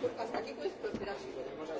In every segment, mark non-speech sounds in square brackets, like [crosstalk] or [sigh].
ποτέ να τα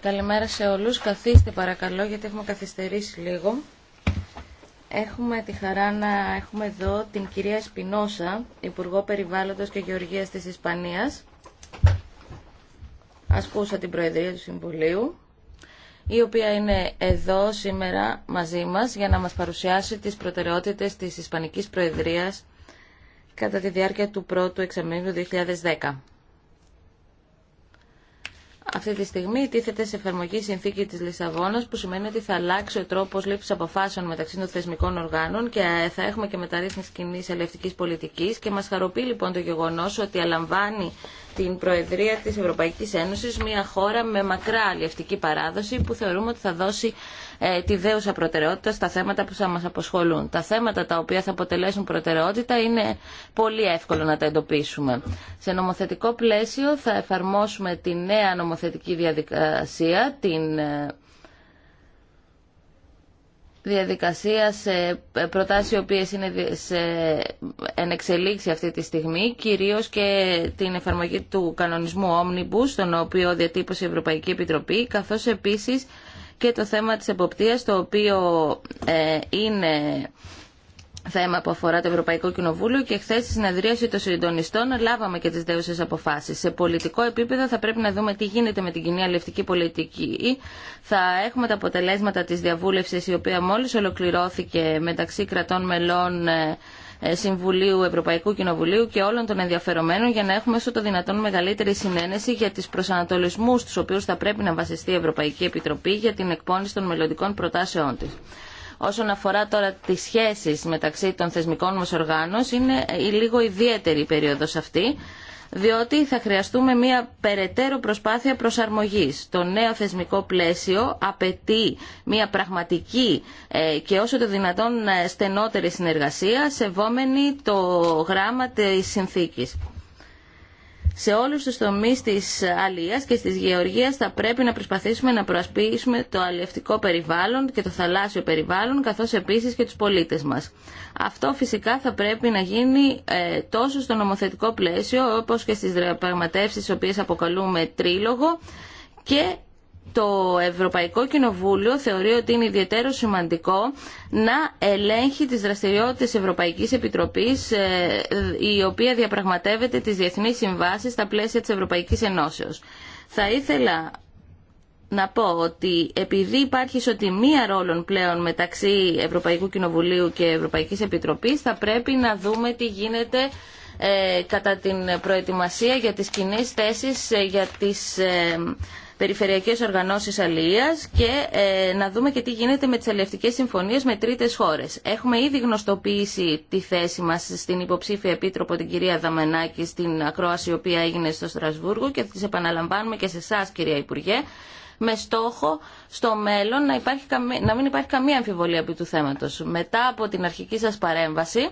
Καλημέρα σε όλους. Καθίστε παρακαλώ γιατί έχουμε καθυστερήσει λίγο. Έχουμε τη χαρά να έχουμε εδώ την κυρία Σπινόσα, Υπουργό Περιβάλλοντος και Γεωργίας της Ισπανίας. Ασκούσα την Προεδρία του Συμβουλίου, η οποία είναι εδώ σήμερα μαζί μας για να μας παρουσιάσει τις προτεραιότητες της Ισπανικής Προεδρίας κατά τη διάρκεια του πρώτου εξαμήνου 2010. Αυτή τη στιγμή τίθεται σε εφαρμογή η συνθήκη τη Λισαβόνα, που σημαίνει ότι θα αλλάξει ο τρόπο λήψη αποφάσεων μεταξύ των θεσμικών οργάνων και θα έχουμε και μεταρρύθμιση κοινή ελευτική πολιτική και μα χαροποιεί λοιπόν το γεγονό ότι αλαμβάνει την Προεδρία της Ευρωπαϊκής Ένωσης, μια χώρα με μακρά αλλιευτική παράδοση που θεωρούμε ότι θα δώσει ε, τη δέουσα προτεραιότητα στα θέματα που θα μας αποσχολούν. Τα θέματα τα οποία θα αποτελέσουν προτεραιότητα είναι πολύ εύκολο να τα εντοπίσουμε. Σε νομοθετικό πλαίσιο θα εφαρμόσουμε τη νέα νομοθετική διαδικασία, την ε, διαδικασία σε προτάσεις οι οποίες είναι σε εξελίξη αυτή τη στιγμή, κυρίως και την εφαρμογή του κανονισμού Omnibus, τον οποίο διατύπωσε η Ευρωπαϊκή Επιτροπή, καθώς επίσης και το θέμα της εποπτείας, το οποίο ε, είναι θέμα που αφορά το Ευρωπαϊκό Κοινοβούλιο και χθε στη συνεδρίαση των συντονιστών λάβαμε και τι δέουσε αποφάσει. Σε πολιτικό επίπεδο θα πρέπει να δούμε τι γίνεται με την κοινή αλληλευτική πολιτική. Θα έχουμε τα αποτελέσματα τη διαβούλευση η οποία μόλι ολοκληρώθηκε μεταξύ κρατών μελών ε, ε, Συμβουλίου Ευρωπαϊκού Κοινοβουλίου και όλων των ενδιαφερομένων για να έχουμε όσο το δυνατόν μεγαλύτερη συνένεση για τις προσανατολισμούς στους οποίους θα πρέπει να βασιστεί η Ευρωπαϊκή Επιτροπή για την εκπόνηση των μελλοντικών προτάσεών όσον αφορά τώρα τις σχέσεις μεταξύ των θεσμικών μα οργάνων είναι λίγο ιδιαίτερη η περίοδος αυτή διότι θα χρειαστούμε μια περαιτέρω προσπάθεια προσαρμογής. Το νέο θεσμικό πλαίσιο απαιτεί μια πραγματική ε, και όσο το δυνατόν ε, στενότερη συνεργασία σεβόμενη το γράμμα της συνθήκης. Σε όλους τους τομείς της αλίας και της γεωργίας θα πρέπει να προσπαθήσουμε να προασπίσουμε το αλλιευτικό περιβάλλον και το θαλάσσιο περιβάλλον, καθώς επίσης και τους πολίτες μας. Αυτό φυσικά θα πρέπει να γίνει ε, τόσο στο νομοθετικό πλαίσιο, όπως και στις διαπραγματεύσεις, τις οποίες αποκαλούμε τρίλογο, και το Ευρωπαϊκό Κοινοβούλιο θεωρεί ότι είναι ιδιαίτερο σημαντικό να ελέγχει τις δραστηριότητες Ευρωπαϊκής Επιτροπής ε, η οποία διαπραγματεύεται τις διεθνείς συμβάσεις στα πλαίσια της Ευρωπαϊκής Ενώσεως. Θα ήθελα να πω ότι επειδή υπάρχει ισοτιμία ρόλων πλέον μεταξύ Ευρωπαϊκού Κοινοβουλίου και Ευρωπαϊκής Επιτροπής θα πρέπει να δούμε τι γίνεται ε, κατά την προετοιμασία για τις κοινέ θέσεις, ε, για τις περιφερειακές οργανώσεις αλληλείας και ε, να δούμε και τι γίνεται με τις αλληλευτικές συμφωνίες με τρίτες χώρες. Έχουμε ήδη γνωστοποιήσει τη θέση μας στην υποψήφια επίτροπο την κυρία Δαμενάκη στην ακρόαση η οποία έγινε στο Στρασβούργο και τις επαναλαμβάνουμε και σε εσά, κυρία Υπουργέ με στόχο στο μέλλον να, υπάρχει, να μην υπάρχει καμία αμφιβολία επί του θέματος. Μετά από την αρχική σας παρέμβαση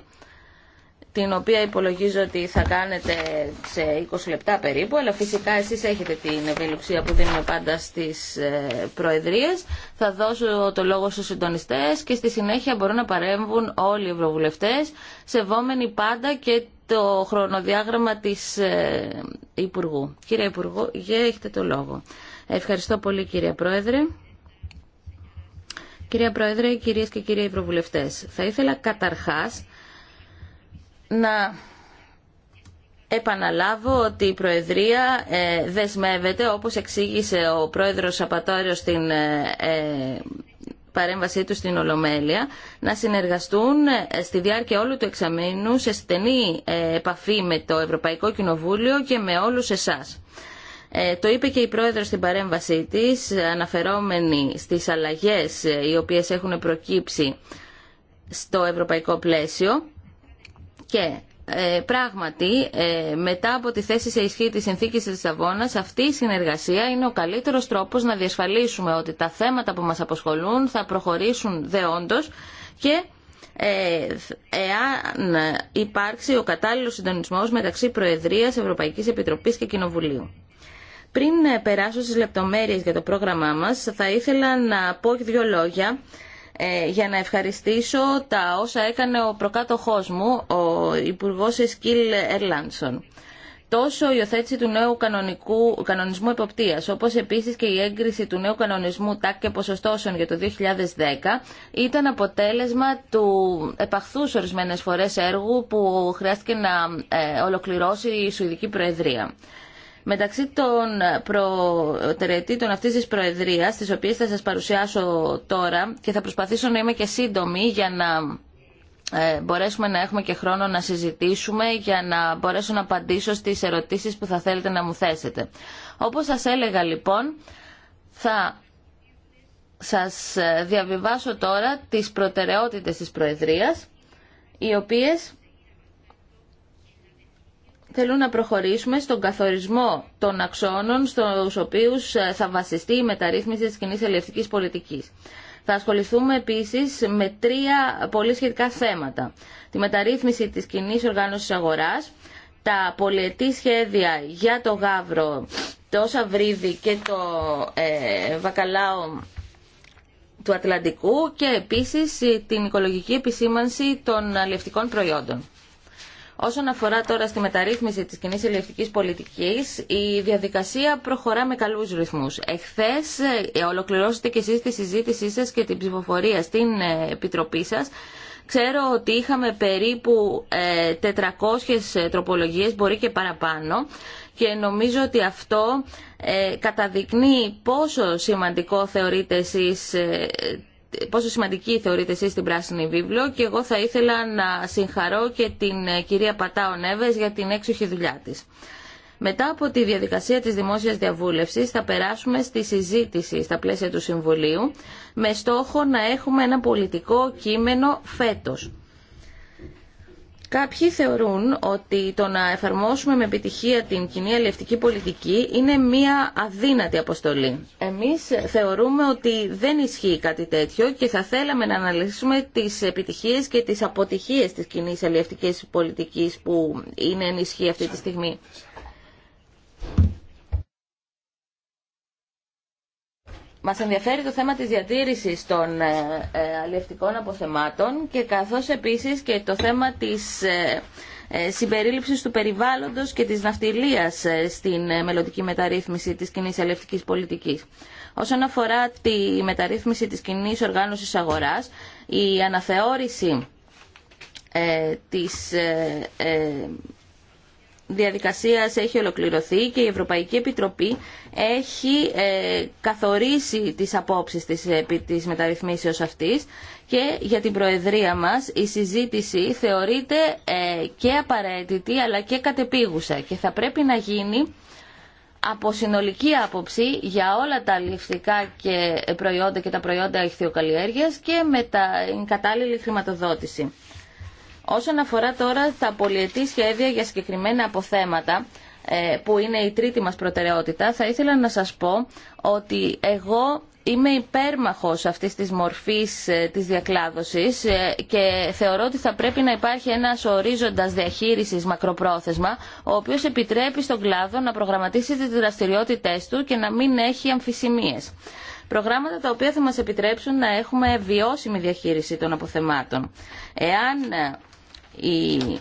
την οποία υπολογίζω ότι θα κάνετε σε 20 λεπτά περίπου, αλλά φυσικά εσείς έχετε την ευελιξία που δίνουμε πάντα στις ε, προεδρίες. Θα δώσω το λόγο στους συντονιστές και στη συνέχεια μπορούν να παρέμβουν όλοι οι ευρωβουλευτές, σεβόμενοι πάντα και το χρονοδιάγραμμα της ε, Υπουργού. Κύριε Υπουργό, έχετε το λόγο. Ευχαριστώ πολύ κύριε Πρόεδρε. Κυρία Πρόεδρε, κυρίες και κύριοι Ευρωβουλευτές, θα ήθελα καταρχάς να επαναλάβω ότι η Προεδρία ε, δεσμεύεται, όπως εξήγησε ο Πρόεδρος Σαπατόριο στην ε, ε, παρέμβασή του στην Ολομέλεια, να συνεργαστούν στη διάρκεια όλου του εξαμήνου σε στενή επαφή με το Ευρωπαϊκό Κοινοβούλιο και με όλους εσάς. το είπε και η πρόεδρος στην παρέμβασή της, αναφερόμενη στις αλλαγές οι οποίες έχουν προκύψει στο ευρωπαϊκό πλαίσιο και ε, πράγματι, ε, μετά από τη θέση σε ισχύ της συνθήκης της Λισαβόνας, αυτή η συνεργασία είναι ο καλύτερος τρόπος να διασφαλίσουμε ότι τα θέματα που μας απασχολούν θα προχωρήσουν δεόντως και ε, εάν υπάρξει ο κατάλληλος συντονισμός μεταξύ Προεδρίας, Ευρωπαϊκής Επιτροπής και Κοινοβουλίου. Πριν περάσω στις λεπτομέρειες για το πρόγραμμά μας, θα ήθελα να πω δύο λόγια ε, για να ευχαριστήσω τα όσα έκανε ο προκάτοχός μου, ο Υπουργός Εσκίλ Ερλάνσον. Τόσο η οθέτηση του νέου κανονικού, κανονισμού εποπτείας, όπως επίσης και η έγκριση του νέου κανονισμού τάκ και ποσοστώσεων για το 2010, ήταν αποτέλεσμα του επαχθούς ορισμένες φορές έργου που χρειάστηκε να ε, ολοκληρώσει η Σουηδική Προεδρία. Μεταξύ των προτεραιοτήτων αυτής της Προεδρίας, τις οποίες θα σας παρουσιάσω τώρα και θα προσπαθήσω να είμαι και σύντομη για να ε, μπορέσουμε να έχουμε και χρόνο να συζητήσουμε για να μπορέσω να απαντήσω στις ερωτήσεις που θα θέλετε να μου θέσετε. Όπως σας έλεγα λοιπόν, θα σας διαβιβάσω τώρα τις προτεραιότητες της Προεδρίας, οι οποίες θέλουν να προχωρήσουμε στον καθορισμό των αξώνων στους οποίους ε, θα βασιστεί η μεταρρύθμιση της κοινή ελευθερικής πολιτικής. Θα ασχοληθούμε επίσης με τρία πολύ σχετικά θέματα. Τη μεταρρύθμιση της κοινή οργάνωσης αγοράς, τα πολιετή σχέδια για το γάβρο, το σαβρίδι και το ε, βακαλάο του Ατλαντικού και επίσης την οικολογική επισήμανση των αλληλευτικών προϊόντων. Όσον αφορά τώρα στη μεταρρύθμιση της κοινή ελευθερικής πολιτικής, η διαδικασία προχωρά με καλούς ρυθμούς. Εχθές ε, ολοκληρώσετε και εσείς τη συζήτησή σας και την ψηφοφορία στην ε, Επιτροπή σας. Ξέρω ότι είχαμε περίπου 400 ε, τροπολογίες, μπορεί και παραπάνω και νομίζω ότι αυτό καταδεικνύει πόσο σημαντικό θεωρείτε εσείς πόσο σημαντική θεωρείτε εσείς την Πράσινη Βίβλο και εγώ θα ήθελα να συγχαρώ και την ε, κυρία Πατάο Νέβες για την έξοχη δουλειά της. Μετά από τη διαδικασία της δημόσιας διαβούλευσης θα περάσουμε στη συζήτηση στα πλαίσια του Συμβουλίου με στόχο να έχουμε ένα πολιτικό κείμενο φέτος. Κάποιοι θεωρούν ότι το να εφαρμόσουμε με επιτυχία την κοινή αλληλευτική πολιτική είναι μία αδύνατη αποστολή. Εμείς θεωρούμε ότι δεν ισχύει κάτι τέτοιο και θα θέλαμε να αναλύσουμε τις επιτυχίες και τις αποτυχίες της κοινή αλληλευτικής πολιτικής που είναι ενισχύει αυτή τη στιγμή. Μας ενδιαφέρει το θέμα της διατήρησης των ε, ε, αλλιευτικών αποθεμάτων και καθώς επίσης και το θέμα της ε, συμπερίληψης του περιβάλλοντος και της ναυτιλίας στην μελλοντική μεταρρύθμιση της κοινή αλλιευτικής πολιτικής. Όσον αφορά τη μεταρρύθμιση της κοινή οργάνωσης αγοράς, η αναθεώρηση της διαδικασίας έχει ολοκληρωθεί και η Ευρωπαϊκή Επιτροπή έχει ε, καθορίσει τις απόψεις της, της μεταρρυθμίσεως αυτής και για την Προεδρία μας η συζήτηση θεωρείται ε, και απαραίτητη αλλά και κατεπίγουσα και θα πρέπει να γίνει από συνολική άποψη για όλα τα ληφτικά και προϊόντα και τα προϊόντα ηχθειοκαλλιέργειας και με την κατάλληλη χρηματοδότηση. Όσον αφορά τώρα τα πολιετή σχέδια για συγκεκριμένα αποθέματα, ε, που είναι η τρίτη μας προτεραιότητα, θα ήθελα να σας πω ότι εγώ είμαι υπέρμαχος αυτής της μορφής ε, της διακλάδωσης ε, και θεωρώ ότι θα πρέπει να υπάρχει ένας ορίζοντας διαχείρισης μακροπρόθεσμα, ο οποίος επιτρέπει στον κλάδο να προγραμματίσει τις δραστηριότητές του και να μην έχει αμφισημίες. Προγράμματα τα οποία θα μας επιτρέψουν να έχουμε βιώσιμη διαχείριση των αποθεμάτων. Εάν η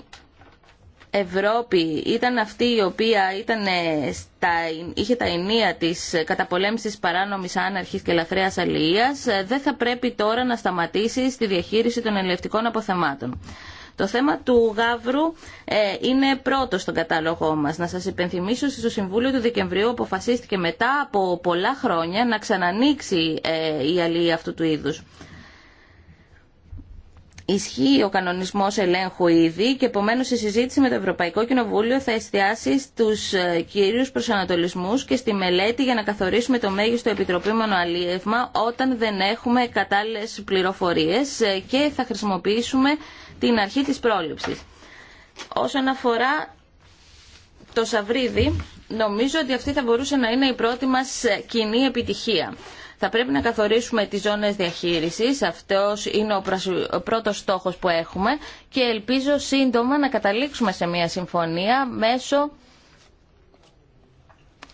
Ευρώπη ήταν αυτή η οποία ήταν είχε τα ενία της καταπολέμησης παράνομης άναρχης και λαθρέας αλληλείας, ε, δεν θα πρέπει τώρα να σταματήσει στη διαχείριση των ελευτικών αποθεμάτων. Το θέμα του Γαύρου ε, είναι πρώτο στον κατάλογό μας. Να σας υπενθυμίσω στο Συμβούλιο του Δεκεμβρίου αποφασίστηκε μετά από πολλά χρόνια να ξανανοίξει ε, η αλληλεία αυτού του είδους. Ισχύει ο κανονισμός ελέγχου ήδη και επομένω η συζήτηση με το Ευρωπαϊκό Κοινοβούλιο θα εστιάσει στου ε, κύριους προσανατολισμούς και στη μελέτη για να καθορίσουμε το μέγιστο επιτροπήμενο αλίευμα όταν δεν έχουμε κατάλληλες πληροφορίες ε, και θα χρησιμοποιήσουμε την αρχή της πρόληψης. Όσον αφορά το Σαβρίδι, νομίζω ότι αυτή θα μπορούσε να είναι η πρώτη μας ε, κοινή επιτυχία. Θα πρέπει να καθορίσουμε τις ζώνες διαχείρισης, αυτός είναι ο πρώτος στόχος που έχουμε και ελπίζω σύντομα να καταλήξουμε σε μια συμφωνία μέσω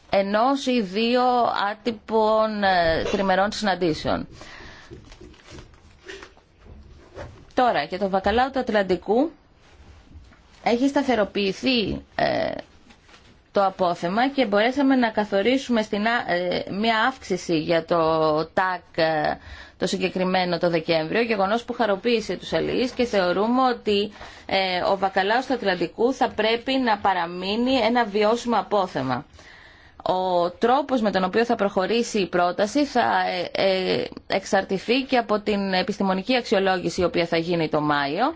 ενός ή δύο άτυπων ε, τριμερών συναντήσεων. Τώρα, για το βακαλάο του Ατλαντικού έχει σταθεροποιηθεί ε, το απόθεμα και μπορέσαμε να καθορίσουμε ε, μια αύξηση για το ΤΑΚ ε, το συγκεκριμένο το Δεκέμβριο, γεγονό που χαροποίησε τους αλληλείς και θεωρούμε ότι ε, ο βακαλάος του Ατλαντικού θα πρέπει να παραμείνει ένα βιώσιμο απόθεμα. Ο τρόπος με τον οποίο θα προχωρήσει η πρόταση θα εξαρτηθεί και από την επιστημονική αξιολόγηση η οποία θα γίνει το Μάιο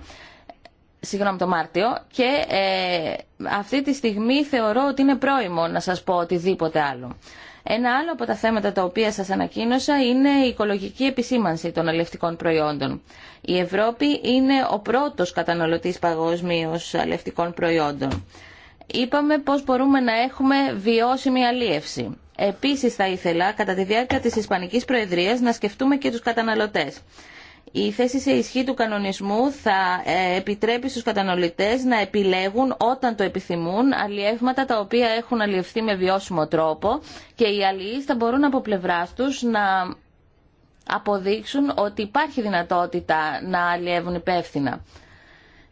συγγνώμη το Μάρτιο και ε, αυτή τη στιγμή θεωρώ ότι είναι πρόημο να σας πω οτιδήποτε άλλο. Ένα άλλο από τα θέματα τα οποία σας ανακοίνωσα είναι η οικολογική επισήμανση των αλευτικών προϊόντων. Η Ευρώπη είναι ο πρώτος καταναλωτής παγκοσμίω αλευτικών προϊόντων. Είπαμε πώς μπορούμε να έχουμε βιώσιμη αλίευση. Επίσης θα ήθελα κατά τη διάρκεια της Ισπανικής Προεδρίας να σκεφτούμε και τους καταναλωτές. Η θέση σε ισχύ του κανονισμού θα ε, επιτρέπει στους καταναλωτές να επιλέγουν όταν το επιθυμούν αλλιεύματα τα οποία έχουν αλλιευθεί με βιώσιμο τρόπο και οι αλλιείς θα μπορούν από πλευρά τους να αποδείξουν ότι υπάρχει δυνατότητα να αλλιεύουν υπεύθυνα.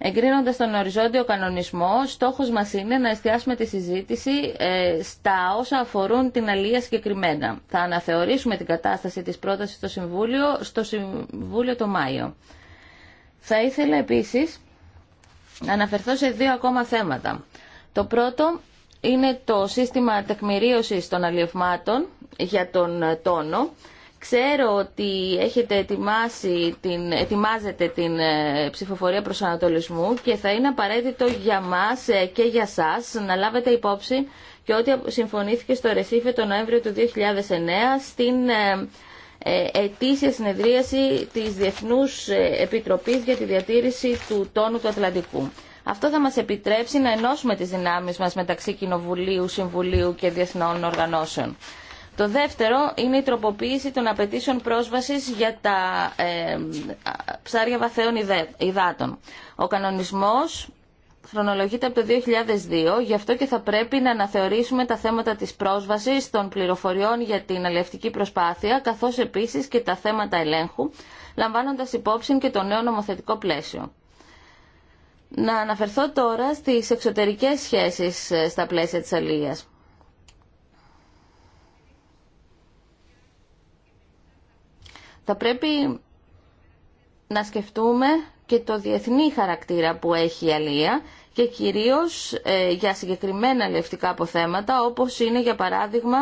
Εγκρίνοντα τον οριζόντιο κανονισμό, στόχος μας είναι να εστιάσουμε τη συζήτηση ε, στα όσα αφορούν την αλληλεία συγκεκριμένα. Θα αναθεωρήσουμε την κατάσταση της πρότασης στο Συμβούλιο, στο Συμβούλιο το Μάιο. Θα ήθελα επίσης να αναφερθώ σε δύο ακόμα θέματα. Το πρώτο είναι το σύστημα τεκμηρίωσης των αλλιευμάτων για τον τόνο Ξέρω ότι έχετε ετοιμάσει την, ετοιμάζετε την ε, ψηφοφορία ανατολισμού και θα είναι απαραίτητο για μας ε, και για σας να λάβετε υπόψη και ό,τι συμφωνήθηκε στο Ρεσίφε το Νοέμβριο του 2009 στην ε, ετήσια συνεδρίαση της Διεθνούς Επιτροπής για τη Διατήρηση του Τόνου του Ατλαντικού. Αυτό θα μας επιτρέψει να ενώσουμε τις δυνάμεις μας μεταξύ Κοινοβουλίου, Συμβουλίου και Διεθνών Οργανώσεων. Το δεύτερο είναι η τροποποίηση των απαιτήσεων πρόσβασης για τα ε, ψάρια βαθέων υδάτων. Ο κανονισμός χρονολογείται από το 2002, γι' αυτό και θα πρέπει να αναθεωρήσουμε τα θέματα της πρόσβασης των πληροφοριών για την αλληλευτική προσπάθεια, καθώς επίσης και τα θέματα ελέγχου, λαμβάνοντας υπόψη και το νέο νομοθετικό πλαίσιο. Να αναφερθώ τώρα στις εξωτερικές σχέσεις ε, στα πλαίσια της αλληλείας. θα πρέπει να σκεφτούμε και το διεθνή χαρακτήρα που έχει η αλία και κυρίως ε, για συγκεκριμένα λευτικά αποθέματα όπως είναι για παράδειγμα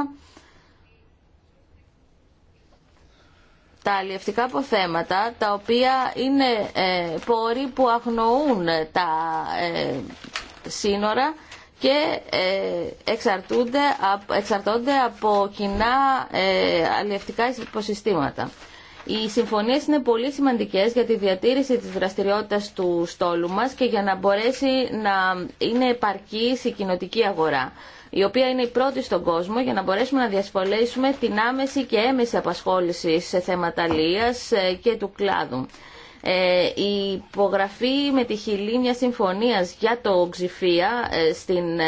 τα αλλιευτικά αποθέματα τα οποία είναι ε, πόροι που αγνοούν τα ε, σύνορα και ε, εξαρτούνται, εξαρτώνται από κοινά αλλιευτικά υποσυστήματα. Οι συμφωνίες είναι πολύ σημαντικές για τη διατήρηση της δραστηριότητας του στόλου μας και για να μπορέσει να είναι επαρκή η κοινοτική αγορά η οποία είναι η πρώτη στον κόσμο για να μπορέσουμε να διασφαλίσουμε την άμεση και έμεση απασχόληση σε θέματα λίας ε, και του κλάδου. Ε, η υπογραφή με τη Χιλή μια συμφωνίας για το Ξηφία ε, στην,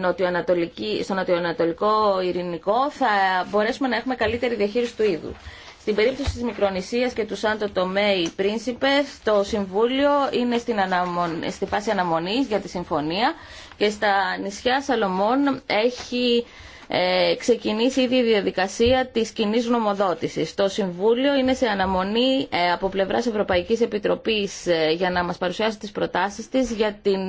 νοτιοανατολική, στο νοτιοανατολικό ειρηνικό θα μπορέσουμε να έχουμε καλύτερη διαχείριση του είδου. Στην περίπτωση της Μικρονησίας και του Σάντο Τομέι Πρίνσιπε, το Συμβούλιο είναι στην αναμονή, στη φάση αναμονής για τη συμφωνία και στα νησιά Σαλομών έχει ε, ξεκινήσει ήδη η διαδικασία της κοινή γνωμοδότησης. Το Συμβούλιο είναι σε αναμονή ε, από πλευράς Ευρωπαϊκής Επιτροπής ε, για να μας παρουσιάσει τις προτάσεις της για την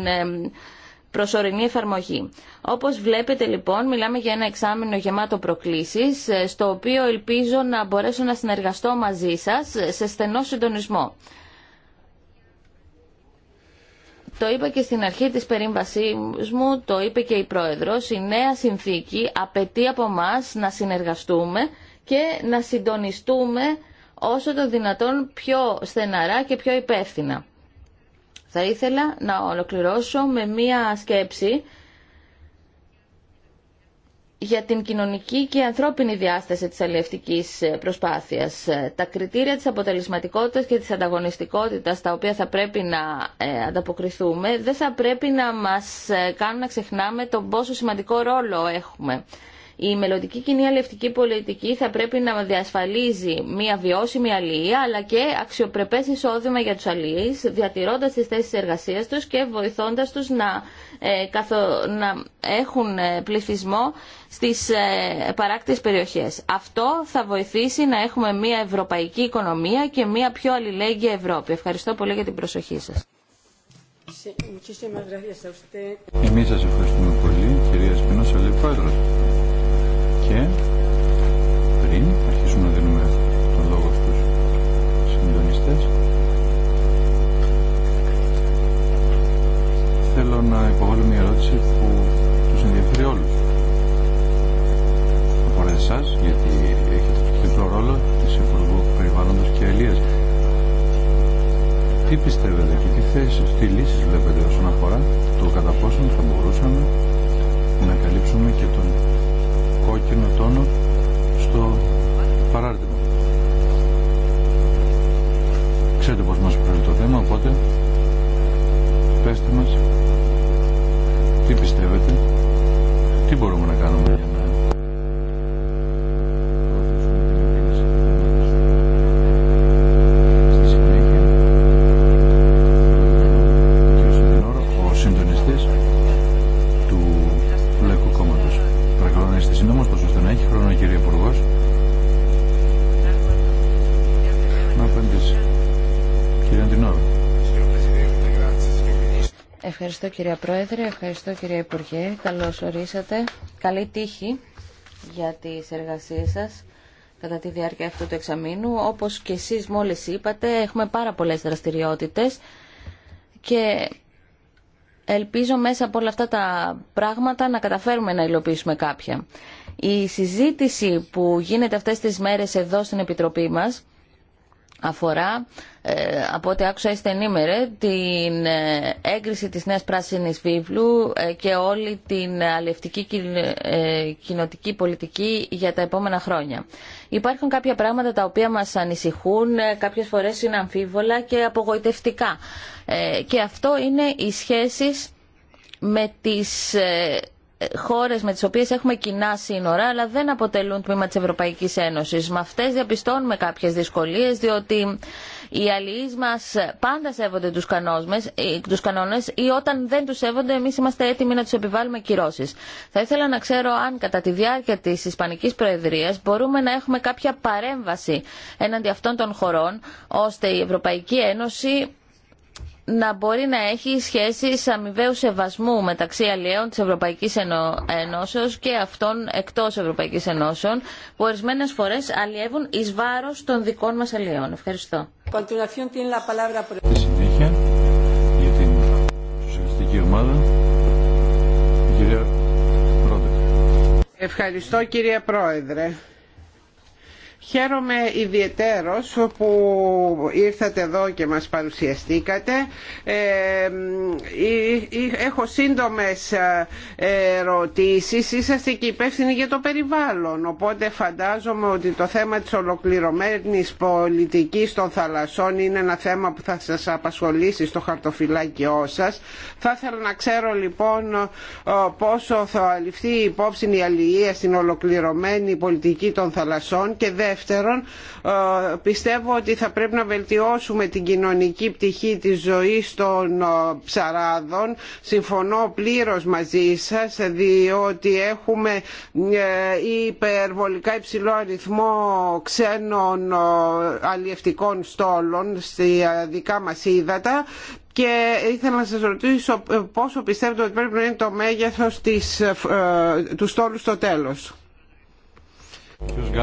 προσωρινή εφαρμογή. Όπως βλέπετε λοιπόν μιλάμε για ένα εξάμεινο γεμάτο προκλήσεις ε, στο οποίο ελπίζω να μπορέσω να συνεργαστώ μαζί σας ε, σε στενό συντονισμό. Το είπα και στην αρχή της περίμβασής μου, το είπε και η Πρόεδρος, η νέα συνθήκη απαιτεί από μας να συνεργαστούμε και να συντονιστούμε όσο το δυνατόν πιο στεναρά και πιο υπεύθυνα. Θα ήθελα να ολοκληρώσω με μία σκέψη για την κοινωνική και ανθρώπινη διάσταση της αλληλευτικής προσπάθειας. Τα κριτήρια της αποτελεσματικότητας και της ανταγωνιστικότητας τα οποία θα πρέπει να ε, ανταποκριθούμε δεν θα πρέπει να μας ε, κάνουν να ξεχνάμε τον πόσο σημαντικό ρόλο έχουμε. Η μελλοντική κοινή αλληλευτική πολιτική θα πρέπει να διασφαλίζει μια βιώσιμη αλληλεία αλλά και αξιοπρεπές εισόδημα για τους αλληλείς, διατηρώντας τις θέσεις εργασίας τους και βοηθώντας τους να, ε, καθο, να έχουν ε, πληθυσμό στις ε, παράκτες περιοχές. Αυτό θα βοηθήσει να έχουμε μια ευρωπαϊκή οικονομία και μια πιο αλληλέγγυα Ευρώπη. Ευχαριστώ πολύ για την προσοχή σας και. Ευχαριστώ κυρία Πρόεδρε, ευχαριστώ κυρία Υπουργέ. Καλώς ορίσατε. Καλή τύχη για τις εργασίες σας κατά τη διάρκεια αυτού του εξαμήνου. Όπως και εσείς μόλις είπατε, έχουμε πάρα πολλές δραστηριότητες και ελπίζω μέσα από όλα αυτά τα πράγματα να καταφέρουμε να υλοποιήσουμε κάποια. Η συζήτηση που γίνεται αυτές τις μέρες εδώ στην Επιτροπή μας αφορά, ε, από ό,τι άκουσα είστε ενήμερε, την ε, έγκριση της Νέας Πράσινης Βίβλου ε, και όλη την αλληλευτική κοινοτική πολιτική για τα επόμενα χρόνια. Υπάρχουν κάποια πράγματα τα οποία μας ανησυχούν, κάποιες φορές είναι αμφίβολα και απογοητευτικά. Και αυτό είναι οι σχέσεις με τις Χώρε με τις οποίες έχουμε κοινά σύνορα αλλά δεν αποτελούν τμήμα της Ευρωπαϊκής Ένωσης. Με αυτές διαπιστώνουμε κάποιες δυσκολίες διότι οι αλληλεί μα πάντα σέβονται ε, τους, κανόνες, ή όταν δεν τους σέβονται εμείς είμαστε έτοιμοι να τους επιβάλλουμε κυρώσει. Θα ήθελα να ξέρω αν κατά τη διάρκεια τη Ισπανική Προεδρία μπορούμε να έχουμε κάποια παρέμβαση έναντι αυτών των χωρών ώστε η Ευρωπαϊκή Ένωση να μπορεί να έχει σχέσεις αμοιβαίου σεβασμού μεταξύ αλλιέων της Ευρωπαϊκής Ενώσεως και αυτών εκτός Ευρωπαϊκής Ενώσεων που ορισμένε φορές αλλιεύουν εις βάρος των δικών μας αλλιέων. Ευχαριστώ. Ευχαριστώ κύριε Πρόεδρε. Χαίρομαι ιδιαιτέρως που ήρθατε εδώ και μας παρουσιαστήκατε. Ε, ε, ε, έχω σύντομες ερωτήσεις. Είσαστε και υπεύθυνοι για το περιβάλλον, οπότε φαντάζομαι ότι το θέμα της ολοκληρωμένης πολιτικής των θαλασσών είναι ένα θέμα που θα σας απασχολήσει στο χαρτοφυλάκιό σας. Θα ήθελα να ξέρω λοιπόν πόσο θα ληφθεί υπόψη η αλληλεία στην ολοκληρωμένη πολιτική των θαλασσών και δεύτερον ε, πιστεύω ότι θα πρέπει να βελτιώσουμε την κοινωνική πτυχή της ζωής των ε, ψαράδων συμφωνώ πλήρως μαζί σας διότι έχουμε ε, υπερβολικά υψηλό αριθμό ξένων αλλιευτικών στόλων στη δικά μας ύδατα και ήθελα να σας ρωτήσω πόσο πιστεύετε ότι πρέπει να είναι το μέγεθος του στόλου στο τέλος. Ε,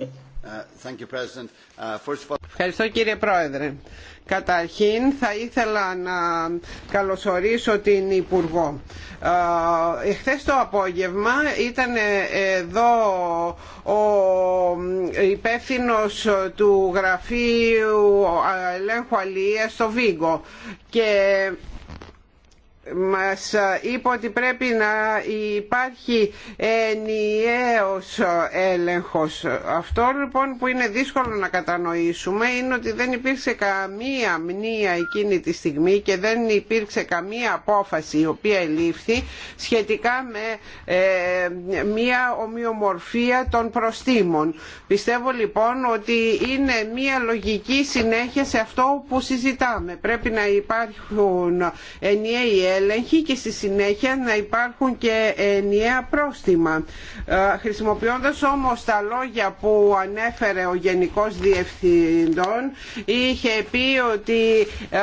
ε, Ευχαριστώ κύριε Πρόεδρε. Καταρχήν θα ήθελα να καλωσορίσω την Υπουργό. Ε, εχθές το απόγευμα ήταν εδώ ο υπεύθυνος του Γραφείου Ελέγχου Αλίας στο Βίγκο και μας είπε ότι πρέπει να υπάρχει ενιαίος έλεγχος. Αυτό λοιπόν που είναι δύσκολο να κατανοήσουμε είναι ότι δεν υπήρξε καμία μνήα εκείνη τη στιγμή και δεν υπήρξε καμία απόφαση η οποία ελήφθη σχετικά με ε, μία ομοιομορφία των προστήμων. Πιστεύω λοιπόν ότι είναι μία λογική συνέχεια σε αυτό που συζητάμε. Πρέπει να υπάρχουν ενιαίοι έλεγχοι και στη συνέχεια να υπάρχουν και ενιαία πρόστιμα. Ε, χρησιμοποιώντας όμως τα λόγια που ανέφερε ο Γενικός Διευθυντών είχε πει ότι ε,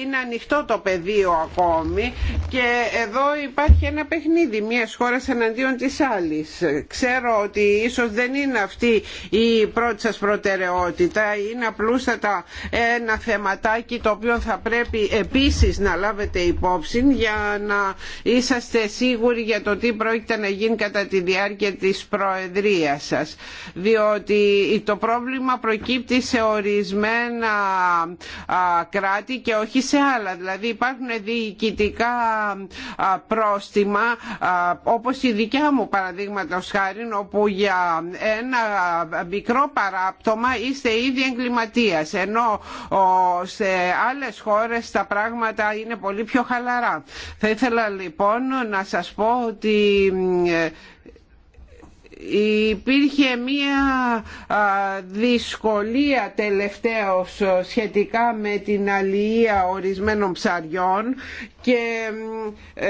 είναι ανοιχτό το πεδίο ακόμη και εδώ υπάρχει ένα παιχνίδι μιας χώρας εναντίον της άλλης. Ξέρω ότι ίσως δεν είναι αυτή η πρώτη σας προτεραιότητα, είναι απλούστατα ένα θεματάκι το οποίο θα πρέπει επίσης να λάβετε υπόψη υπόψη για να είσαστε σίγουροι για το τι πρόκειται να γίνει κατά τη διάρκεια της προεδρίας σας. Διότι το πρόβλημα προκύπτει σε ορισμένα κράτη και όχι σε άλλα. Δηλαδή υπάρχουν διοικητικά πρόστιμα όπως η δικιά μου παραδείγματο χάρη όπου για ένα μικρό παράπτωμα είστε ήδη εγκληματίας ενώ σε άλλες χώρες τα πράγματα είναι πολύ πιο χαλαρά καθαρά. Θα ήθελα λοιπόν να σας πω ότι ε, υπήρχε μία δυσκολία τελευταίως ε, σχετικά με την αλληλεία ορισμένων ψαριών και ε,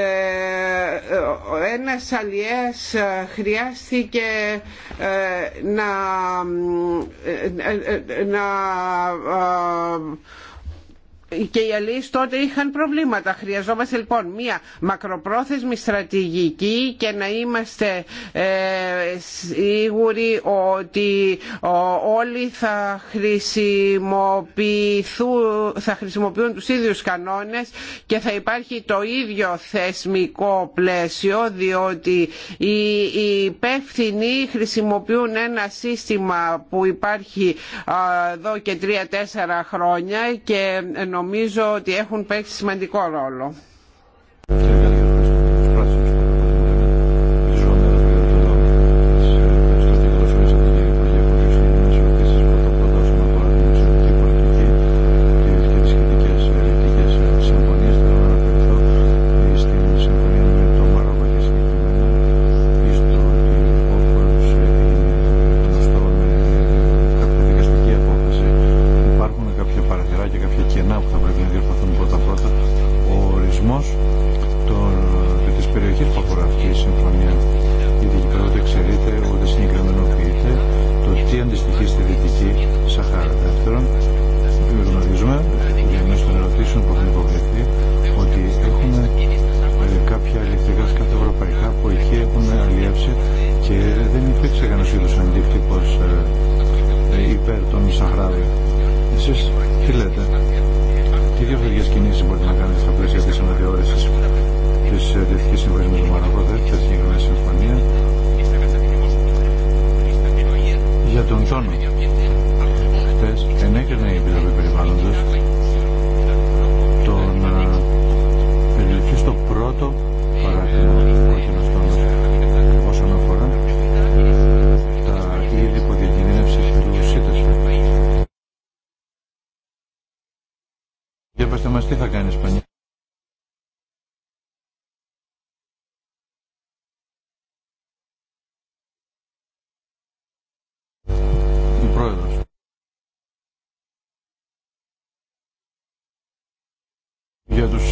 ένας αλλιές χρειάστηκε να, να και οι αλλοίς τότε είχαν προβλήματα. Χρειαζόμαστε λοιπόν μία μακροπρόθεσμη στρατηγική και να είμαστε ε, σίγουροι ότι όλοι θα θα χρησιμοποιούν τους ίδιους κανόνες και θα υπάρχει το ίδιο θεσμικό πλαίσιο διότι οι υπεύθυνοι χρησιμοποιούν ένα σύστημα που υπάρχει εδώ και τρία-τέσσερα χρόνια και νομίζω ότι έχουν παίξει σημαντικό ρόλο.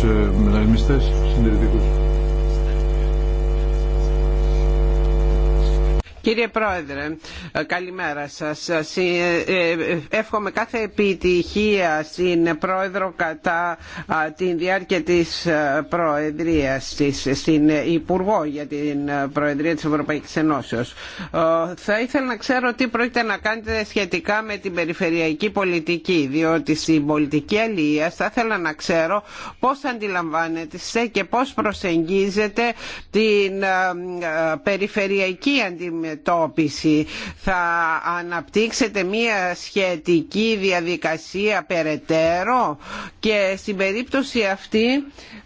Ε, μεταρρυθμιστές συντηρητικούς. Κύριε Πρόεδρε, ε, καλημέρα σας. Ε, ε, εύχομαι κάθε επιτυχία στην Πρόεδρο κατά την διάρκεια της Προεδρίας της, στην Υπουργό για την Προεδρία της Ευρωπαϊκής Ενώσεως. Θα ήθελα να ξέρω τι πρόκειται να κάνετε σχετικά με την περιφερειακή πολιτική, διότι στην πολιτική αλληλεία θα ήθελα να ξέρω πώς αντιλαμβάνεστε και πώς προσεγγίζετε την περιφερειακή αντιμετώπιση αντιμετώπιση. Θα αναπτύξετε μία σχετική διαδικασία περαιτέρω και στην περίπτωση αυτή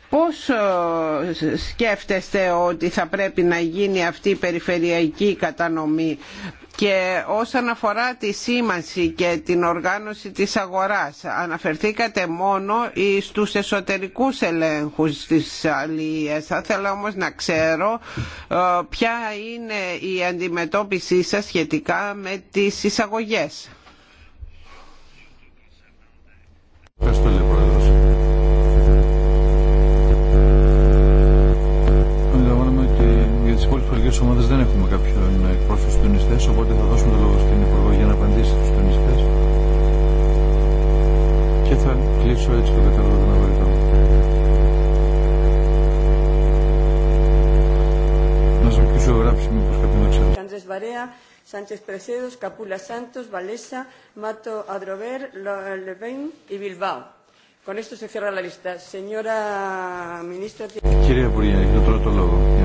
πώς ε, σκέφτεστε ότι θα πρέπει να γίνει αυτή η περιφερειακή κατανομή και όσον αφορά τη σήμανση και την οργάνωση της αγοράς αναφερθήκατε μόνο στους εσωτερικούς ελέγχους της αλληλείας θα ήθελα όμως να ξέρω ε, ποια είναι η αντιμετώπιση σας σχετικά με τις εισαγωγές λοιπόν. πολιτικές ομάδες δεν έχουμε κάποιον εκπρόσωπο στους τονιστές, οπότε θα δώσουμε το λόγο στην Υπουργό για να απαντήσει στους τονιστές και θα κλείσω έτσι το κατάλογο των αγορητών. Να σας ρωτήσω γράψιμο πως κάποιον δεν ξέρω. Andrés Barea, Sánchez Precedos, Capula Santos, Valesa, Mato Adrover, Levain y Con esto se cierra la lista. Señora Ministra... Κύριε Υπουργέ, έχετε τώρα το λόγο.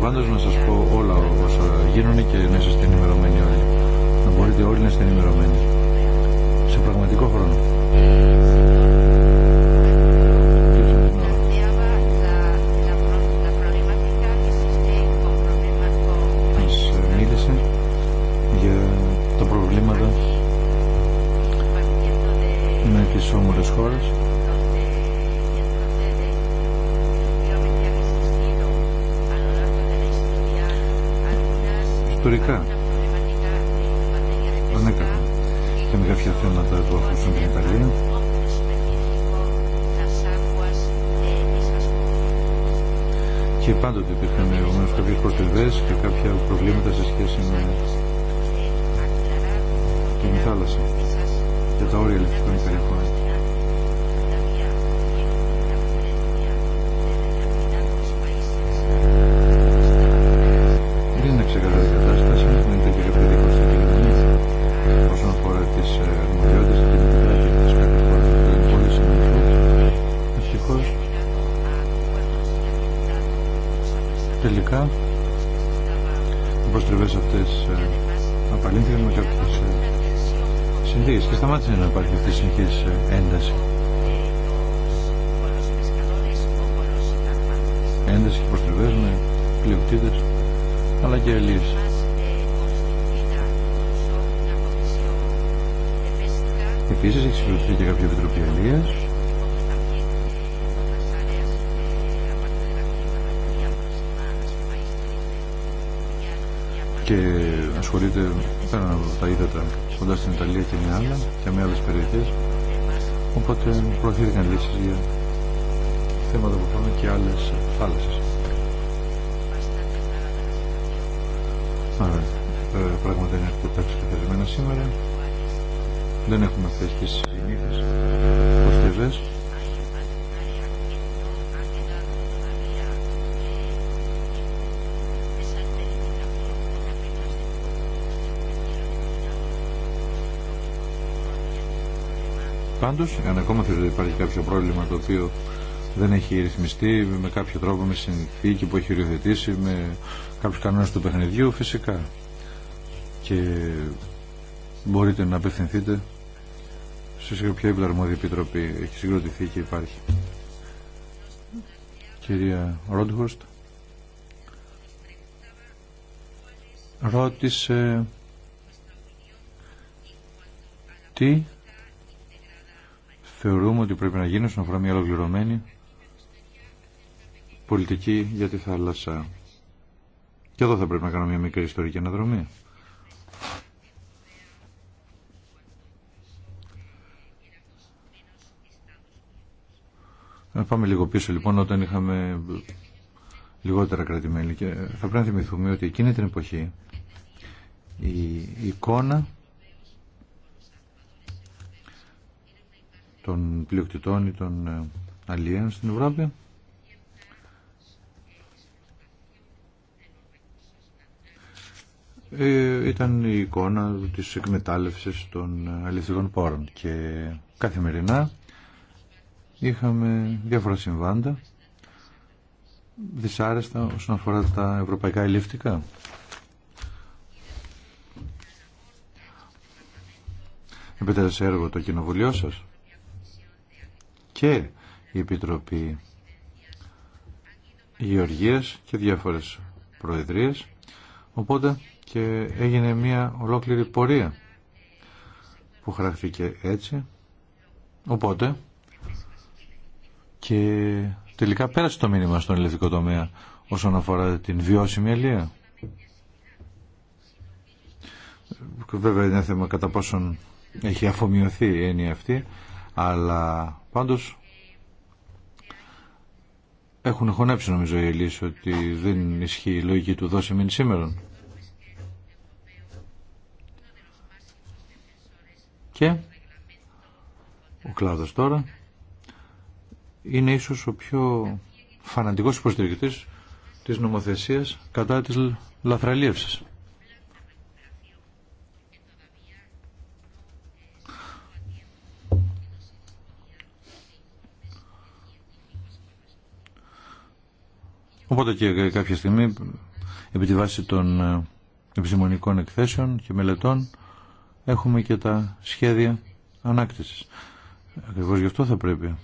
Πάντω να σα πω όλα όσα γίνονται και να είστε ενημερωμένοι όλοι. Να μπορείτε όλοι να είστε ενημερωμένοι. Σε πραγματικό χρόνο. θάλασσα και τα όρια λοιπόν ηλεκτρικών περιοχών. Επίση, Επίσης έχει συλλογιστεί και κάποια επιτροπή αλίας. και ασχολείται πέραν από τα ύδατα κοντά στην Ιταλία και με άλλα και με άλλες περιοχές οπότε προωθήθηκαν λύσεις για θέματα που πάνε και άλλες θάλασσες. Δεν έχουμε αυτές τις συνήθεις προσκευές. Πάντως, αν ακόμα θεωρείτε υπάρχει κάποιο πρόβλημα το οποίο δεν έχει ρυθμιστεί με κάποιο τρόπο, με συνθήκη που έχει οριοθετήσει, με κάποιους κανόνες του παιχνιδιού, φυσικά. Και μπορείτε να απευθυνθείτε σε ποια ευλαρμόδια επιτροπή έχει συγκροτηθεί και υπάρχει. Κυρία Ρόντχορστ. Ρώτησε τι θεωρούμε ότι πρέπει να γίνει όσον αφορά μια ολοκληρωμένη πολιτική για τη θάλασσα. Και εδώ θα πρέπει να κάνω μια μικρή ιστορική αναδρομή. Να πάμε λίγο πίσω λοιπόν όταν είχαμε λιγότερα κρατημένη. και θα πρέπει να θυμηθούμε ότι εκείνη την εποχή η εικόνα των πλειοκτητών ή των ε, αλλιέων στην Ευρώπη ε, ήταν η εικόνα της εκμετάλλευσης των ε, αληθικών πόρων και καθημερινά είχαμε διάφορα συμβάντα δυσάρεστα όσον αφορά τα ευρωπαϊκά ελευτικά. Επιτέλεσε έργο το κοινοβουλίο σας και η Επιτροπή Γεωργίας και διάφορες προεδρίες οπότε και έγινε μια ολόκληρη πορεία που χαρακτήκε έτσι οπότε και τελικά πέρασε το μήνυμα στον ελευθερικό τομέα όσον αφορά την βιώσιμη αλληλεία. Βέβαια είναι θέμα κατά πόσον έχει αφομοιωθεί η έννοια αυτή, αλλά πάντως έχουν χωνέψει νομίζω οι Ελλήνες ότι δεν ισχύει η λογική του δόση μην σήμερα. Και ο κλάδος τώρα είναι ίσως ο πιο φανατικός υποστηρικτής της νομοθεσίας κατά της λαθραλίευσης. Οπότε και κάποια στιγμή, επί τη βάση των ε, επιστημονικών εκθέσεων και μελετών, έχουμε και τα σχέδια ανάκτησης. Ακριβώς γι' αυτό θα πρέπει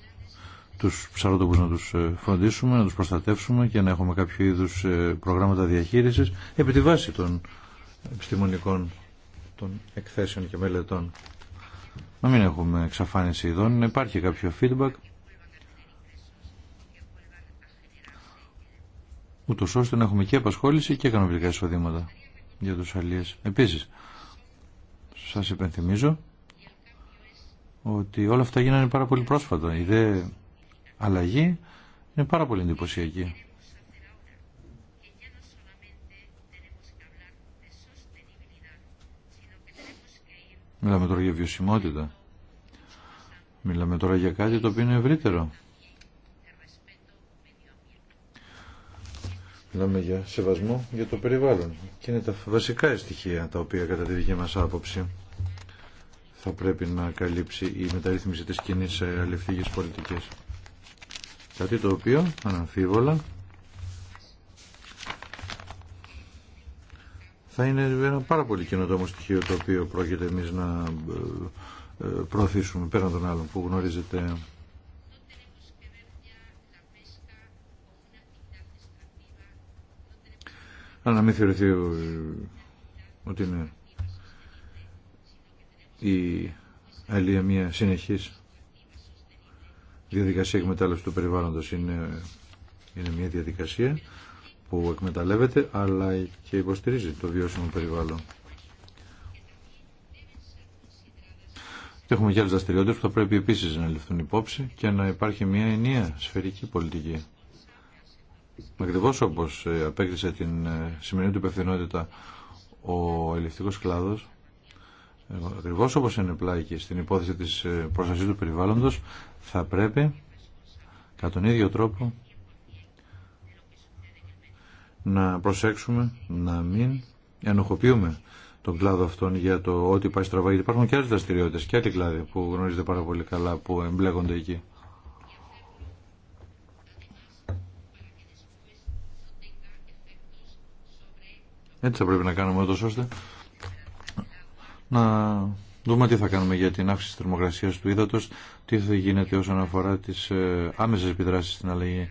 τους ψαρότοπους να τους ε, φροντίσουμε, να τους προστατεύσουμε και να έχουμε κάποιο είδους ε, προγράμματα διαχείρισης επί τη βάση των επιστημονικών των εκθέσεων και μελετών. Να μην έχουμε εξαφάνιση ειδών, να υπάρχει κάποιο feedback ούτω ώστε να έχουμε και απασχόληση και κανονικά εισοδήματα για τους αλλίες. Επίσης, σας υπενθυμίζω ότι όλα αυτά γίνανε πάρα πολύ πρόσφατα. Η αλλαγή είναι πάρα πολύ εντυπωσιακή. Μιλάμε τώρα για βιωσιμότητα. Μιλάμε τώρα για κάτι το οποίο είναι ευρύτερο. Μιλάμε για σεβασμό για το περιβάλλον. Και είναι τα βασικά στοιχεία τα οποία κατά τη δική μας άποψη θα πρέπει να καλύψει η μεταρρύθμιση της κοινή ε, αλληλευθύγης πολιτικής. Κάτι το οποίο αναμφίβολα θα είναι ένα πάρα πολύ καινοτόμο στοιχείο το οποίο πρόκειται εμείς να ε, ε, προωθήσουμε πέραν των άλλων που γνωρίζετε Αλλά να μην θεωρηθεί ότι είναι η αλληλεία μια συνεχής διαδικασία εκμετάλλευση του περιβάλλοντος είναι, είναι μια διαδικασία που εκμεταλλεύεται αλλά και υποστηρίζει το βιώσιμο περιβάλλον. Έχουμε και άλλε δραστηριότητε που θα πρέπει επίση να ληφθούν υπόψη και να υπάρχει μια ενιαία σφαιρική πολιτική. Ακριβώ όπω ε, απέκτησε την ε, σημερινή του υπευθυνότητα ο ελληνικό κλάδο, Ακριβώ όπω είναι και στην υπόθεση τη ε, προστασία του περιβάλλοντο, θα πρέπει κατά τον ίδιο τρόπο να προσέξουμε να μην ενοχοποιούμε τον κλάδο αυτόν για το ότι πάει στραβά. Γιατί υπάρχουν και άλλε δραστηριότητε και άλλοι κλάδοι που γνωρίζετε πάρα πολύ καλά που εμπλέκονται εκεί. Έτσι θα πρέπει να κάνουμε ούτως ώστε να δούμε τι θα κάνουμε για την αύξηση της θερμοκρασίας του ύδατος, τι θα γίνεται όσον αφορά τις ε, άμεσες επιδράσεις στην αλλαγή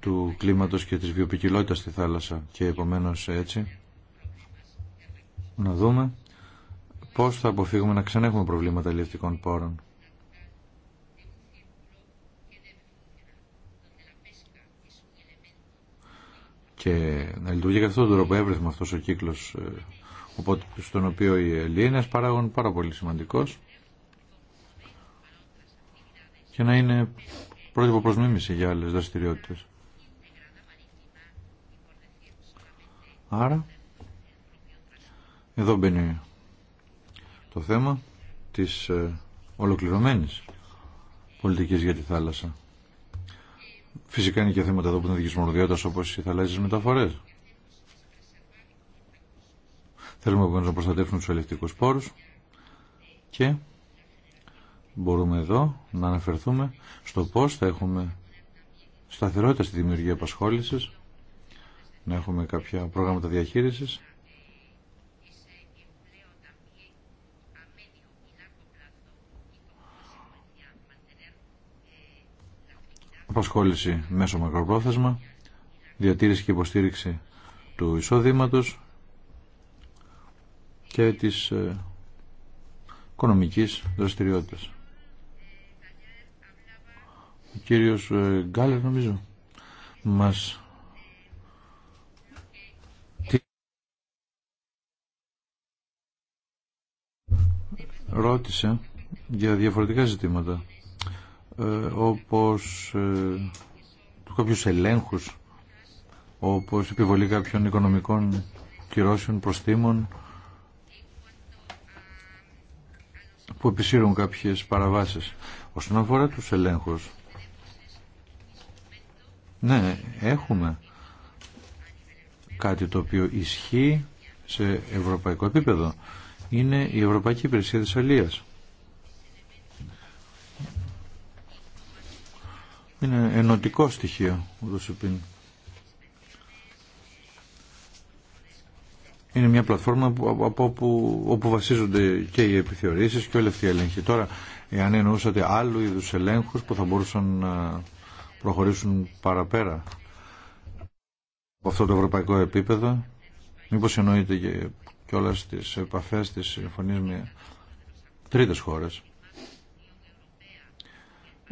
του κλίματος και της βιοποικιλότητας στη θάλασσα και επομένως έτσι να δούμε πώς θα αποφύγουμε να έχουμε προβλήματα ελληνικών πόρων. Και να λειτουργεί και αυτόν τον τρόπο έβρεθμα αυτός ο κύκλος ε, οπότε, στον οποίο οι Ελλήνες παράγουν πάρα πολύ σημαντικός και να είναι πρότυπο προς μίμηση για άλλες δραστηριότητες. Άρα, εδώ μπαίνει το θέμα της ε, ολοκληρωμένης πολιτικής για τη θάλασσα. Φυσικά είναι και θέματα εδώ που είναι δικής μορδιότητας όπως οι θαλάσσιες μεταφορές. Θέλουμε να προστατεύσουμε τους ελεκτικούς πόρους και μπορούμε εδώ να αναφερθούμε στο πώς θα έχουμε σταθερότητα στη δημιουργία απασχόλησης, να έχουμε κάποια πρόγραμματα διαχείρισης απασχόληση μέσω μακροπρόθεσμα, διατήρηση και υποστήριξη του εισόδηματος, και της ε, οικονομικής δραστηριότητας. Ο κύριος ε, Γκάλερ νομίζω μας ρώτησε για διαφορετικά ζητήματα ε, όπως του κάποιους ελέγχους όπως επιβολή κάποιων οικονομικών κυρώσεων, προστήμων που επισύρουν κάποιες παραβάσεις. Όσον αφορά τους ελέγχους, ναι, έχουμε κάτι το οποίο ισχύει σε ευρωπαϊκό επίπεδο. Είναι η Ευρωπαϊκή Υπηρεσία της Αλίας. Είναι ενωτικό στοιχείο, όπως είπε. είναι μια πλατφόρμα από όπου, βασίζονται και οι επιθεωρήσεις και όλοι αυτοί οι έλεγχοι. Τώρα, εάν εννοούσατε άλλου είδου ελέγχους που θα μπορούσαν να προχωρήσουν παραπέρα από αυτό το ευρωπαϊκό επίπεδο, μήπως εννοείται και, και τις τις επαφές, τις συμφωνίες με τρίτες χώρες.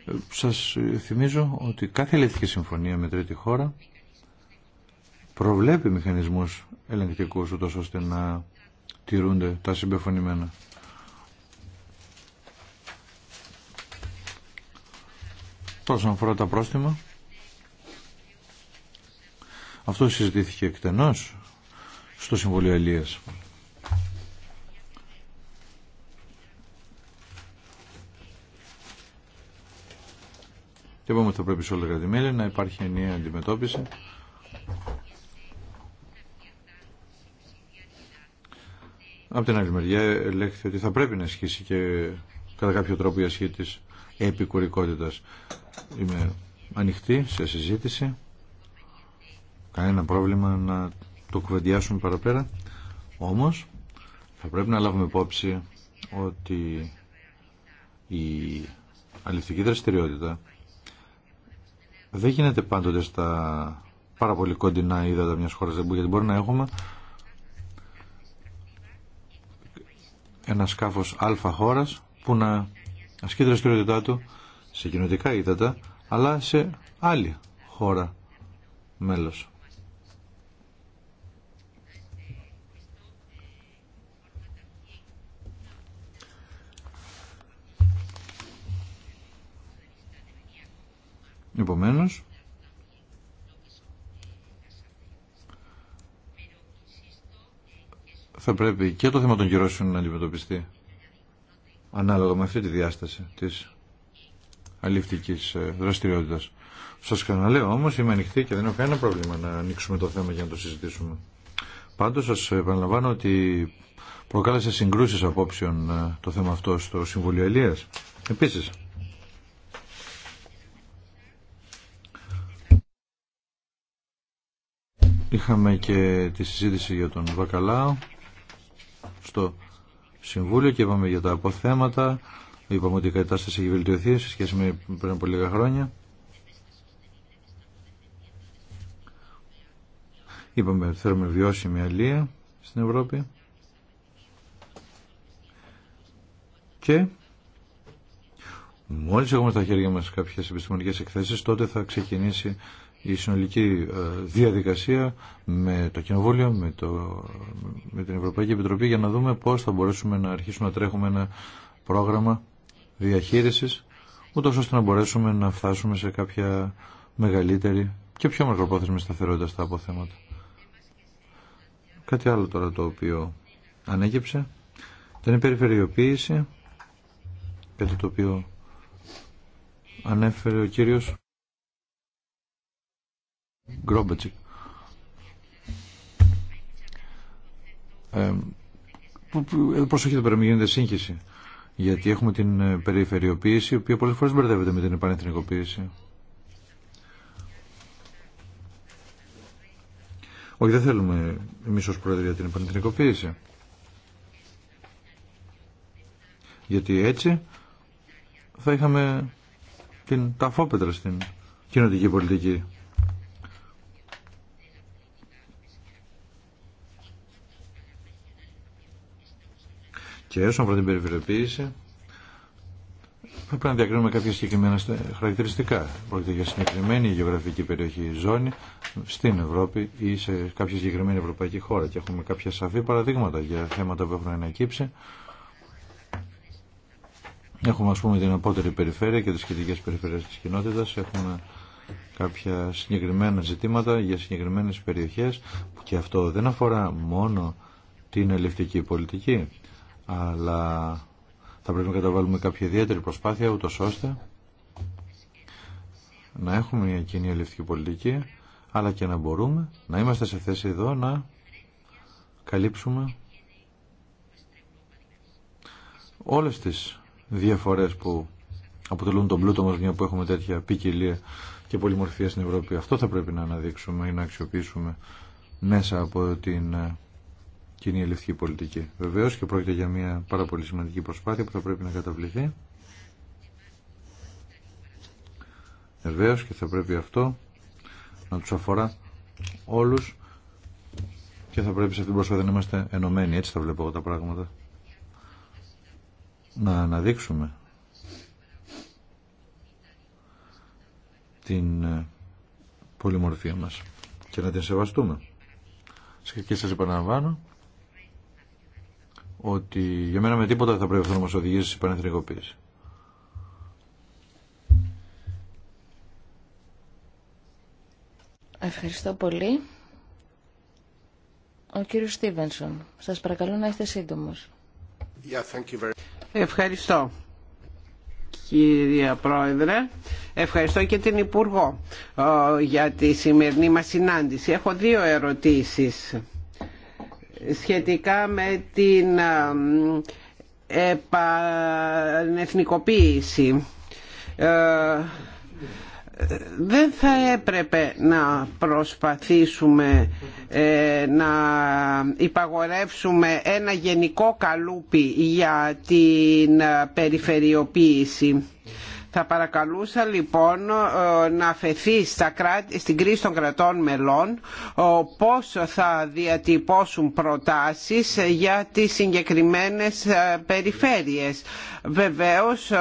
Ε, σας θυμίζω ότι κάθε ελεύθερη συμφωνία με τρίτη χώρα προβλέπει μηχανισμούς ελεγκτικούς ούτως ώστε να τηρούνται τα συμπεφωνημένα. Τόσο αφορά τα πρόστιμα. Αυτό συζητήθηκε εκτενώς στο Συμβουλίο Ελίας. Και είπαμε ότι θα πρέπει σε όλα τα να υπάρχει ενιαία αντιμετώπιση Από την άλλη μεριά ελέγχθη ότι θα πρέπει να ισχύσει και κατά κάποιο τρόπο η ασχή της επικουρικότητας. Είμαι ανοιχτή σε συζήτηση. Κανένα πρόβλημα να το κουβεντιάσουμε παραπέρα. Όμως θα πρέπει να λάβουμε υπόψη ότι η αληθική δραστηριότητα δεν γίνεται πάντοτε στα πάρα πολύ κοντινά είδατα μιας χώρας γιατί μπορεί να έχουμε ένα σκάφος σκάφος χώρας που να ασκεί δραστηριότητά του σε κοινωτικά ύδατα αλλά σε άλλη χώρα μέλος. Επομένως, θα πρέπει και το θέμα των κυρώσεων να αντιμετωπιστεί ανάλογα με αυτή τη διάσταση της αληφτικής ε, δραστηριότητας. Σας ξαναλέω όμως είμαι ανοιχτή και δεν έχω κανένα πρόβλημα να ανοίξουμε το θέμα για να το συζητήσουμε. Πάντως σας επαναλαμβάνω ότι προκάλεσε συγκρούσεις απόψεων ε, το θέμα αυτό στο Συμβουλίο Ελίας. Επίσης, είχαμε και τη συζήτηση για τον Βακαλάο στο Συμβούλιο και είπαμε για τα αποθέματα. Είπαμε ότι η κατάσταση έχει βελτιωθεί σε σχέση με πριν από λίγα χρόνια. Είπαμε ότι θέλουμε βιώσιμη αλία στην Ευρώπη. Και μόλις έχουμε στα χέρια μας κάποιες επιστημονικές εκθέσεις, τότε θα ξεκινήσει η συνολική ε, διαδικασία με το Κοινοβούλιο, με, το, με την Ευρωπαϊκή Επιτροπή για να δούμε πώς θα μπορέσουμε να αρχίσουμε να τρέχουμε ένα πρόγραμμα διαχείρισης ούτως ώστε να μπορέσουμε να φτάσουμε σε κάποια μεγαλύτερη και πιο μακροπρόθεσμη σταθερότητα στα αποθέματα. Κάτι άλλο τώρα το οποίο ανέκυψε ήταν η περιφερειοποίηση, κάτι το οποίο ανέφερε ο κύριος Γκρόμπετσικ. Ε, προσοχή εδώ πέρα, μην γίνεται σύγχυση. Γιατί έχουμε την ε, περιφερειοποίηση, η οποία πολλές φορές μπερδεύεται με την επανεθνικοποίηση. Όχι, δεν θέλουμε εμείς ως Προεδρία την επανεθνικοποίηση. Γιατί έτσι θα είχαμε την ταφόπετρα στην κοινωνική πολιτική. Και όσον αφορά την περιφερειοποίηση, πρέπει να διακρίνουμε κάποια συγκεκριμένα χαρακτηριστικά. Πρόκειται για συγκεκριμένη γεωγραφική περιοχή η ζώνη στην Ευρώπη ή σε κάποια συγκεκριμένη ευρωπαϊκή χώρα. Και έχουμε κάποια σαφή παραδείγματα για θέματα που έχουν ανακύψει. Έχουμε α πούμε την απότερη περιφέρεια και τι σχετικέ περιφερειέ τη κοινότητα. Έχουμε κάποια συγκεκριμένα ζητήματα για συγκεκριμένε περιοχέ και αυτό δεν αφορά μόνο την ελευτική πολιτική αλλά θα πρέπει να καταβάλουμε κάποια ιδιαίτερη προσπάθεια ούτω ώστε να έχουμε μια κοινή ελευθερική πολιτική αλλά και να μπορούμε να είμαστε σε θέση εδώ να καλύψουμε όλες τις διαφορές που αποτελούν τον πλούτο μας μια που έχουμε τέτοια ποικιλία και πολυμορφία στην Ευρώπη. Αυτό θα πρέπει να αναδείξουμε ή να αξιοποιήσουμε μέσα από την η ελληνική πολιτική. Βεβαίω και πρόκειται για μια πάρα πολύ σημαντική προσπάθεια που θα πρέπει να καταβληθεί. Βεβαίω και θα πρέπει αυτό να του αφορά όλου και θα πρέπει σε αυτήν την προσπάθεια να είμαστε ενωμένοι. Έτσι θα βλέπω εγώ τα πράγματα. Να αναδείξουμε την ε, πολυμορφία μας και να την σεβαστούμε. Και σας επαναλαμβάνω ότι για μένα με τίποτα θα πρέπει αυτό να μας οδηγήσει σε πανεθνικοποίηση. Ευχαριστώ πολύ. Ο κύριος Στίβενσον, σας παρακαλώ να είστε σύντομος. Ευχαριστώ κύριε Πρόεδρε. Ευχαριστώ και την Υπουργό ε, για τη σημερινή μας συνάντηση. Έχω δύο ερωτήσεις σχετικά με την επανεθνικοποίηση ε, δεν θα έπρεπε να προσπαθήσουμε ε, να υπαγορεύσουμε ένα γενικό καλούπι για την ε, περιφερειοποίηση. Θα παρακαλούσα λοιπόν ε, να αφαιθεί στα κράτη, στην κρίση των κρατών μελών πώς θα διατυπώσουν προτάσεις για τις συγκεκριμένες ε, περιφέρειες Βεβαίως ε,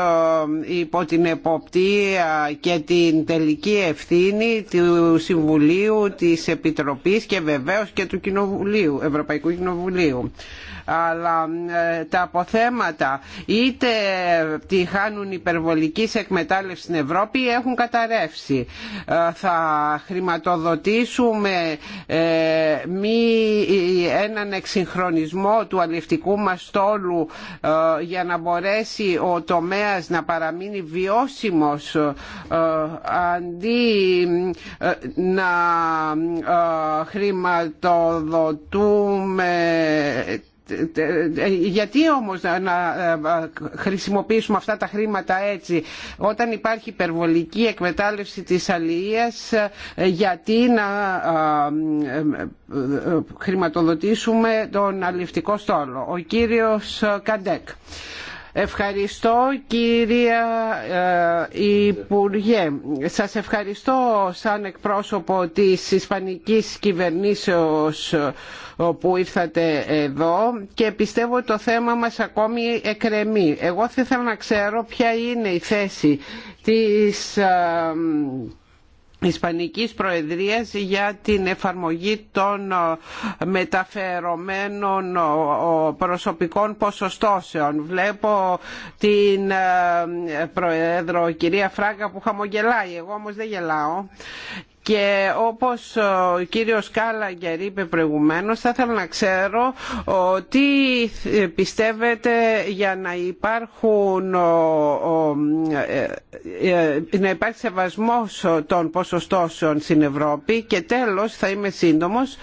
υπό την εποπτεία και την τελική ευθύνη του Συμβουλίου, της Επιτροπής και βεβαίως και του Κοινοβουλίου, Ευρωπαϊκού Κοινοβουλίου. Αλλά ε, τα αποθέματα είτε τη χάνουν υπερβολικής εκμετάλλευση στην Ευρώπη ή έχουν καταρρεύσει. Ε, θα χρηματοδοτήσουμε μη έναν εξυγχρονισμό του αλληλευτικού μας στόλου για να μπορέσει μπορέσει ο τομέας να παραμείνει βιώσιμος ε, αντί ε, να ε, χρηματοδοτούμε γιατί όμως να χρησιμοποιήσουμε αυτά τα χρήματα έτσι όταν υπάρχει υπερβολική εκμετάλλευση της αλληλείας γιατί να χρηματοδοτήσουμε τον αλληλευτικό στόλο. Ο κύριος Καντέκ. Ευχαριστώ κυρία ε, Υπουργέ. Σας ευχαριστώ σαν εκπρόσωπο της Ισπανικής κυβερνήσεως ε, που ήρθατε εδώ και πιστεύω το θέμα μας ακόμη εκρεμεί. Εγώ θα ήθελα να ξέρω ποια είναι η θέση της ε, Ισπανικής Προεδρίας για την εφαρμογή των ε, μεταφερομένων ε, προσωπικών ποσοστώσεων. Βλέπω την ε, Προέδρο κυρία Φράγκα που χαμογελάει, εγώ όμως δεν γελάω και όπως ο κύριος Κάλαγκερ είπε προηγουμένως θα ήθελα να ξέρω τι πιστεύετε για να υπάρχουν ε, ε, να υπάρχει σεβασμός των ποσοστώσεων στην Ευρώπη και τέλος θα είμαι σύντομος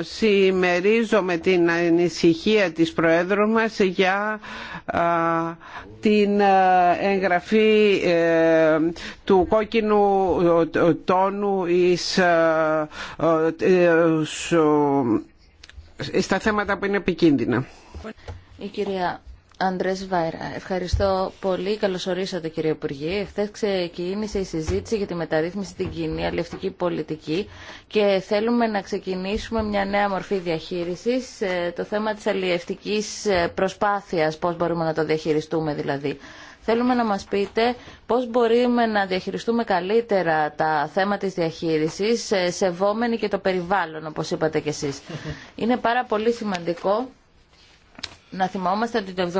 συμμερίζομαι την ανησυχία της Προέδρου μας για την ε, εγγραφή του κόκκινου η ε, ε, ε, στα θέματα που είναι επικίνδυνα. Η κυρία Αντρέ Βάιρα, ευχαριστώ πολύ. Καλωσορίσατε κύριε Υπουργέ. εχθε ξεκίνησε η συζήτηση για τη μεταρρύθμιση στην κοινή αλληλευτική πολιτική και θέλουμε να ξεκινήσουμε μια νέα μορφή διαχείριση. Το θέμα τη αλληλευτική προσπάθεια, πώ μπορούμε να το διαχειριστούμε δηλαδή. Θέλουμε να μας πείτε πώς μπορούμε να διαχειριστούμε καλύτερα τα θέματα της διαχείρισης, σεβόμενοι και το περιβάλλον, όπως είπατε κι εσείς. [laughs] Είναι πάρα πολύ σημαντικό να θυμόμαστε ότι το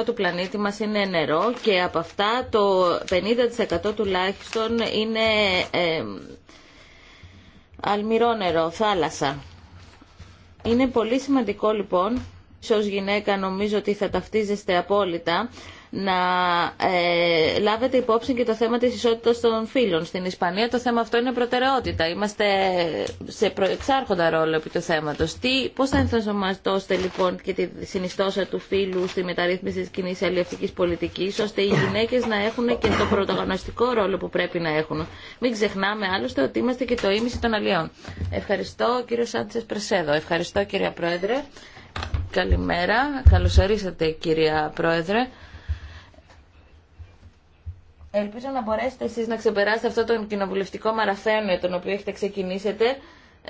70% του πλανήτη μας είναι νερό και από αυτά το 50% τουλάχιστον είναι αλμυρό νερό, θάλασσα. Είναι πολύ σημαντικό λοιπόν, ίσως γυναίκα νομίζω ότι θα ταυτίζεστε απόλυτα, να ε, λάβετε υπόψη και το θέμα της ισότητας των φύλων. Στην Ισπανία το θέμα αυτό είναι προτεραιότητα. Είμαστε σε προεξάρχοντα ρόλο επί του θέματος. Τι, πώς θα ενθουσιαστώσετε λοιπόν και τη συνιστόσα του φύλου στη μεταρρύθμιση της κοινή αλληλευτικής πολιτικής, ώστε οι γυναίκες να έχουν και το πρωταγωνιστικό ρόλο που πρέπει να έχουν. Μην ξεχνάμε άλλωστε ότι είμαστε και το ίμιση των αλλιών. Ευχαριστώ κύριο Σάντσες Πρεσέδο. Ευχαριστώ κυρία Πρόεδρε. Καλημέρα. Καλωσορίσατε κυρία Πρόεδρε. Ελπίζω να μπορέσετε εσείς να ξεπεράσετε αυτό τον κοινοβουλευτικό μαραθένιο τον οποίο έχετε ξεκινήσετε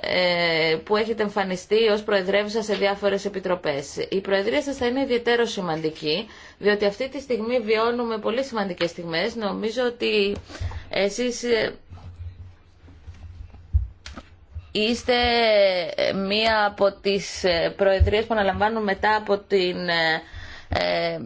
ε, που έχετε εμφανιστεί ως προεδρεύουσα σε διάφορες επιτροπές. Η προεδρία σας θα είναι ιδιαίτερο σημαντική, διότι αυτή τη στιγμή βιώνουμε πολύ σημαντικές στιγμές. Νομίζω ότι εσείς ε, είστε μία από τις ε, προεδρίες που αναλαμβάνουν μετά από την ε,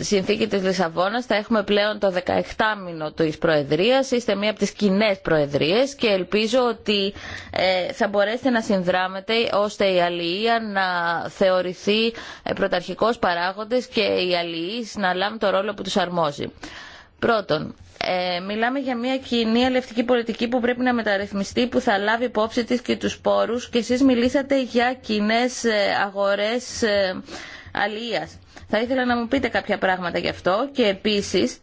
συνθήκη της Λισαβόνας θα έχουμε πλέον το 17 μήνο της Προεδρίας. Είστε μία από τις κοινέ Προεδρίες και ελπίζω ότι ε, θα μπορέσετε να συνδράμετε ώστε η αλληλεία να θεωρηθεί ε, πρωταρχικός παράγοντας και οι αλληλείς να λάβουν το ρόλο που τους αρμόζει. Πρώτον, ε, μιλάμε για μια κοινή αλληλευτική πολιτική που πρέπει να μεταρρυθμιστεί, που θα λάβει υπόψη της και τους πόρους και εσείς μιλήσατε για κοινέ ε, αγορές αλληλείας. Θα ήθελα να μου πείτε κάποια πράγματα γι' αυτό και επίσης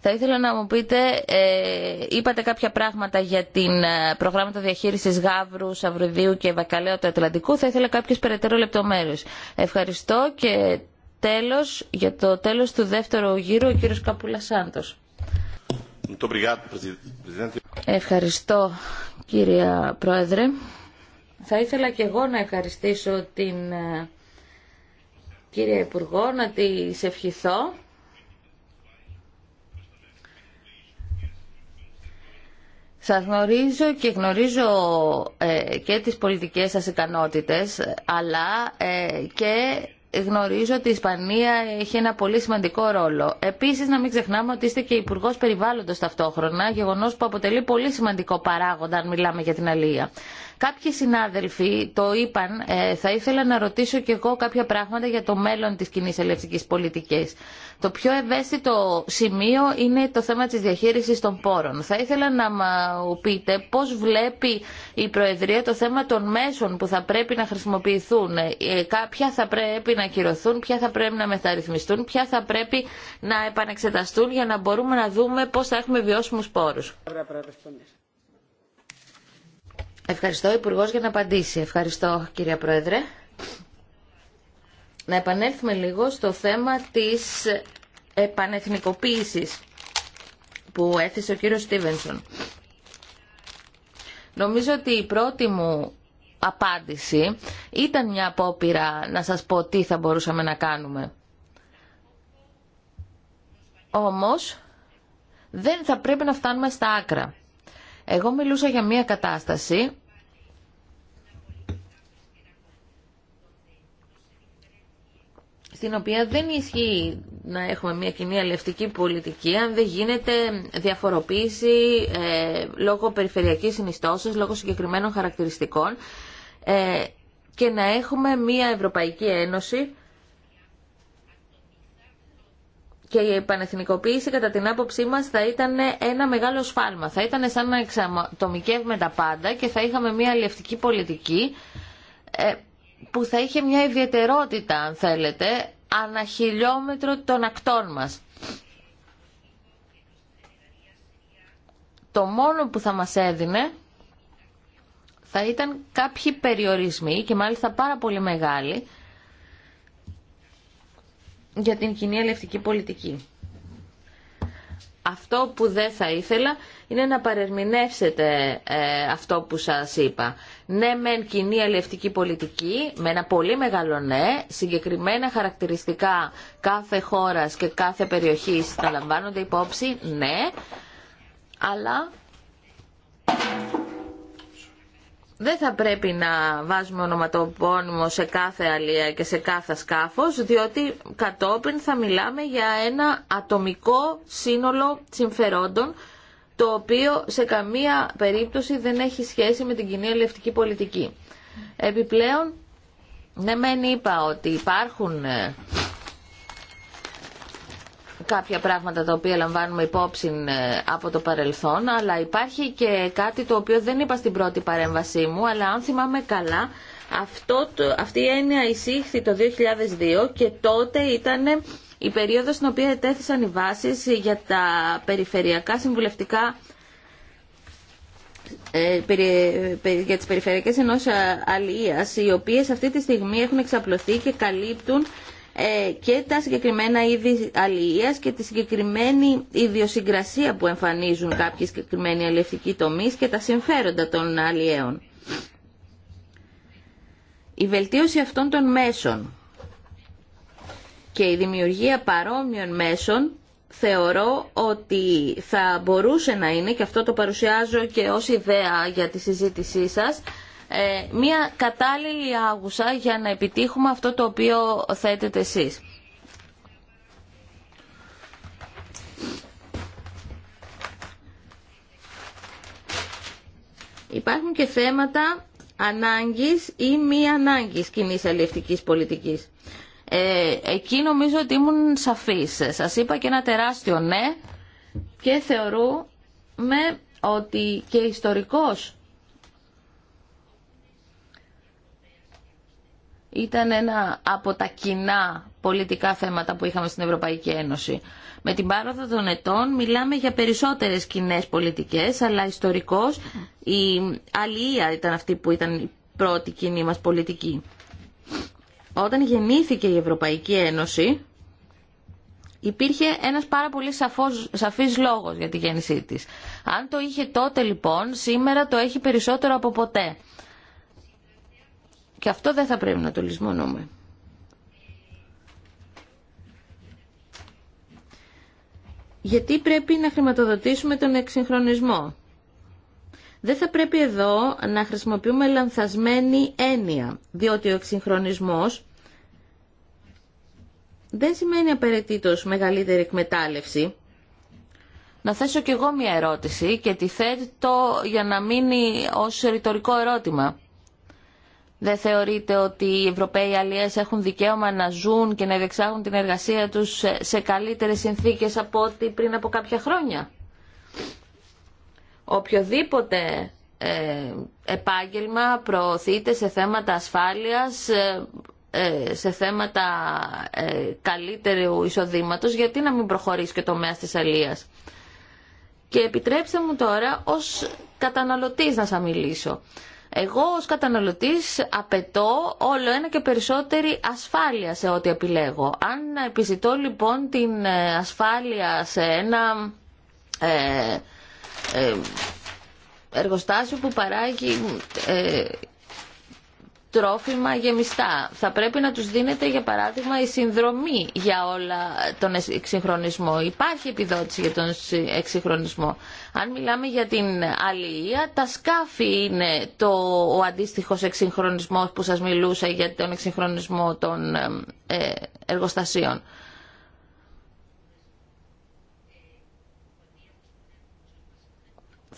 θα ήθελα να μου πείτε, ε, είπατε κάποια πράγματα για την ε, προγράμματα διαχείριση Γαύρου, Σαυρουδίου και Βακαλαίου του Ατλαντικού. Θα ήθελα κάποιες περαιτέρω λεπτομέρειες. Ευχαριστώ και τέλο, για το τέλο του δεύτερου γύρου, ο κύριο Καπούλα Σάντο. Ευχαριστώ, κύριε Πρόεδρε. Θα ήθελα και εγώ να ευχαριστήσω την ε, κύριε Υπουργό, να τη ευχηθώ. Σας γνωρίζω και γνωρίζω ε, και τις πολιτικές σας ικανότητες, αλλά ε, και γνωρίζω ότι η Ισπανία έχει ένα πολύ σημαντικό ρόλο. Επίσης, να μην ξεχνάμε ότι είστε και υπουργό Περιβάλλοντος ταυτόχρονα, γεγονός που αποτελεί πολύ σημαντικό παράγοντα αν μιλάμε για την αλληλεία. Κάποιοι συνάδελφοι το είπαν, ε, θα ήθελα να ρωτήσω κι εγώ κάποια πράγματα για το μέλλον της κοινή ελευθερικής πολιτικής. Το πιο ευαίσθητο σημείο είναι το θέμα της διαχείρισης των πόρων. Θα ήθελα να μου πείτε πώς βλέπει η Προεδρία το θέμα των μέσων που θα πρέπει να χρησιμοποιηθούν. Ε, ποια θα πρέπει να κυρωθούν, ποια θα πρέπει να μεταρρυθμιστούν, ποια θα πρέπει να επανεξεταστούν για να μπορούμε να δούμε πώς θα έχουμε βιώσιμους πόρους. Ευχαριστώ, Υπουργό, για να απαντήσει. Ευχαριστώ, κυρία Πρόεδρε. Να επανέλθουμε λίγο στο θέμα της επανεθνικοποίησης που έθεσε ο κύριος Στίβενσον. Νομίζω ότι η πρώτη μου απάντηση ήταν μια απόπειρα να σας πω τι θα μπορούσαμε να κάνουμε. Όμως δεν θα πρέπει να φτάνουμε στα άκρα. Εγώ μιλούσα για μια κατάσταση στην οποία δεν ισχύει να έχουμε μια κοινή αλληλευτική πολιτική αν δεν γίνεται διαφοροποίηση ε, λόγω περιφερειακής συνιστώσεως, λόγω συγκεκριμένων χαρακτηριστικών ε, και να έχουμε μια Ευρωπαϊκή Ένωση και η επανεθνικοποίηση κατά την άποψή μας θα ήταν ένα μεγάλο σφάλμα. Θα ήταν σαν να εξατομικεύουμε τα πάντα και θα είχαμε μια αλληλευτική πολιτική ε, που θα είχε μια ιδιαιτερότητα, αν θέλετε, ανά χιλιόμετρο των ακτών μας. Το μόνο που θα μας έδινε θα ήταν κάποιοι περιορισμοί και μάλιστα πάρα πολύ μεγάλοι για την κοινή ελευτική πολιτική. Αυτό που δεν θα ήθελα είναι να παρερμηνεύσετε ε, αυτό που σας είπα. Ναι, μεν κοινή αλληλευτική πολιτική, με ένα πολύ μεγάλο ναι, συγκεκριμένα χαρακτηριστικά κάθε χώρας και κάθε περιοχής θα λαμβάνονται υπόψη, ναι, αλλά δεν θα πρέπει να βάζουμε ονοματοπώνυμο σε κάθε αλία και σε κάθε σκάφος, διότι κατόπιν θα μιλάμε για ένα ατομικό σύνολο συμφερόντων, το οποίο σε καμία περίπτωση δεν έχει σχέση με την κοινή αλληλευτική πολιτική. Επιπλέον, ναι μεν είπα ότι υπάρχουν ε, κάποια πράγματα τα οποία λαμβάνουμε υπόψη ε, από το παρελθόν, αλλά υπάρχει και κάτι το οποίο δεν είπα στην πρώτη παρέμβασή μου, αλλά αν θυμάμαι καλά, αυτό, αυτή η έννοια εισήχθη το 2002 και τότε ήταν η περίοδος στην οποία ετέθησαν οι βάσεις για τα περιφερειακά συμβουλευτικά ε, για τις περιφερειακές ενός αλληλείας, οι οποίες αυτή τη στιγμή έχουν εξαπλωθεί και καλύπτουν ε, και τα συγκεκριμένα είδη αλληλείας και τη συγκεκριμένη ιδιοσυγκρασία που εμφανίζουν κάποιοι συγκεκριμένοι αλληλευτικοί τομείς και τα συμφέροντα των αλλιέων. Η βελτίωση αυτών των μέσων και η δημιουργία παρόμοιων μέσων θεωρώ ότι θα μπορούσε να είναι, και αυτό το παρουσιάζω και ως ιδέα για τη συζήτησή σας, ε, μια κατάλληλη άγουσα για να επιτύχουμε αυτό το οποίο θέτετε εσείς. Υπάρχουν και θέματα ανάγκης ή μη ανάγκης κοινής αλληλευτικής πολιτικής. Ε, εκεί νομίζω ότι ήμουν σαφής. Σας είπα και ένα τεράστιο ναι και θεωρούμε ότι και ιστορικός ήταν ένα από τα κοινά πολιτικά θέματα που είχαμε στην Ευρωπαϊκή Ένωση. Με την πάροδο των ετών μιλάμε για περισσότερες κοινέ πολιτικές, αλλά ιστορικώς η αλληλεία ήταν αυτή που ήταν η πρώτη κοινή μας πολιτική. Όταν γεννήθηκε η Ευρωπαϊκή Ένωση, υπήρχε ένας πάρα πολύ σαφός, σαφής λόγος για τη γέννησή της. Αν το είχε τότε λοιπόν, σήμερα το έχει περισσότερο από ποτέ. Και αυτό δεν θα πρέπει να το λησμονούμε. Γιατί πρέπει να χρηματοδοτήσουμε τον εξυγχρονισμό. Δεν θα πρέπει εδώ να χρησιμοποιούμε λανθασμένη έννοια, διότι ο εξυγχρονισμός δεν σημαίνει απαραίτητο μεγαλύτερη εκμετάλλευση. Να θέσω κι εγώ μια ερώτηση και τη θέτω για να μείνει ως ρητορικό ερώτημα. Δεν θεωρείτε ότι οι Ευρωπαίοι αλλιές έχουν δικαίωμα να ζουν και να διεξάγουν την εργασία τους σε καλύτερες συνθήκες από ό,τι πριν από κάποια χρόνια. Οποιοδήποτε ε, επάγγελμα προωθείται σε θέματα ασφάλειας, ε, ε, σε θέματα ε, καλύτερου εισοδήματος, γιατί να μην προχωρήσει και το τομέας της Αλλίας. Και επιτρέψτε μου τώρα ως καταναλωτής να σας μιλήσω. Εγώ ως καταναλωτής απαιτώ όλο ένα και περισσότερη ασφάλεια σε ό,τι επιλέγω. Αν επιζητώ λοιπόν την ε, ασφάλεια σε ένα ε, ε εργοστάσιο που παράγει ε, τρόφιμα γεμιστά. Θα πρέπει να τους δίνεται για παράδειγμα η συνδρομή για όλα τον εξυγχρονισμό. Υπάρχει επιδότηση για τον εξυγχρονισμό. Αν μιλάμε για την αλληλεία, τα σκάφη είναι το, ο αντίστοιχος εξυγχρονισμός που σας μιλούσα για τον εξυγχρονισμό των ε, εργοστασίων.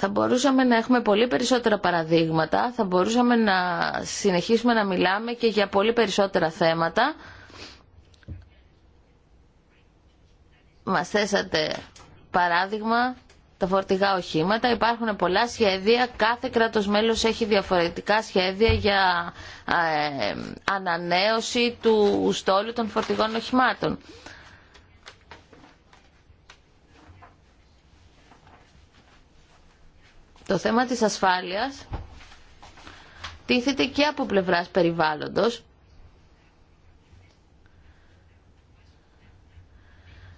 θα μπορούσαμε να έχουμε πολύ περισσότερα παραδείγματα, θα μπορούσαμε να συνεχίσουμε να μιλάμε και για πολύ περισσότερα θέματα. Μας θέσατε παράδειγμα τα φορτηγά οχήματα. Υπάρχουν πολλά σχέδια. Κάθε κράτος μέλος έχει διαφορετικά σχέδια για ε, ανανέωση του στόλου των φορτηγών οχημάτων. Το θέμα της ασφάλειας τίθεται και από πλευράς περιβάλλοντος.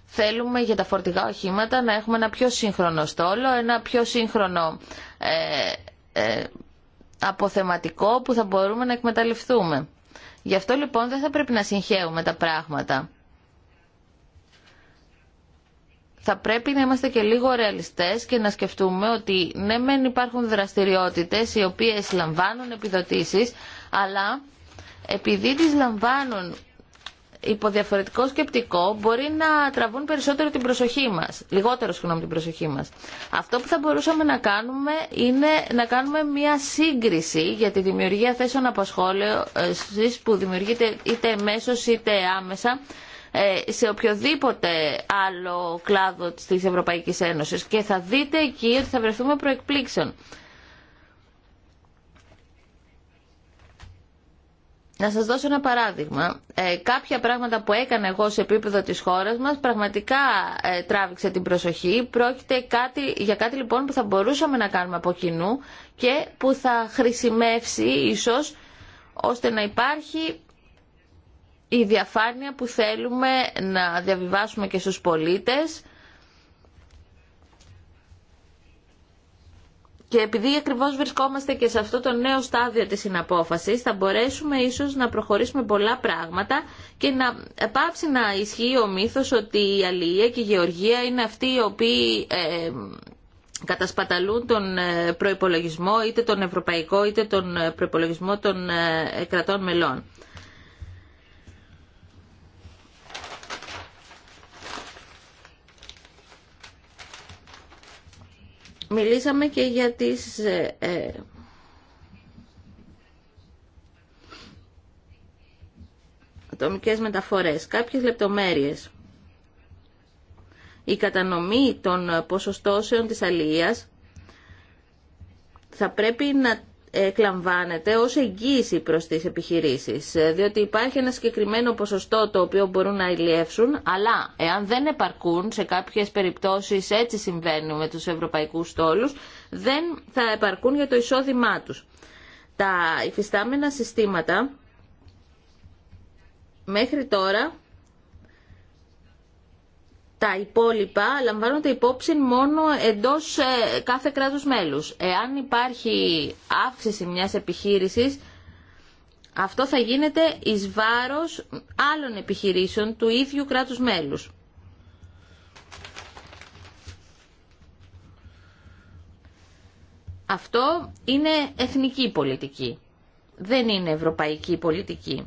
Θέλουμε για τα φορτηγά οχήματα να έχουμε ένα πιο σύγχρονο στόλο, ένα πιο σύγχρονο ε, ε, αποθεματικό που θα μπορούμε να εκμεταλλευτούμε. Γι' αυτό λοιπόν δεν θα πρέπει να συγχαίουμε τα πράγματα θα πρέπει να είμαστε και λίγο ρεαλιστές και να σκεφτούμε ότι ναι μεν υπάρχουν δραστηριότητες οι οποίες λαμβάνουν επιδοτήσεις αλλά επειδή τις λαμβάνουν υπό διαφορετικό σκεπτικό μπορεί να τραβούν περισσότερο την προσοχή μας, λιγότερο συγγνώμη την προσοχή μας. Αυτό που θα μπορούσαμε να κάνουμε είναι να κάνουμε μια σύγκριση για τη δημιουργία θέσεων απασχόλησης που δημιουργείται είτε μέσω είτε άμεσα ε, σε οποιοδήποτε άλλο κλάδο της Ευρωπαϊκής Ένωσης και θα δείτε εκεί ότι θα βρεθούμε προεκπλήξεων. Να σας δώσω ένα παράδειγμα. Ε, κάποια πράγματα που έκανα εγώ σε επίπεδο της χώρας μας πραγματικά ε, τράβηξε την προσοχή. Πρόκειται κάτι, για κάτι λοιπόν που θα μπορούσαμε να κάνουμε από κοινού και που θα χρησιμεύσει ίσως ώστε να υπάρχει η διαφάνεια που θέλουμε να διαβιβάσουμε και στους πολίτες Και επειδή ακριβώ βρισκόμαστε και σε αυτό το νέο στάδιο της συναπόφασης, θα μπορέσουμε ίσως να προχωρήσουμε πολλά πράγματα και να πάψει να ισχύει ο μύθος ότι η αλληλεία και η γεωργία είναι αυτοί οι οποίοι ε, κατασπαταλούν τον ε, προϋπολογισμό, είτε τον ευρωπαϊκό είτε τον ε, προϋπολογισμό των κρατών μελών. Μιλήσαμε και για τις ε, ε, ατομικές μεταφορές. Κάποιες λεπτομέρειες. Η κατανομή των ποσοστώσεων της αλληλείας θα πρέπει να εκλαμβάνεται ως εγγύηση προς τις επιχειρήσεις, ε, διότι υπάρχει ένα συγκεκριμένο ποσοστό το οποίο μπορούν να ηλιεύσουν, αλλά εάν δεν επαρκούν, σε κάποιες περιπτώσεις έτσι συμβαίνουν με τους ευρωπαϊκούς στόλους, δεν θα επαρκούν για το εισόδημά τους. Τα υφιστάμενα συστήματα μέχρι τώρα τα υπόλοιπα λαμβάνονται υπόψη μόνο εντός ε, κάθε κράτους μέλους. Εάν υπάρχει αύξηση μιας επιχείρησης, αυτό θα γίνεται εις βάρος άλλων επιχειρήσεων του ίδιου κράτους μέλους. Αυτό είναι εθνική πολιτική. Δεν είναι ευρωπαϊκή πολιτική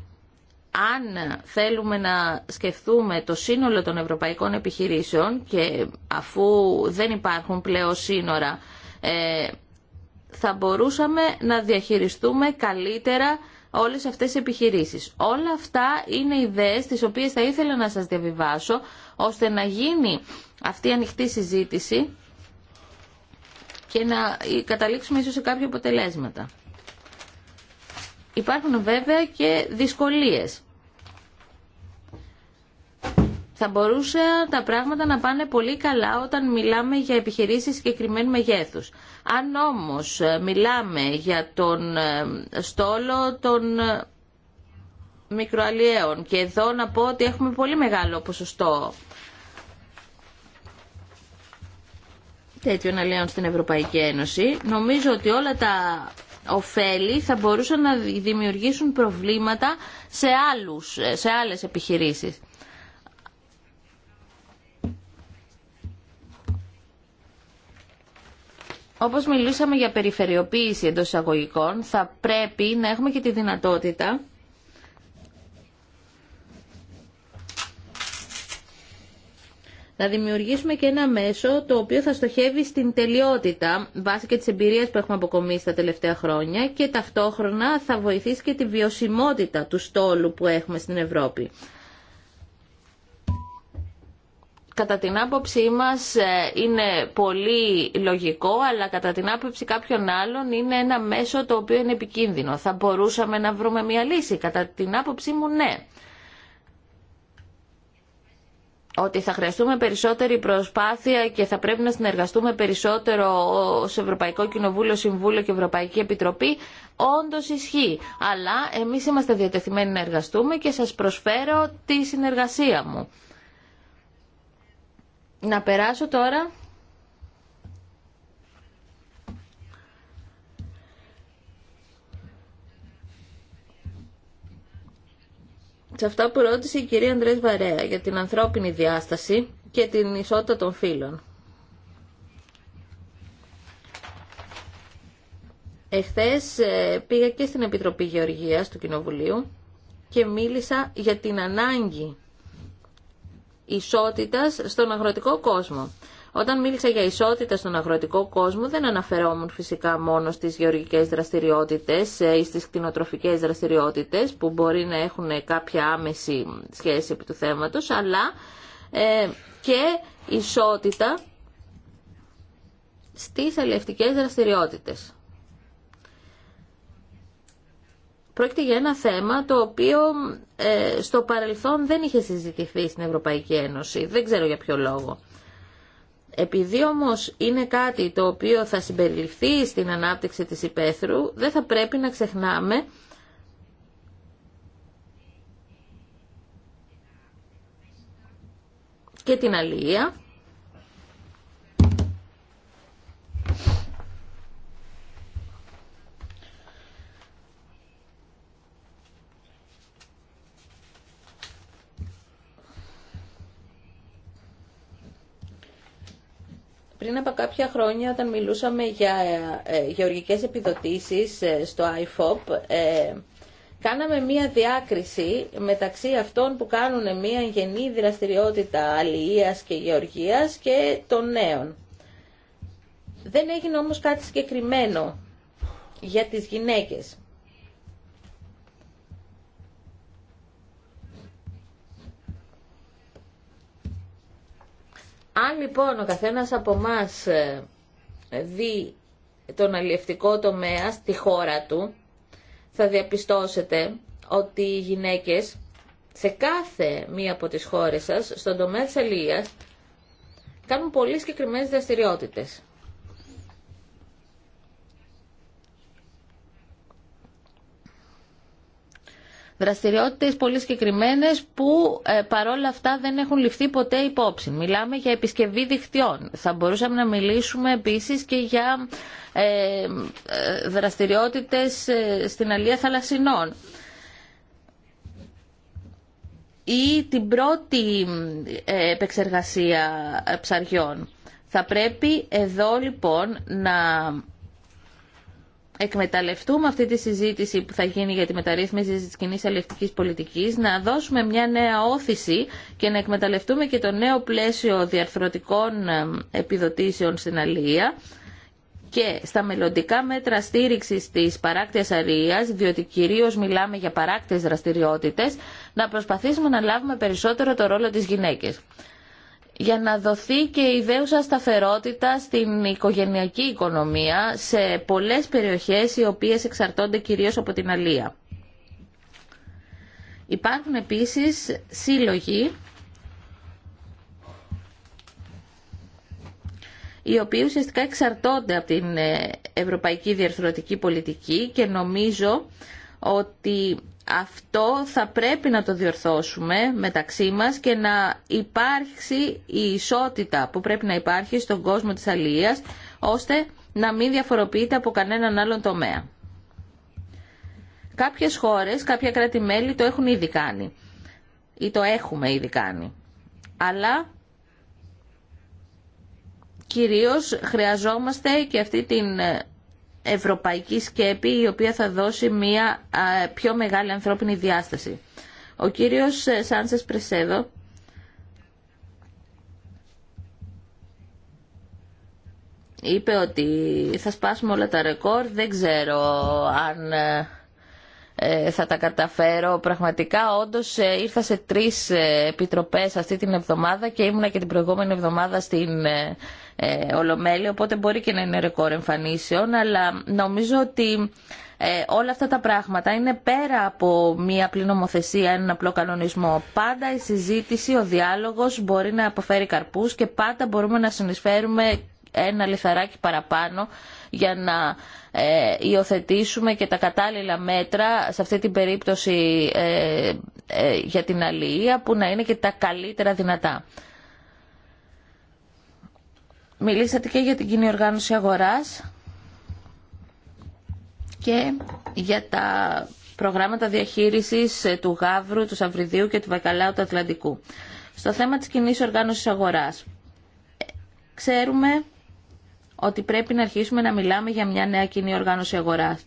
αν θέλουμε να σκεφτούμε το σύνολο των ευρωπαϊκών επιχειρήσεων και αφού δεν υπάρχουν πλέον σύνορα, ε, θα μπορούσαμε να διαχειριστούμε καλύτερα όλες αυτές τις επιχειρήσεις. Όλα αυτά είναι ιδέες τις οποίες θα ήθελα να σας διαβιβάσω, ώστε να γίνει αυτή η ανοιχτή συζήτηση και να ε, καταλήξουμε ίσως σε κάποια αποτελέσματα. Υπάρχουν βέβαια και δυσκολίες. Θα μπορούσε τα πράγματα να πάνε πολύ καλά όταν μιλάμε για επιχειρήσεις συγκεκριμένου μεγέθους. Αν όμως ε, μιλάμε για τον ε, στόλο των ε, μικροαλλιέων και εδώ να πω ότι έχουμε πολύ μεγάλο ποσοστό τέτοιων αλλιέων στην Ευρωπαϊκή Ένωση, νομίζω ότι όλα τα ωφέλη θα μπορούσαν να δημιουργήσουν προβλήματα σε, άλλους, ε, σε άλλες επιχειρήσεις. Όπως μιλήσαμε για περιφερειοποίηση εντός εισαγωγικών, θα πρέπει να έχουμε και τη δυνατότητα να δημιουργήσουμε και ένα μέσο το οποίο θα στοχεύει στην τελειότητα βάσει και της εμπειρίας που έχουμε αποκομίσει τα τελευταία χρόνια και ταυτόχρονα θα βοηθήσει και τη βιωσιμότητα του στόλου που έχουμε στην Ευρώπη. Κατά την άποψή μας ε, είναι πολύ λογικό, αλλά κατά την άποψη κάποιων άλλων είναι ένα μέσο το οποίο είναι επικίνδυνο. Θα μπορούσαμε να βρούμε μια λύση. Κατά την άποψή μου ναι ότι θα χρειαστούμε περισσότερη προσπάθεια και θα πρέπει να συνεργαστούμε περισσότερο ως Ευρωπαϊκό Κοινοβούλιο, Συμβούλιο και Ευρωπαϊκή Επιτροπή, όντως ισχύει. Αλλά εμείς είμαστε διατεθειμένοι να εργαστούμε και σας προσφέρω τη συνεργασία μου. Να περάσω τώρα σε αυτά που ρώτησε η κυρία Αντρέ Βαρέα για την ανθρώπινη διάσταση και την ισότητα των φύλων. Εχθές ε, πήγα και στην Επιτροπή Γεωργίας του Κοινοβουλίου και μίλησα για την ανάγκη ισότητας στον αγροτικό κόσμο. Όταν μίλησα για ισότητα στον αγροτικό κόσμο δεν αναφερόμουν φυσικά μόνο στις γεωργικές δραστηριότητες ε, ή στι κτηνοτροφικές δραστηριότητες που μπορεί να έχουν κάποια άμεση σχέση επί του θέματο, αλλά ε, και ισότητα στις αλληλευτικές δραστηριότητες. Πρόκειται για ένα θέμα το οποίο ε, στο παρελθόν δεν είχε συζητηθεί στην Ευρωπαϊκή Ένωση. Δεν ξέρω για ποιο λόγο. Επειδή όμως είναι κάτι το οποίο θα συμπεριληφθεί στην ανάπτυξη της υπαίθρου, δεν θα πρέπει να ξεχνάμε και την αλληλεία Πριν από κάποια χρόνια όταν μιλούσαμε για ε, γεωργικές επιδοτήσεις ε, στο IFOP, ε, κάναμε μία διάκριση μεταξύ αυτών που κάνουν μία γενή δραστηριότητα αλληλείας και γεωργίας και των νέων. Δεν έγινε όμως κάτι συγκεκριμένο για τις γυναίκες. Αν λοιπόν ο καθένας από μας ε, δει τον αλλιευτικό τομέα στη χώρα του, θα διαπιστώσετε ότι οι γυναίκες σε κάθε μία από τις χώρες σας, στον τομέα της αλληλείας, κάνουν πολύ συγκεκριμένες δραστηριότητες. δραστηριότητες πολύ συγκεκριμένε που ε, παρόλα αυτά δεν έχουν ληφθεί ποτέ υπόψη. Μιλάμε για επισκευή δικτυών. Θα μπορούσαμε να μιλήσουμε επίσης και για ε, ε, δραστηριότητες στην αλία θαλασσινών ή την πρώτη επεξεργασία ψαριών. Θα πρέπει εδώ λοιπόν να εκμεταλλευτούμε αυτή τη συζήτηση που θα γίνει για τη μεταρρύθμιση τη κοινή αλληλευτικής πολιτικής, να δώσουμε μια νέα όθηση και να εκμεταλλευτούμε και το νέο πλαίσιο διαρθρωτικών επιδοτήσεων στην Αλία και στα μελλοντικά μέτρα στήριξη τη παράκτεια αρίας, διότι κυρίω μιλάμε για παράκτε δραστηριότητε, να προσπαθήσουμε να λάβουμε περισσότερο το ρόλο τη γυναίκε για να δοθεί και ιδέουσα σταθερότητα στην οικογενειακή οικονομία σε πολλές περιοχές οι οποίες εξαρτώνται κυρίως από την αλία. Υπάρχουν επίσης σύλλογοι οι οποίοι ουσιαστικά εξαρτώνται από την ε, Ευρωπαϊκή Διαρθρωτική Πολιτική και νομίζω ότι αυτό θα πρέπει να το διορθώσουμε μεταξύ μας και να υπάρξει η ισότητα που πρέπει να υπάρχει στον κόσμο της αλληλείας ώστε να μην διαφοροποιείται από κανέναν άλλον τομέα. Κάποιες χώρες, κάποια κράτη-μέλη το έχουν ήδη κάνει ή το έχουμε ήδη κάνει. Αλλά κυρίως χρειαζόμαστε και αυτή την ε, ευρωπαϊκή σκέπη η οποία θα δώσει μια πιο μεγάλη ανθρώπινη διάσταση. Ο κύριος ε, Σάνσες Πρεσέδο είπε ότι θα σπάσουμε όλα τα ρεκόρ. Δεν ξέρω αν ε, ε, θα τα καταφέρω. Πραγματικά όντως ήρθα σε τρεις επιτροπές αυτή την εβδομάδα και ήμουνα και την προηγούμενη εβδομάδα στην ε, Ολομέλεια, οπότε μπορεί και να είναι ρεκόρ εμφανίσεων, αλλά νομίζω ότι ε, όλα αυτά τα πράγματα είναι πέρα από μία απλή νομοθεσία, έναν απλό κανονισμό. Πάντα η συζήτηση, ο διάλογος μπορεί να αποφέρει καρπούς και πάντα μπορούμε να συνεισφέρουμε ένα λιθαράκι παραπάνω για να ε, υιοθετήσουμε και τα κατάλληλα μέτρα σε αυτή την περίπτωση ε, ε, για την αλληλεία που να είναι και τα καλύτερα δυνατά. Μιλήσατε και για την κοινή οργάνωση αγοράς και για τα προγράμματα διαχείρισης ε, του ΓΑΒΡΟΥ, του Σαβριδίου και του Βακαλάου του Ατλαντικού. Στο θέμα της κοινή οργάνωσης αγοράς, ε, ξέρουμε ότι πρέπει να αρχίσουμε να μιλάμε για μια νέα κοινή οργάνωση αγοράς.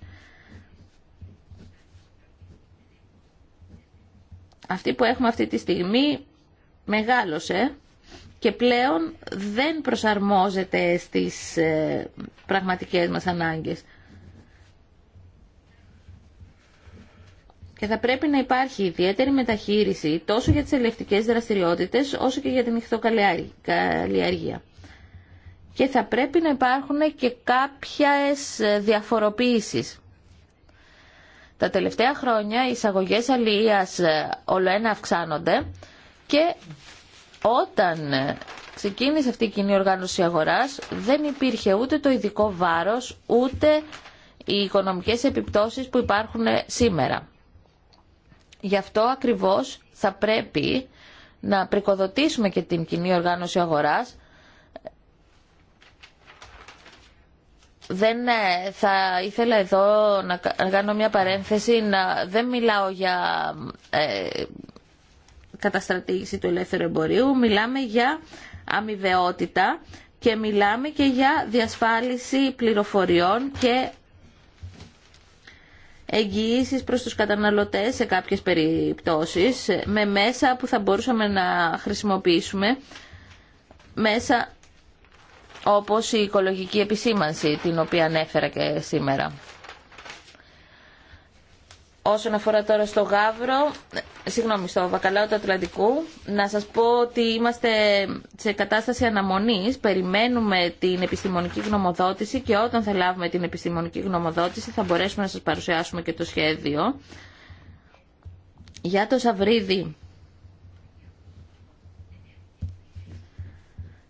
Αυτή που έχουμε αυτή τη στιγμή μεγάλωσε και πλέον δεν προσαρμόζεται στις ε, πραγματικές μας ανάγκες. Και θα πρέπει να υπάρχει ιδιαίτερη μεταχείριση τόσο για τις ελευτικές δραστηριότητες όσο και για την ηχθοκαλλιέργεια. Και θα πρέπει να υπάρχουν και κάποιες διαφοροποίησεις. Τα τελευταία χρόνια οι εισαγωγές αλληλείας ε, όλο αυξάνονται και όταν ε, ξεκίνησε αυτή η κοινή οργάνωση αγοράς δεν υπήρχε ούτε το ειδικό βάρος ούτε οι οικονομικές επιπτώσεις που υπάρχουν ε, σήμερα. Γι' αυτό ακριβώς θα πρέπει να πρικοδοτήσουμε και την κοινή οργάνωση αγοράς Δεν ε, θα ήθελα εδώ να κάνω μια παρένθεση να δεν μιλάω για καταστρατήγηση του ελεύθερου εμπορίου, μιλάμε για αμοιβαιότητα και μιλάμε και για διασφάλιση πληροφοριών και εγγυήσεις προς τους καταναλωτές σε κάποιες περιπτώσεις με μέσα που θα μπορούσαμε να χρησιμοποιήσουμε μέσα όπως η οικολογική επισήμανση την οποία ανέφερα και σήμερα. Όσον αφορά τώρα στο Γαύρο, συγγνώμη, στο Βακαλάο του Ατλαντικού, να σας πω ότι είμαστε σε κατάσταση αναμονής, περιμένουμε την επιστημονική γνωμοδότηση και όταν θα λάβουμε την επιστημονική γνωμοδότηση θα μπορέσουμε να σας παρουσιάσουμε και το σχέδιο. Για το Σαβρίδι,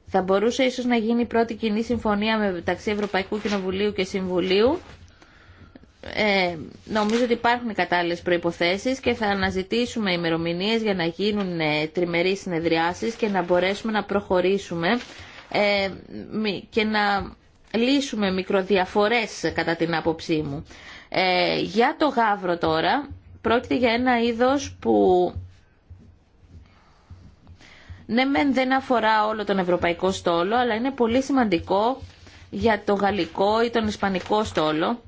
θα μπορούσε ίσως να γίνει η πρώτη κοινή συμφωνία μεταξύ Ευρωπαϊκού Κοινοβουλίου και Συμβουλίου ε, νομίζω ότι υπάρχουν κατάλληλες προϋποθέσεις και θα αναζητήσουμε ημερομηνίε για να γίνουν ε, τριμερείς συνεδριάσεις και να μπορέσουμε να προχωρήσουμε ε, και να λύσουμε μικροδιαφορές κατά την άποψή μου. για το γάβρο τώρα πρόκειται για ένα είδος που ναι μεν δεν αφορά όλο τον ευρωπαϊκό στόλο αλλά είναι πολύ σημαντικό για το γαλλικό ή τον ισπανικό στόλο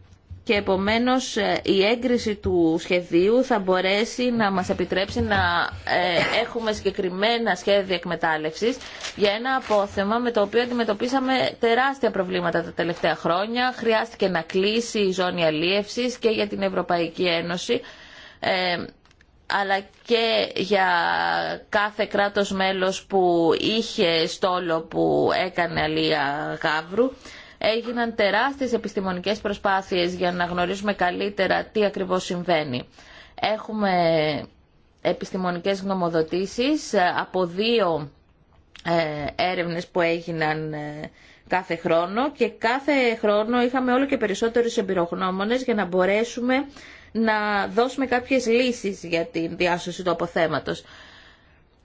και επομένως ε, η έγκριση του σχεδίου θα μπορέσει να μας επιτρέψει να ε, έχουμε συγκεκριμένα σχέδια εκμετάλλευσης για ένα απόθεμα με το οποίο αντιμετωπίσαμε τεράστια προβλήματα τα τελευταία χρόνια. Χρειάστηκε να κλείσει η ζώνη αλίευσης και για την Ευρωπαϊκή Ένωση ε, αλλά και για κάθε κράτος μέλος που είχε στόλο που έκανε αλία γάβρου έγιναν τεράστιες επιστημονικές προσπάθειες για να γνωρίζουμε καλύτερα τι ακριβώς συμβαίνει. Έχουμε επιστημονικές γνωμοδοτήσεις ε, από δύο ε, έρευνες που έγιναν ε, κάθε χρόνο και κάθε χρόνο είχαμε όλο και περισσότερους εμπειρογνώμονες για να μπορέσουμε να δώσουμε κάποιες λύσεις για την διάσωση του αποθέματος.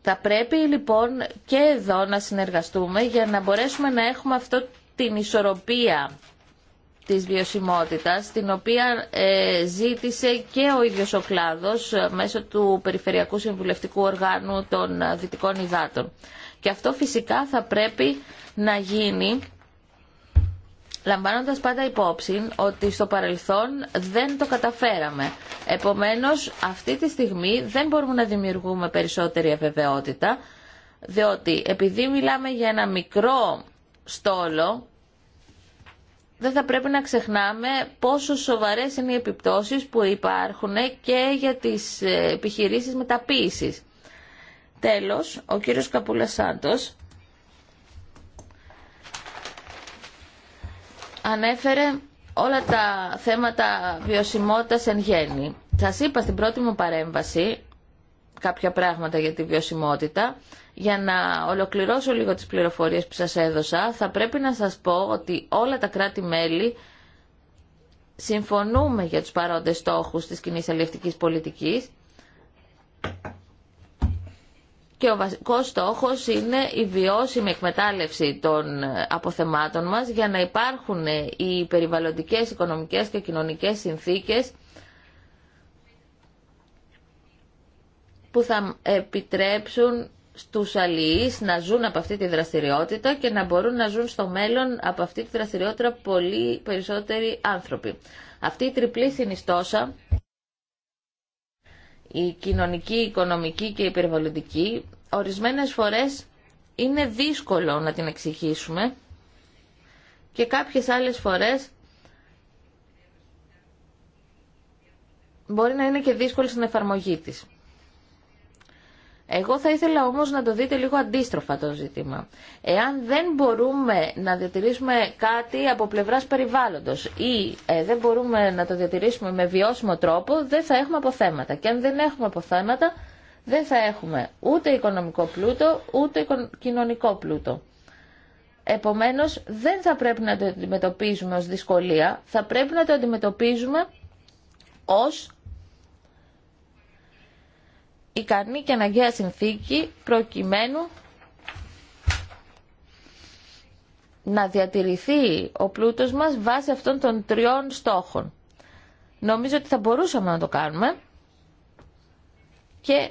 Θα πρέπει λοιπόν και εδώ να συνεργαστούμε για να μπορέσουμε να έχουμε αυτό την ισορροπία της βιωσιμότητας, την οποία ε, ζήτησε και ο ίδιος ο κλάδος ε, μέσω του Περιφερειακού Συμβουλευτικού Οργάνου των ε, Δυτικών Υδάτων. Και αυτό φυσικά θα πρέπει να γίνει λαμβάνοντας πάντα υπόψη ότι στο παρελθόν δεν το καταφέραμε. Επομένως, αυτή τη στιγμή δεν μπορούμε να δημιουργούμε περισσότερη αβεβαιότητα, διότι επειδή μιλάμε για ένα μικρό στόλο, δεν θα πρέπει να ξεχνάμε πόσο σοβαρές είναι οι επιπτώσεις που υπάρχουν και για τις ε, επιχειρήσεις μεταποίησης. Τέλος, ο κύριος Καπούλας Σάντος ανέφερε όλα τα θέματα βιωσιμότητας εν γέννη. Σας είπα στην πρώτη μου παρέμβαση κάποια πράγματα για τη βιωσιμότητα για να ολοκληρώσω λίγο τις πληροφορίες που σας έδωσα, θα πρέπει να σας πω ότι όλα τα κράτη-μέλη συμφωνούμε για τους παρόντες στόχους της κοινή αλληλευτικής πολιτικής και ο βασικός στόχος είναι η βιώσιμη εκμετάλλευση των αποθεμάτων μας για να υπάρχουν οι περιβαλλοντικές, οικονομικές και κοινωνικές συνθήκες που θα επιτρέψουν στους αλληλείς να ζουν από αυτή τη δραστηριότητα και να μπορούν να ζουν στο μέλλον από αυτή τη δραστηριότητα πολύ περισσότεροι άνθρωποι. Αυτή η τριπλή συνιστόσα, η κοινωνική, η οικονομική και η περιβαλλοντική, ορισμένες φορές είναι δύσκολο να την εξηγήσουμε και κάποιες άλλες φορές μπορεί να είναι και δύσκολη στην εφαρμογή της. Εγώ θα ήθελα όμως να το δείτε λίγο αντίστροφα το ζήτημα. Εάν δεν μπορούμε να διατηρήσουμε κάτι από πλευράς περιβάλλοντος ή ε, δεν μπορούμε να το διατηρήσουμε με βιώσιμο τρόπο, δεν θα έχουμε αποθέματα. Και αν δεν έχουμε αποθέματα, δεν θα έχουμε ούτε οικονομικό πλούτο, ούτε κοινωνικό πλούτο. Επομένως, δεν θα πρέπει να το αντιμετωπίζουμε ως δυσκολία, θα πρέπει να το αντιμετωπίζουμε ως ικανή και αναγκαία συνθήκη προκειμένου να διατηρηθεί ο πλούτος μας βάσει αυτών των τριών στόχων. Νομίζω ότι θα μπορούσαμε να το κάνουμε και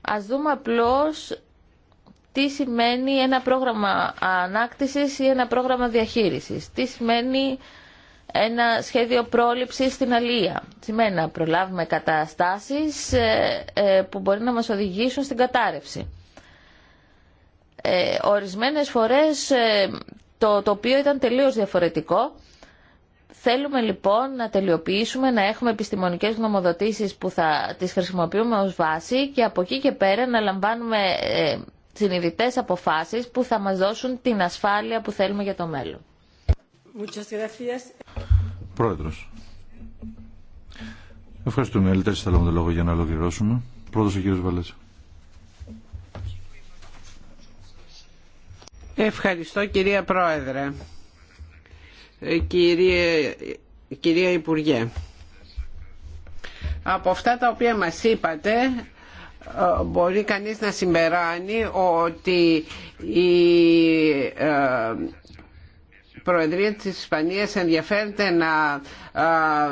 ας δούμε απλώς τι σημαίνει ένα πρόγραμμα ανάκτησης ή ένα πρόγραμμα διαχείρισης. Τι σημαίνει ένα σχέδιο πρόληψης στην αλία. Σημαίνει να προλάβουμε καταστάσεις ε, ε, που μπορεί να μας οδηγήσουν στην κατάρρευση. Ε, ορισμένες φορές το τοπίο ήταν τελείως διαφορετικό. Θέλουμε λοιπόν να τελειοποιήσουμε, να έχουμε επιστημονικές γνωμοδοτήσεις που θα τις χρησιμοποιούμε ως βάση και από εκεί και πέρα να λαμβάνουμε συνειδητές αποφάσεις που θα μας δώσουν την ασφάλεια που θέλουμε για το μέλλον. Πρόεδρος. Ευχαριστούμε. Άλλοι τέσσερις θέλαμε λόγο για να ολοκληρώσουμε. Πρώτος ο κύριος Βαλέτσα. Ευχαριστώ κυρία Πρόεδρε. Ε, κυρία, κυρία Υπουργέ. Από αυτά τα οποία μας είπατε ε, μπορεί κανείς να συμπεράνει ότι η ε, Προεδρία της Ισπανίας ενδιαφέρεται να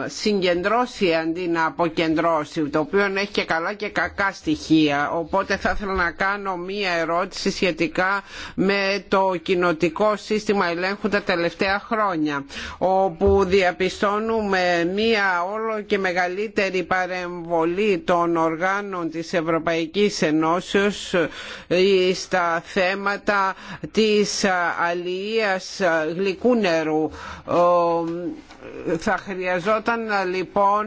συγκεντρώσει αντί να αποκεντρώσει το οποίο έχει και καλά και κακά στοιχεία οπότε θα ήθελα να κάνω μία ερώτηση σχετικά με το κοινοτικό σύστημα ελέγχου τα τελευταία χρόνια όπου διαπιστώνουμε μία όλο και μεγαλύτερη παρεμβολή των οργάνων της Ευρωπαϊκής Ενώσεως ε, στα θέματα της αλληλείας γλυκών κουνέρου. νερού ε, θα χρειαζόταν λοιπόν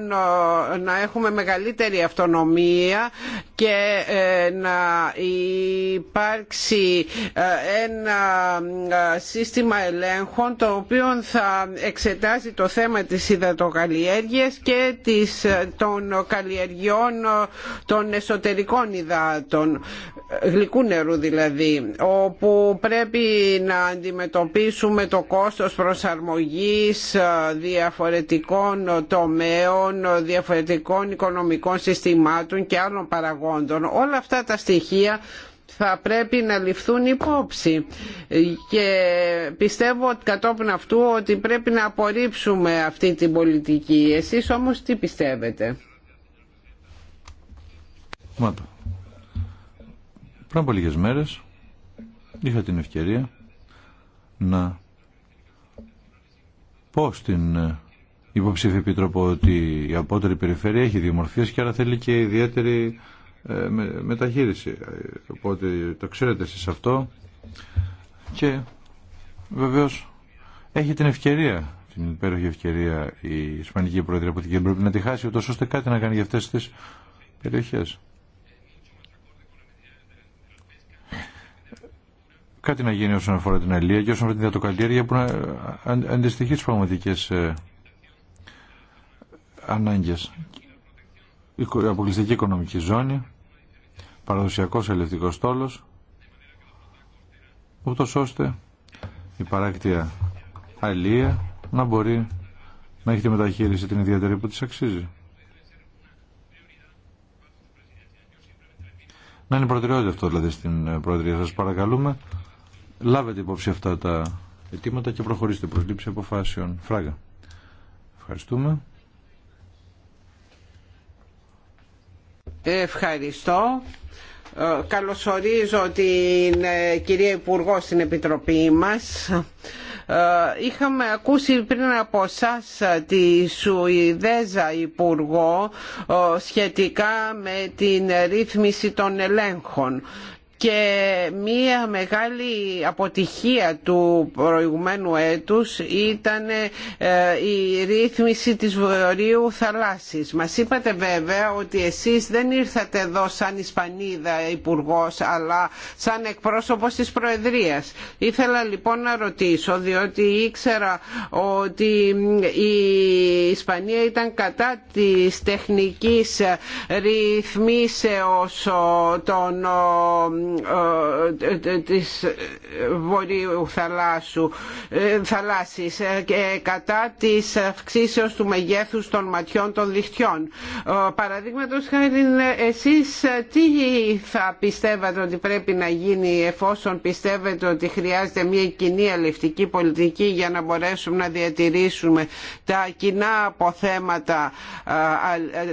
να έχουμε μεγαλύτερη αυτονομία και ε, να υπάρξει ε, ένα ε, σύστημα ελέγχων το οποίο θα εξετάζει το θέμα της υδατοκαλλιέργειας και των καλλιεργειών των εσωτερικών υδάτων γλυκού νερού δηλαδή όπου πρέπει να αντιμετωπίσουμε το κόστος προσαρμογής διαφορετικών τομέων, διαφορετικών οικονομικών συστημάτων και άλλων παραγόντων. Όλα αυτά τα στοιχεία θα πρέπει να ληφθούν υπόψη και πιστεύω ότι κατόπιν αυτού ότι πρέπει να απορρίψουμε αυτή την πολιτική. Εσείς όμως τι πιστεύετε. Μάτω. Πριν από λίγες μέρες είχα την ευκαιρία να πω την ε, υποψήφια επίτροπο ότι η απότερη περιφέρεια έχει διομορφίες και άρα θέλει και ιδιαίτερη ε, μεταχείριση. Ε, οπότε το ξέρετε εσείς αυτό και βεβαίως έχει την ευκαιρία την υπέροχη ευκαιρία η Ισπανική Πρόεδρε από την Κύπρο να τη χάσει ούτως ώστε κάτι να κάνει για αυτές τις περιοχές. κάτι να γίνει όσον αφορά την αλλήλεια και όσον αφορά την διατοκαλλιέργεια που να ε, αντιστοιχεί στις πραγματικές ε, ανάγκες. Η αποκλειστική οικονομική ζώνη, παραδοσιακός ελευτικός τόλος, ούτως ώστε η παράκτεια αλλήλεια να μπορεί να έχει τη μεταχείριση την ιδιαίτερη που της αξίζει. Να είναι προτεραιότητα αυτό δηλαδή στην ε, Προεδρία. Σας παρακαλούμε λάβετε υπόψη αυτά τα αιτήματα και προχωρήστε προς λήψη αποφάσεων. Φράγα. Ευχαριστούμε. Ευχαριστώ. Ε, καλωσορίζω την ε, κυρία Υπουργό στην Επιτροπή μας. Ε, είχαμε ακούσει πριν από εσά τη Σουηδέζα Υπουργό σχετικά με την ρύθμιση των ελέγχων και μία μεγάλη αποτυχία του προηγουμένου έτους ήταν ε, η ρύθμιση της βορείου θαλάσσης. Μας είπατε βέβαια ότι εσείς δεν ήρθατε εδώ σαν Ισπανίδα υπουργό, αλλά σαν εκπρόσωπος της Προεδρίας. Ήθελα λοιπόν να ρωτήσω διότι ήξερα ότι η Ισπανία ήταν κατά της τεχνικής ρυθμίσεως ε, των ε, ε, ε, της Βορείου θαλάσσου, θαλάσσης κατά της αυξήσεως του μεγέθους των ματιών των δικτυών. Παραδείγματος χάρη εσείς τι θα πιστεύατε ότι πρέπει να γίνει εφόσον πιστεύετε ότι χρειάζεται μια κοινή αλληλευτική πολιτική για να μπορέσουμε να διατηρήσουμε τα κοινά αποθέματα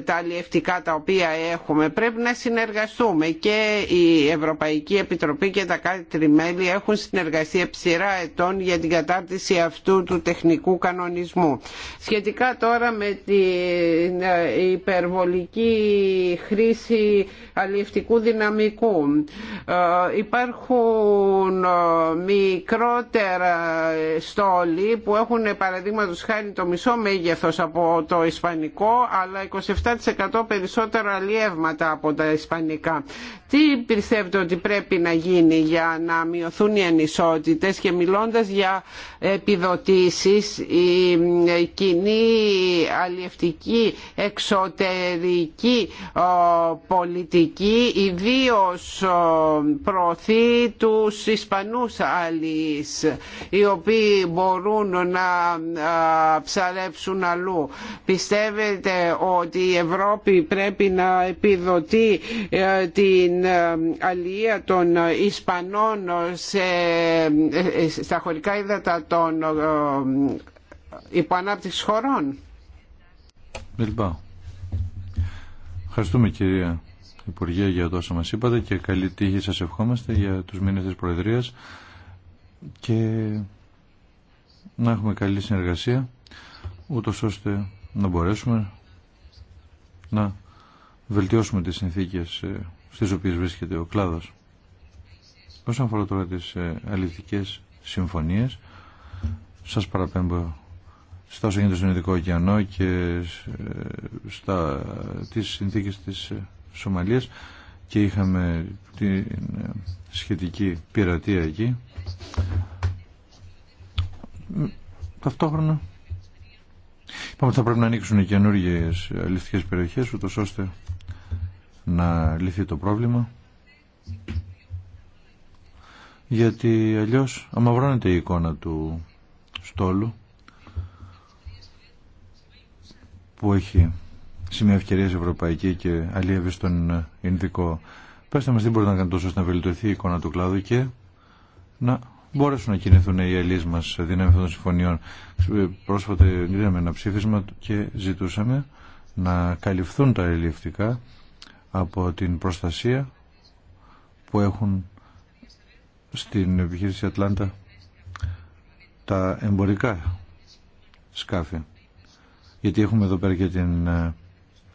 τα αλληλευτικά τα οποία έχουμε. Πρέπει να συνεργαστούμε και η Ευρωπαϊκή Ευρωπαϊκή Επιτροπή και τα κάτι μέλη έχουν συνεργαστεί σειρά ετών για την κατάρτιση αυτού του τεχνικού κανονισμού. Σχετικά τώρα με την ε, υπερβολική χρήση αλλιευτικού δυναμικού ε, υπάρχουν ε, μικρότερα στόλοι που έχουν παραδείγματο χάρη το μισό μέγεθος από το ισπανικό αλλά 27% περισσότερα αλλιεύματα από τα ισπανικά. Τι πιστεύετε ότι πρέπει να γίνει για να μειωθούν οι ανισότητες και μιλώντας για επιδοτήσεις η ε, κοινή αλλιευτική εξωτερική πολιτική ιδίως προωθεί τους Ισπανούς αλληλείς οι οποίοι μπορούν να ψαρέψουν αλλού. Πιστεύετε ότι η Ευρώπη πρέπει να επιδοτεί ε, την ε, αλληλεία εμπορία των Ισπανών σε, στα χωρικά ύδατα των ε, υποανάπτυξης χωρών. Μιλπάω. Ευχαριστούμε κυρία Υπουργέ για το όσα μας είπατε και καλή τύχη σας ευχόμαστε για τους μήνες της Προεδρίας και να έχουμε καλή συνεργασία ούτως ώστε να μπορέσουμε να βελτιώσουμε τις συνθήκες ε, στις οποίες βρίσκεται ο κλάδος. Όσον αφορά τώρα τις ε, αληθικές συμφωνίες, σας παραπέμπω στα όσα γίνεται στον Ειδικό Ωκεανό και ε, στα, τις συνθήκες της ε, Σομαλίας και είχαμε την σχετική πειρατεία εκεί. Ταυτόχρονα είπαμε ότι θα πρέπει να ανοίξουν οι καινούργιες αληθικές περιοχές ούτως ώστε να λυθεί το πρόβλημα γιατί αλλιώς αμαυρώνεται η εικόνα του στόλου που έχει σημεία ευκαιρία ευρωπαϊκή και αλλιεύει στον Ινδικό. Πέστε μας τι μπορεί να κάνει τόσο ώστε να βελτιωθεί η εικόνα του κλάδου και να μπορέσουν να κινηθούν οι αλλιείς μας δυνάμει αυτών των συμφωνιών. Πρόσφατα δίναμε ένα ψήφισμα και ζητούσαμε να καλυφθούν τα ελληνικά από την προστασία που έχουν στην επιχείρηση Ατλάντα τα εμπορικά σκάφη. Γιατί έχουμε εδώ πέρα και την ε,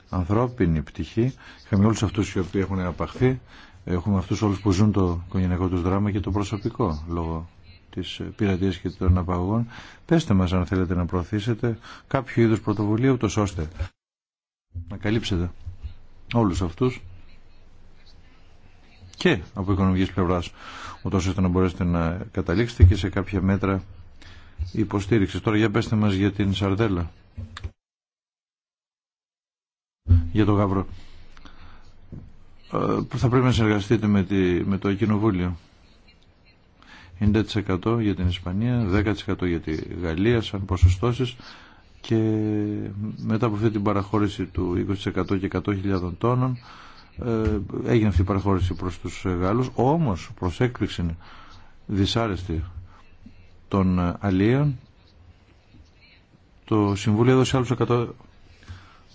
ανθρώπινη πτυχή. Είχαμε όλους αυτούς οι οποίοι έχουν απαχθεί. Έχουμε αυτούς όλους που ζουν το οικογενειακό τους δράμα και το προσωπικό λόγω της ε, πειρατείας και των απαγωγών. Πέστε μας αν θέλετε να προωθήσετε κάποιο είδους πρωτοβουλία ούτως ώστε να καλύψετε όλους αυτούς και από οικονομικής πλευράς ούτως ώστε να μπορέσετε να καταλήξετε και σε κάποια μέτρα υποστήριξης. Τώρα για πέστε μας για την Σαρδέλα. Για το Γαβρό. Πού ε, θα πρέπει να συνεργαστείτε με, τη, με το Κοινοβούλιο. 90% για την Ισπανία, 10% για τη Γαλλία σαν ποσοστώσεις και μετά από αυτή την παραχώρηση του 20% και 100.000 τόνων ε, έγινε αυτή η παραχώρηση προς τους Γάλλους όμως προς έκπληξη δυσάρεστη των αλλίων το Συμβούλιο έδωσε άλλους 100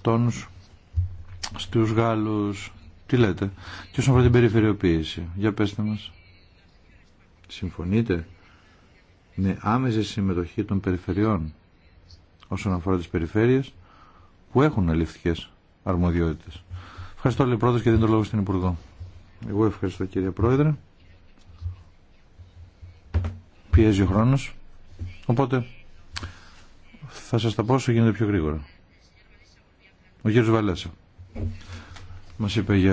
τόνους στους Γάλλους τι λέτε και όσον αφορά την περιφερειοποίηση για πέστε μας συμφωνείτε με άμεση συμμετοχή των περιφερειών όσον αφορά τις περιφέρειες που έχουν αληθικέ αρμοδιότητες. Ευχαριστώ λέει και δίνω το λόγο στην Υπουργό. Εγώ ευχαριστώ κύριε Πρόεδρε. Πιέζει ο χρόνος. Οπότε θα σας τα πω όσο γίνεται πιο γρήγορα. Ο κύριος Βαλέσα μας είπε για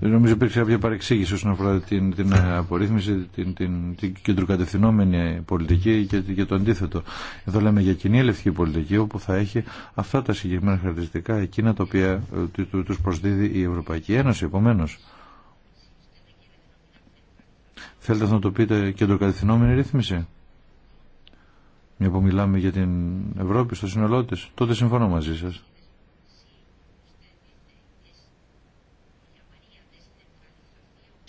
Νομίζω υπήρξε κάποια παρεξήγηση όσον αφορά την, την απορρίθμιση, την, την, την κεντροκατευθυνόμενη πολιτική και, και το αντίθετο. Εδώ λέμε για κοινή ελευθερική πολιτική όπου θα έχει αυτά τα συγκεκριμένα χαρακτηριστικά εκείνα τα οποία ε, του προσδίδει η Ευρωπαϊκή Ένωση. Επομένω, θέλετε να το πείτε κεντροκατευθυνόμενη ρύθμιση. Μια που μιλάμε για την Ευρώπη στο σύνολό τη, τότε συμφωνώ μαζί σα.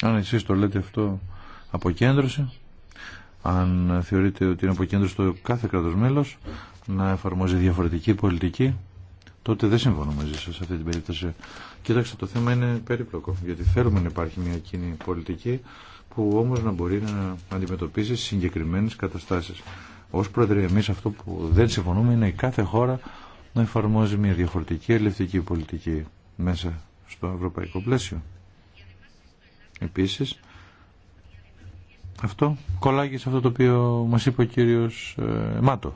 Αν εσείς το λέτε αυτό αποκέντρωση, αν θεωρείτε ότι είναι αποκέντρωση το κάθε κράτος μέλος να εφαρμόζει διαφορετική πολιτική, τότε δεν συμφωνώ μαζί σας σε αυτή την περίπτωση. Κοίταξτε, το θέμα είναι περίπλοκο, γιατί θέλουμε να υπάρχει μια κοινή πολιτική που όμως να μπορεί να αντιμετωπίσει συγκεκριμένες καταστάσεις. Ως πρόεδρε, εμείς αυτό που δεν συμφωνούμε είναι η κάθε χώρα να εφαρμόζει μια διαφορετική ελευθερική πολιτική μέσα στο ευρωπαϊκό πλαίσιο. Επίσης, αυτό κολλάγει σε αυτό το οποίο μας είπε ο κύριος ε, Μάτο.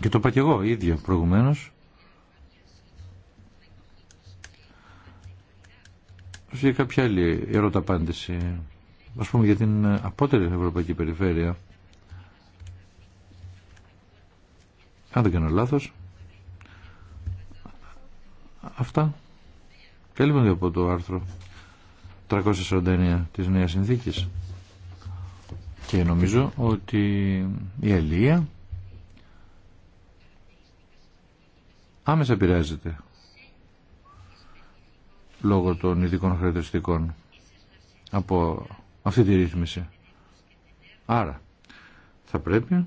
Και το είπα και εγώ ίδιο προηγουμένως. Για κάποια άλλη ερώτα απάντηση. Ας πούμε για την απότερη Ευρωπαϊκή Περιφέρεια. Αν δεν κάνω λάθος. Αυτά. Καλή από το άρθρο 349 της Νέας Συνθήκης και νομίζω ότι η Ελία άμεσα πειράζεται λόγω των ειδικών χαρακτηριστικών από αυτή τη ρύθμιση. Άρα θα πρέπει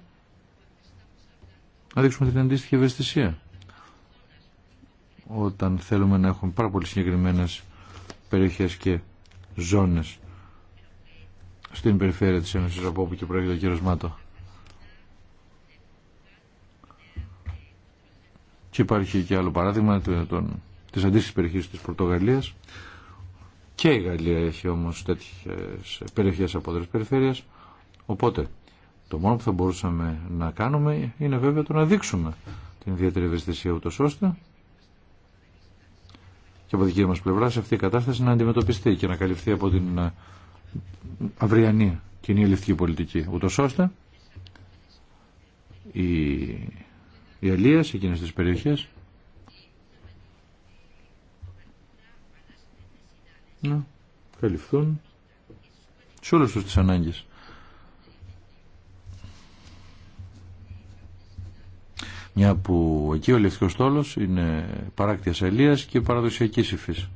να δείξουμε την αντίστοιχη ευαισθησία όταν θέλουμε να έχουμε πάρα πολύ συγκεκριμένες περιοχές και ζώνες στην περιφέρεια της Ένωση από όπου και προέρχεται ο κύριος Μάτο. Και υπάρχει και άλλο παράδειγμα των, της αντίστοιχης περιοχής της Πορτογαλίας. Και η Γαλλία έχει όμως τέτοιες περιοχέ από τρει περιφέρειες. Οπότε, το μόνο που θα μπορούσαμε να κάνουμε είναι βέβαια το να δείξουμε την ιδιαίτερη ευαισθησία ούτως ώστε και από δική μα πλευρά σε αυτή η κατάσταση να αντιμετωπιστεί και να καλυφθεί από την ε, αυριανή κοινή ελληνική πολιτική. Ούτω ώστε οι, οι αλίες σε εκείνες τι περιοχέ να καλυφθούν σε όλες τους τις ανάγκες. μια που εκεί ο ελευθερικός τόλος είναι παράκτιας αιλίας και παραδοσιακής υφής.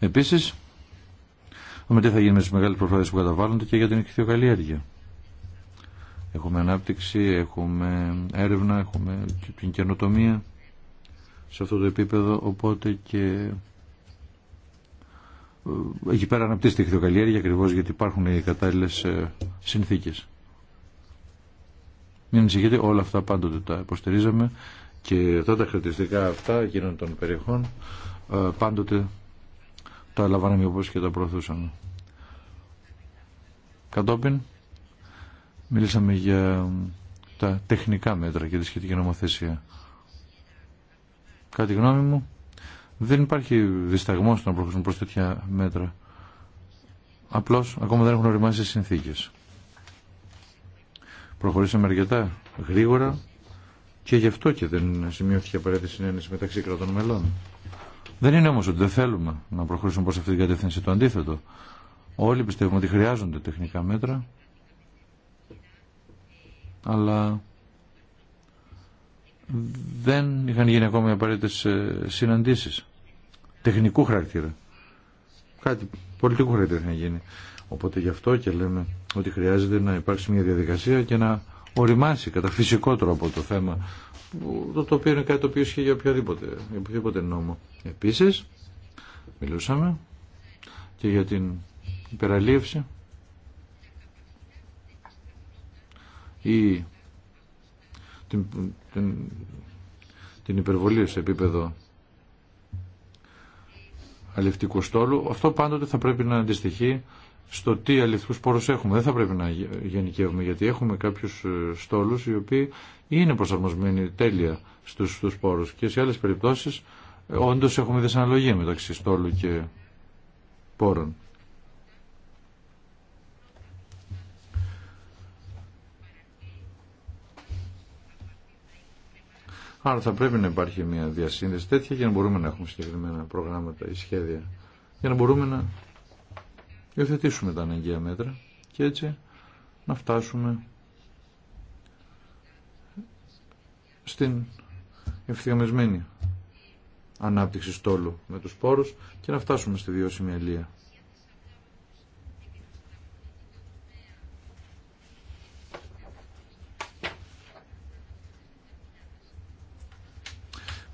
Επίσης, δούμε τι θα γίνει με τις μεγάλες προσπάθειες που καταβάλλονται και για την ηχθειοκαλλιέργεια. Έχουμε ανάπτυξη, έχουμε έρευνα, έχουμε την καινοτομία σε αυτό το επίπεδο, οπότε και εκεί πέρα αναπτύσσεται η χθιοκαλλιέργεια ακριβώς γιατί υπάρχουν οι κατάλληλες ε, συνθήκες. Μην ανησυχείτε, όλα αυτά πάντοτε τα υποστηρίζαμε και αυτά τα χαρακτηριστικά αυτά εκείνων των περιοχών ε, πάντοτε τα λαμβάναμε όπως και τα προωθούσαμε. Κατόπιν μιλήσαμε για τα τεχνικά μέτρα και τη σχετική νομοθεσία. Κάτι γνώμη μου, δεν υπάρχει δισταγμός να προχωρήσουν προ τέτοια μέτρα. Απλώς ακόμα δεν έχουν οριμάσει οι συνθήκες. Προχωρήσαμε αρκετά γρήγορα και γι' αυτό και δεν σημειώθηκε απαραίτητη συνένεση μεταξύ κρατών μελών. Δεν είναι όμως ότι δεν θέλουμε να προχωρήσουμε προς αυτή την κατεύθυνση. Το αντίθετο. Όλοι πιστεύουμε ότι χρειάζονται τεχνικά μέτρα αλλά δεν είχαν γίνει ακόμα οι απαραίτητες ε, συναντήσεις τεχνικού χαρακτήρα. Κάτι πολιτικού χαρακτήρα είχαν γίνει. Οπότε γι' αυτό και λέμε ότι χρειάζεται να υπάρξει μια διαδικασία και να οριμάσει κατά φυσικό τρόπο το θέμα το, το οποίο είναι κάτι το οποίο ισχύει για οποιοδήποτε, για οποιοδήποτε νόμο. Επίση, μιλούσαμε και για την υπεραλίευση ή την, την, υπερβολή σε επίπεδο αληφτικού στόλου, αυτό πάντοτε θα πρέπει να αντιστοιχεί στο τι αληθικούς πόρους έχουμε. Δεν θα πρέπει να γενικεύουμε γιατί έχουμε κάποιους ε, στόλους οι οποίοι είναι προσαρμοσμένοι τέλεια στους, στους πόρους και σε άλλες περιπτώσεις ε, όντως έχουμε δυσαναλογία μεταξύ στόλου και πόρων. Άρα θα πρέπει να υπάρχει μια διασύνδεση τέτοια για να μπορούμε να έχουμε συγκεκριμένα προγράμματα ή σχέδια. Για να μπορούμε να υιοθετήσουμε τα αναγκαία μέτρα και έτσι να φτάσουμε στην ευθυγαμισμένη ανάπτυξη στόλου με τους πόρους και να φτάσουμε στη βιώσιμη αλία.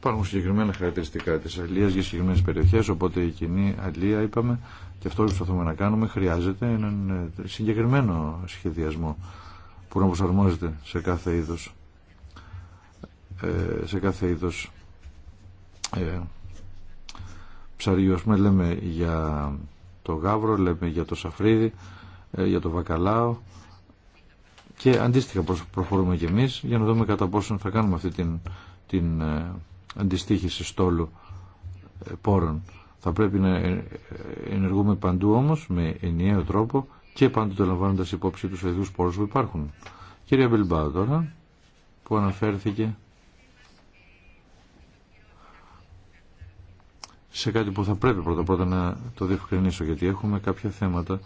Υπάρχουν συγκεκριμένα χαρακτηριστικά τη αλίας για συγκεκριμένε περιοχέ, οπότε η κοινή αλληλεία είπαμε και αυτό που προσπαθούμε να κάνουμε χρειάζεται έναν ε, συγκεκριμένο σχεδιασμό που να προσαρμόζεται σε κάθε είδος ε, σε κάθε είδος ε, ψαριού. Ας πούμε λέμε για το γάβρο, λέμε για το σαφρίδι, ε, για το βακαλάο και αντίστοιχα προχωρούμε και εμείς για να δούμε κατά πόσο θα κάνουμε αυτή την, την αντιστοίχηση στόλου ε, πόρων. Θα πρέπει να ε, ενεργούμε παντού όμως με ενιαίο τρόπο και πάντοτε λαμβάνοντα υπόψη τους ειδικού πόρους που υπάρχουν. Κυρία Μπιλμπάου τώρα που αναφέρθηκε σε κάτι που θα πρέπει πρώτα πρώτα να το διευκρινίσω γιατί έχουμε κάποια θέματα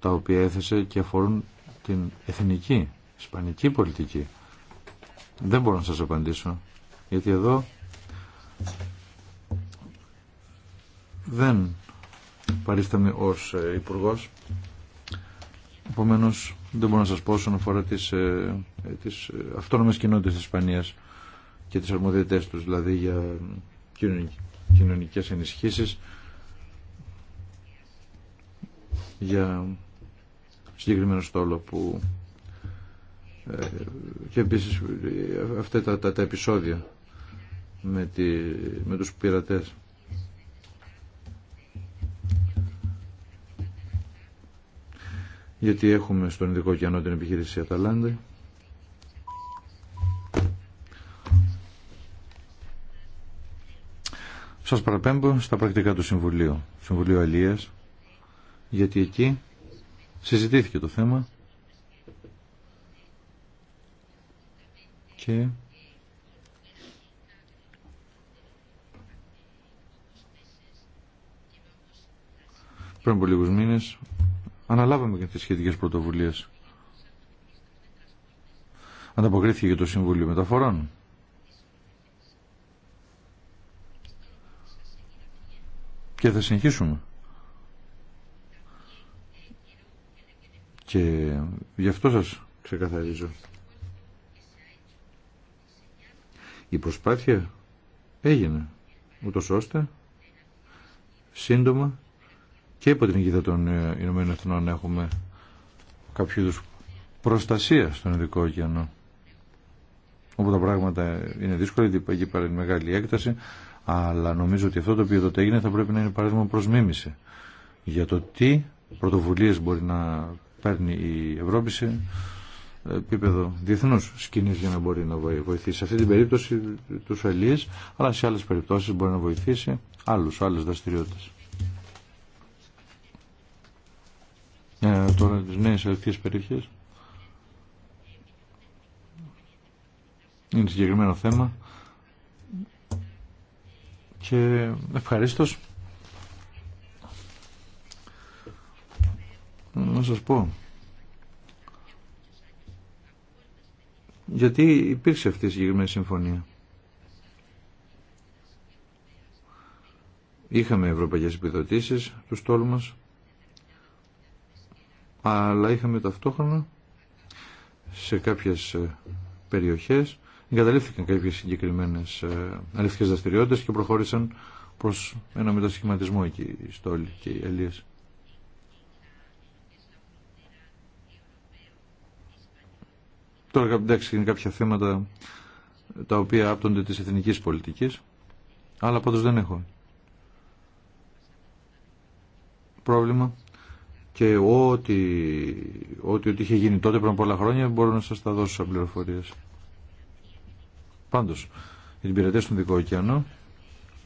τα οποία έθεσε και αφορούν την εθνική, ισπανική πολιτική. Δεν μπορώ να σας απαντήσω γιατί εδώ δεν παρίσταμε ως ε, υπουργό. Επομένω, δεν μπορώ να σας πω όσον αφορά τις, ε, ε, τις αυτόνομες κοινότητες της Ισπανίας και τις αρμοδιότητες τους, δηλαδή για κοινωνικές ενισχύσεις, για συγκεκριμένο στόλο που και επίσης αυτά τα επεισόδια με, τη, με τους πειρατές. Γιατί έχουμε στον Ειδικό ωκεανό την επιχείρηση Αταλάντη. Σας παραπέμπω στα πρακτικά του Συμβουλίου, Συμβουλίου Αλίας, γιατί εκεί συζητήθηκε το θέμα και πριν από λίγους μήνες αναλάβαμε και τις σχετικές πρωτοβουλίες. Ανταποκρίθηκε το Συμβούλιο Μεταφορών. Και θα συνεχίσουμε. Και γι' αυτό σας ξεκαθαρίζω. Η προσπάθεια έγινε ούτως ώστε σύντομα και υπό την αιγύδα των ε, Ηνωμένων Εθνών έχουμε κάποιο είδου προστασία στον ειδικό ωκεανό. Όπου τα πράγματα είναι δύσκολα, γιατί εκεί μεγάλη έκταση, αλλά νομίζω ότι αυτό το οποίο τότε έγινε θα πρέπει να είναι παράδειγμα προς μίμηση για το τι πρωτοβουλίε μπορεί να παίρνει η Ευρώπη σε ε, επίπεδο Διεθνού σκηνή για να μπορεί να βοηθήσει. Σε αυτή την περίπτωση ε, του αλληλείς, αλλά σε άλλε περιπτώσει μπορεί να βοηθήσει άλλου, άλλε δραστηριότητε. Ε, τώρα τις νέες αυτές περιοχέ. είναι συγκεκριμένο θέμα και ευχαριστώ να σας πω γιατί υπήρξε αυτή η συγκεκριμένη συμφωνία είχαμε ευρωπαϊκές επιδοτήσεις του στόλου μας αλλά είχαμε ταυτόχρονα σε κάποιες ε, περιοχές εγκαταλείφθηκαν κάποιες συγκεκριμένες ε, αληθικές δραστηριότητες και προχώρησαν προς ένα μετασχηματισμό εκεί οι στόλοι και οι ελίες. Τώρα εντάξει είναι κάποια θέματα τα οποία άπτονται της εθνικής πολιτικής αλλά πάντως δεν έχω πρόβλημα και ό,τι, ό,τι, είχε γίνει τότε πριν πολλά χρόνια μπορώ να σας τα δώσω σαν πληροφορίες. Πάντως, οι την του στον Δικό Ωκεανό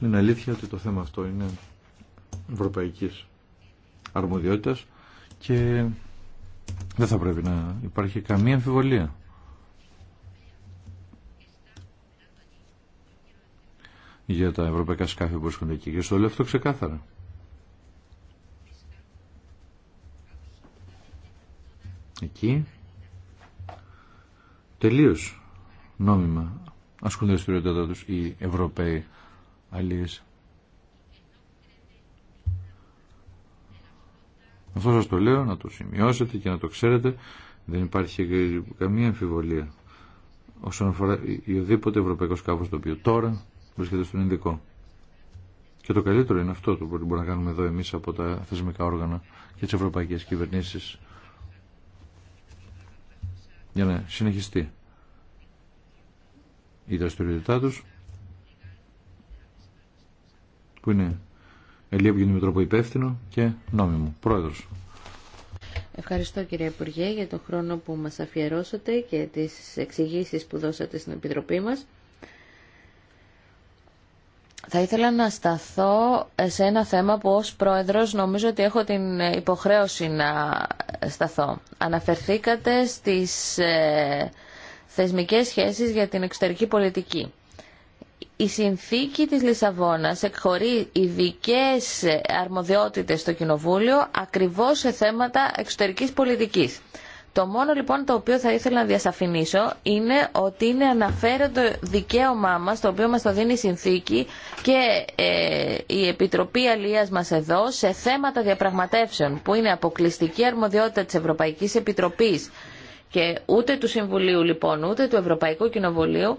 είναι αλήθεια ότι το θέμα αυτό είναι ευρωπαϊκής αρμοδιότητας και δεν θα πρέπει να υπάρχει καμία αμφιβολία. για τα ευρωπαϊκά σκάφη που βρίσκονται εκεί. Και στο λέω αυτό ξεκάθαρα. Εκεί Τελείω νόμιμα ασκούνται στο του οι Ευρωπαίοι αλλιεί. Αυτό σα το λέω, να το σημειώσετε και να το ξέρετε. Δεν υπάρχει καμία αμφιβολία όσον αφορά οδήποτε ευρωπαϊκό σκάφος το οποίο τώρα βρίσκεται στον Ινδικό. Και το καλύτερο είναι αυτό το που μπορούμε να κάνουμε εδώ εμείς από τα θεσμικά όργανα και τι ευρωπαϊκέ κυβερνήσει για να συνεχιστεί η δραστηριότητά τους που είναι Ελία Πουγενή υπεύθυνο και νόμιμο. Πρόεδρος. Ευχαριστώ κύριε Υπουργέ για τον χρόνο που μας αφιερώσατε και τις εξηγήσεις που δώσατε στην Επιτροπή μας. Θα ήθελα να σταθώ ε, σε ένα θέμα που ως πρόεδρος νομίζω ότι έχω την ε, υποχρέωση να ε, σταθώ. Αναφερθήκατε στις θεσμικές σχέσεις για την εξωτερική πολιτική. Η συνθήκη της Λισαβόνας εκχωρεί ειδικέ αρμοδιότητες στο Κοινοβούλιο ακριβώς σε θέματα εξωτερικής πολιτικής. Το μόνο λοιπόν το οποίο θα ήθελα να διασαφηνίσω είναι ότι είναι αναφέροντο δικαίωμά μας, το οποίο μας το δίνει η συνθήκη και ε, η Επιτροπή Αλίας μας εδώ σε θέματα διαπραγματεύσεων που είναι αποκλειστική αρμοδιότητα της Ευρωπαϊκής Επιτροπής και ούτε του Συμβουλίου λοιπόν ούτε του Ευρωπαϊκού Κοινοβουλίου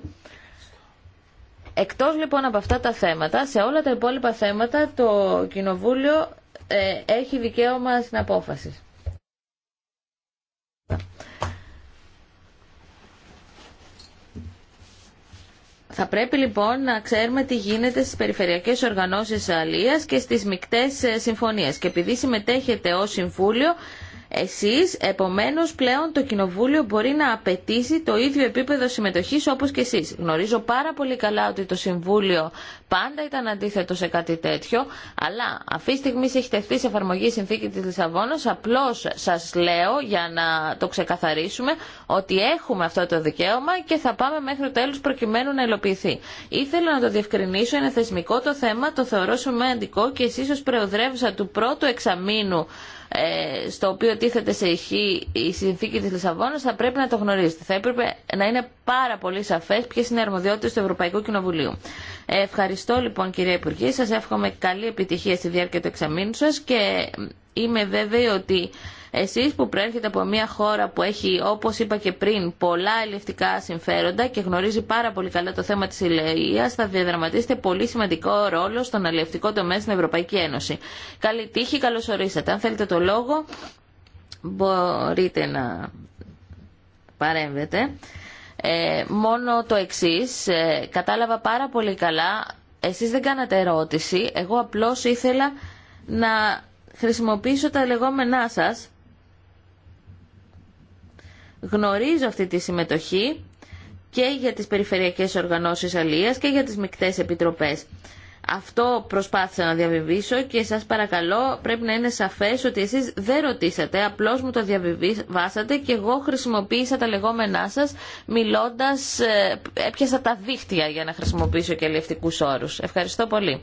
Εκτός λοιπόν από αυτά τα θέματα, σε όλα τα υπόλοιπα θέματα το Κοινοβούλιο ε, έχει δικαίωμα στην απόφαση. Ναι. Θα πρέπει λοιπόν να ξέρουμε τι γίνεται στις περιφερειακές οργανώσεις αλίας και στις μικτές ε, συμφωνίες. Και επειδή συμμετέχετε ως Συμβούλιο εσείς, επομένως, πλέον το Κοινοβούλιο μπορεί να απαιτήσει το ίδιο επίπεδο συμμετοχής όπως και εσείς. Γνωρίζω πάρα πολύ καλά ότι το Συμβούλιο πάντα ήταν αντίθετο σε κάτι τέτοιο, αλλά αυτή τη στιγμή έχει τεθεί σε εφαρμογή η συνθήκη της Λισαβόνας, απλώς σας λέω για να το ξεκαθαρίσουμε ότι έχουμε αυτό το δικαίωμα και θα πάμε μέχρι τέλος προκειμένου να υλοποιηθεί. Ήθελα να το διευκρινίσω, είναι θεσμικό το θέμα, το θεωρώ σημαντικό και εσείς ως του πρώτου εξαμήνου ε, στο οποίο τίθεται σε ηχή η συνθήκη της Λισαβόνας θα πρέπει να το γνωρίζετε. Θα έπρεπε να είναι πάρα πολύ σαφές ποιες είναι οι αρμοδιότητες του Ευρωπαϊκού Κοινοβουλίου. Ε, ευχαριστώ λοιπόν κυρία Υπουργή, σας εύχομαι καλή επιτυχία στη διάρκεια του εξαμήνου σας και είμαι βέβαιη ότι εσείς που προέρχεται από μια χώρα που έχει, όπως είπα και πριν, πολλά ελευτικά συμφέροντα και γνωρίζει πάρα πολύ καλά το θέμα της ηλεία, θα διαδραματίσετε πολύ σημαντικό ρόλο στον αλληλευτικό τομέα στην Ευρωπαϊκή Ένωση. Καλή τύχη, καλώς ορίσατε. Αν θέλετε το λόγο, μπορείτε να παρέμβετε. Ε, μόνο το εξής, ε, κατάλαβα πάρα πολύ καλά, εσείς δεν κάνατε ερώτηση, εγώ απλώς ήθελα να χρησιμοποιήσω τα λεγόμενά σας Γνωρίζω αυτή τη συμμετοχή και για τις περιφερειακές οργανώσεις αλίας και για τις μικτές επιτροπές. Αυτό προσπάθησα να διαβιβήσω και σας παρακαλώ πρέπει να είναι σαφές ότι εσείς δεν ρωτήσατε, απλώς μου το διαβιβάσατε και εγώ χρησιμοποίησα τα λεγόμενά σας μιλώντας, ε, έπιασα τα δίχτυα για να χρησιμοποιήσω και αλληλευτικούς όρους. Ευχαριστώ πολύ.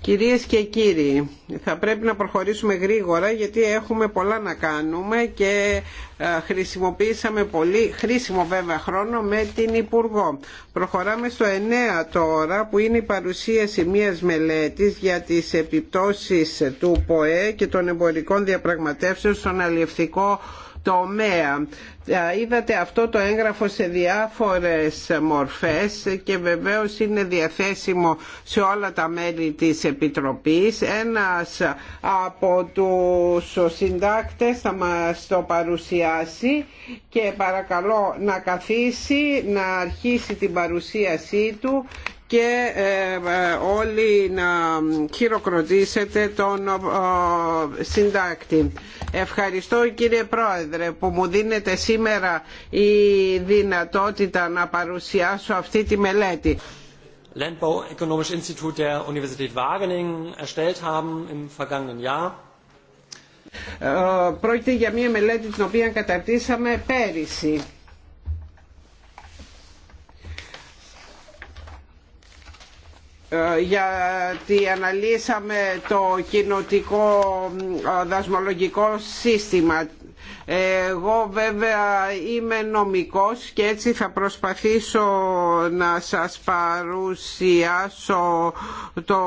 Κυρίες και κύριοι, θα πρέπει να προχωρήσουμε γρήγορα γιατί έχουμε πολλά να κάνουμε και ε, χρησιμοποίησαμε πολύ χρήσιμο βέβαια χρόνο με την Υπουργό. Προχωράμε στο 9 τώρα που είναι η παρουσίαση μιας μελέτης για τις επιπτώσεις του ΠΟΕ και των εμπορικών διαπραγματεύσεων στον αλληλευτικό τομέα. Ε, είδατε αυτό το έγγραφο σε διάφορες μορφές και βεβαίως είναι διαθέσιμο σε όλα τα μέλη της Επιτροπής. Ένας από τους συντάκτες θα μας το παρουσιάσει και παρακαλώ να καθίσει, να αρχίσει την παρουσίασή του και ε, ε, όλοι να χειροκροτήσετε τον ε, συντάκτη. Ευχαριστώ κύριε Πρόεδρε που μου δίνετε σήμερα η δυνατότητα να παρουσιάσω αυτή τη μελέτη. Institut der Universität Wageningen erstellt haben im vergangenen ε, πρόκειται για μια μελέτη την οποία καταρτήσαμε πέρυσι. Ε, γιατί αναλύσαμε το κοινοτικό ε, δασμολογικό σύστημα εγώ βέβαια είμαι νομικός και έτσι θα προσπαθήσω να σας παρουσιάσω το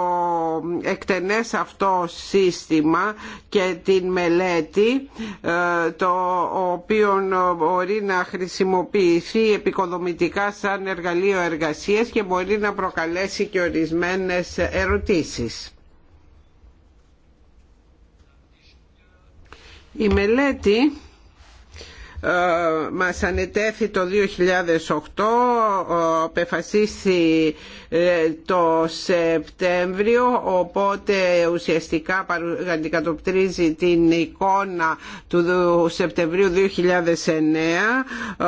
εκτενές αυτό σύστημα και την μελέτη ε, το οποίο μπορεί να χρησιμοποιηθεί επικοδομητικά σαν εργαλείο εργασίας και μπορεί να προκαλέσει και ορισμένες ερωτήσεις. Η μελέτη ε, μας ανετέθη το 2008 απεφασίσει ε, το Σεπτέμβριο οπότε ουσιαστικά αντικατοπτρίζει την εικόνα του Σεπτεμβρίου 2009 ε,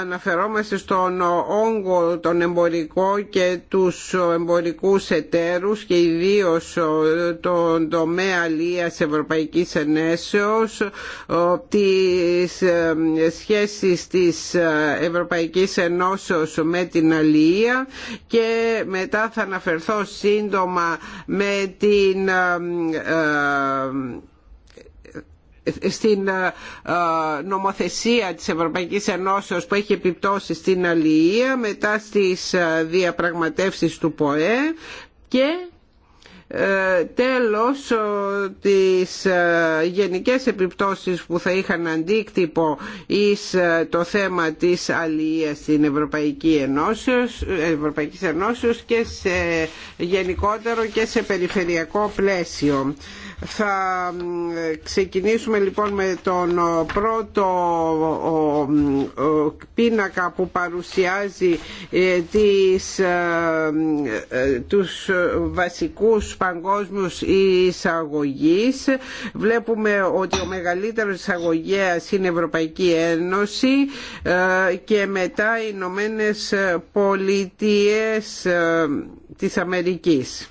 αναφερόμαστε στον όγκο τον εμπορικό και τους εμπορικούς εταίρους και ιδίως ε, τον τομέα αλίας Ευρωπαϊκής Ενέσεως τις σχέσεις της Ευρωπαϊκής Ενώσεως με την αλία και μετά θα αναφερθώ σύντομα με την ε, ε, στην ε, νομοθεσία της Ευρωπαϊκής Ενώσεως που έχει επιπτώσει στην αλληλεία, μετά στις διαπραγματεύσεις του ΠΟΕ και ε, τέλος τις ε, γενικές επιπτώσεις που θα είχαν αντίκτυπο εις ε, το θέμα της αλληλείας στην Ευρωπαϊκή Ενώσεως, Ευρωπαϊκής Ενώσεως και σε γενικότερο και σε περιφερειακό πλαίσιο. Θα ξεκινήσουμε λοιπόν με τον πρώτο πίνακα που παρουσιάζει ε, τις, ε, ε, τους βασικούς παγκόσμιους εισαγωγείς. Βλέπουμε ότι ο μεγαλύτερος εισαγωγέας είναι η Ευρωπαϊκή Ένωση και μετά οι Ηνωμένε Πολιτείες της Αμερικής.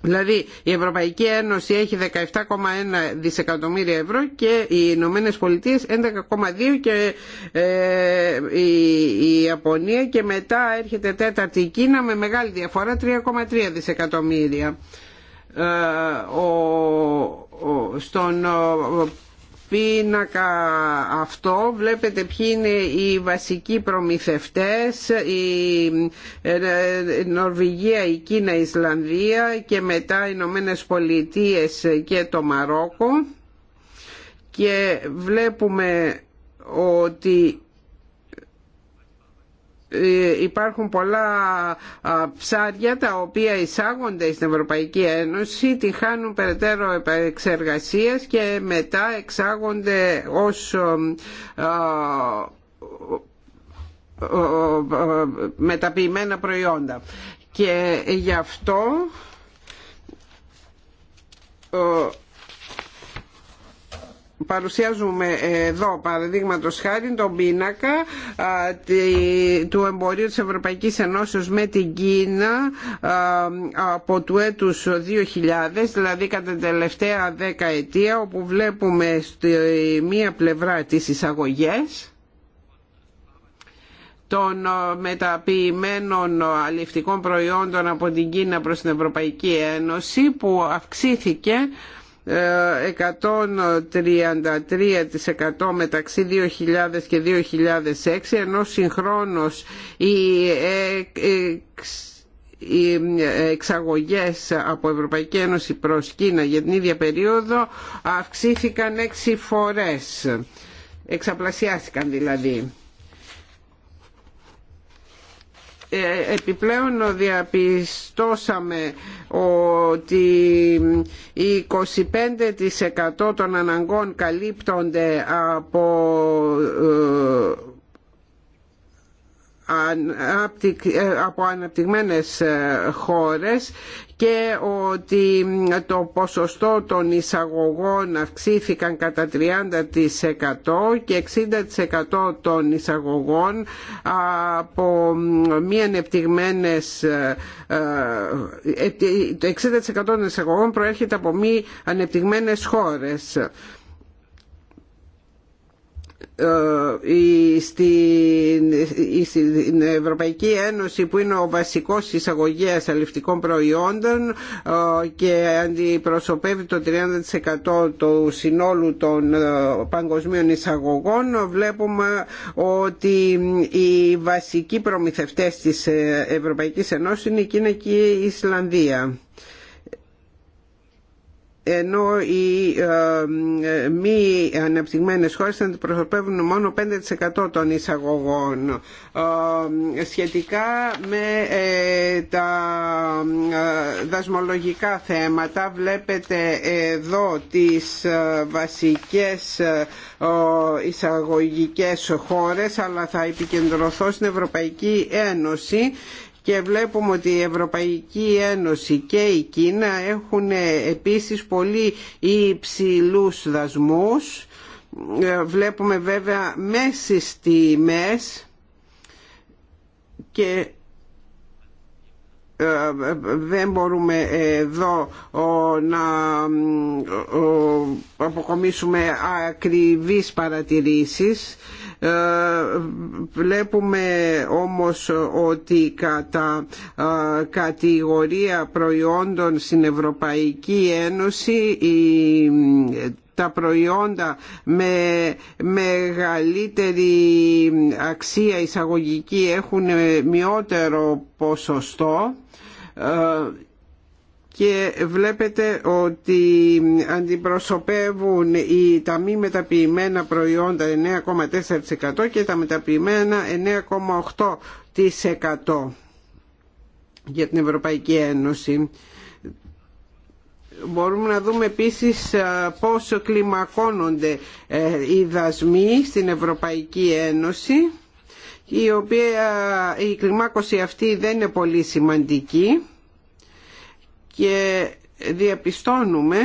Δηλαδή η Ευρωπαϊκή Ένωση έχει 17,1 δισεκατομμύρια ευρώ και οι Ηνωμένε Πολιτείε 11,2 και ε, η, Ιαπωνία και μετά έρχεται τέταρτη η Κίνα με μεγάλη διαφορά 3,3 δισεκατομμύρια. Ε, στον πίνακα αυτό βλέπετε ποιοι είναι οι βασικοί προμηθευτές η ε, ε, Νορβηγία, η Κίνα, η Ισλανδία και μετά οι Ηνωμένε Πολιτείε και το Μαρόκο και βλέπουμε ότι ε, υπάρχουν πολλά ψάρια τα οποία εισάγονται στην Ευρωπαϊκή Ένωση, τη χάνουν περαιτέρω επεξεργασίας και μετά εξάγονται ως μεταποιημένα προϊόντα. Και γι' αυτό παρουσιάζουμε εδώ παραδείγματο χάρη τον πίνακα του εμπορίου της Ευρωπαϊκής Ενώσεως με την Κίνα από του έτους 2000 δηλαδή κατά την τελευταία ετία, όπου βλέπουμε στη μία πλευρά τις εισαγωγές των μεταποιημένων αληφτικών προϊόντων από την Κίνα προς την Ευρωπαϊκή Ένωση που αυξήθηκε 133% μεταξύ 2000 και 2006 ενώ συγχρόνως οι εξαγωγές από Ευρωπαϊκή Ένωση προς Κίνα για την ίδια περίοδο αυξήθηκαν έξι φορές. Εξαπλασιάστηκαν δηλαδή. Ε, επιπλέον διαπιστώσαμε ότι 25% των αναγκών καλύπτονται από ε, ε, από αναπτυγμένες ε, χώρες και ότι το ποσοστό των εισαγωγών αυξήθηκαν κατά 30% και 60% των εισαγωγών από μη ανεπτυγμένες ε, το 60% των εισαγωγών προέρχεται από μη ανεπτυγμένες χώρες ε, στην Ευρωπαϊκή Ένωση που είναι ο βασικός εισαγωγέας αληφτικών προϊόντων ε, και αντιπροσωπεύει το 30% του συνόλου των ε, παγκοσμίων εισαγωγών βλέπουμε ότι οι βασικοί προμηθευτές της Ευρωπαϊκής Ενώσης είναι η Κίνα και η Ισλανδία ενώ οι μη αναπτυγμένες χώρες αντιπροσωπεύουν μόνο 5% των εισαγωγών. Σχετικά με ε, τα ε, δασμολογικά θέματα βλέπετε εδώ τις ε, βασικές εισαγωγικές χώρες αλλά θα επικεντρωθώ στην Ευρωπαϊκή Ένωση και βλέπουμε ότι η Ευρωπαϊκή Ένωση και η Κίνα έχουν επίσης πολύ υψηλούς δασμούς. Ε, βλέπουμε βέβαια μέσει τιμές και ε, δεν μπορούμε εδώ ε, να αποκομίσουμε ακριβείς παρατηρήσεις ε, βλέπουμε όμως ότι κατά ε, κατηγορία προϊόντων στην Ευρωπαϊκή Ένωση τα προϊόντα με μεγαλύτερη αξία εισαγωγική έχουν μειότερο ποσοστό ε, και βλέπετε ότι αντιπροσωπεύουν οι, τα μη μεταποιημένα προϊόντα 9,4% και τα μεταποιημένα 9,8% για την Ευρωπαϊκή Ένωση. Μπορούμε να δούμε επίσης ε, πόσο κλιμακώνονται ε, οι δασμοί στην Ευρωπαϊκή Ένωση η οποία ε, η κλιμάκωση αυτή δεν είναι πολύ σημαντική και διαπιστώνουμε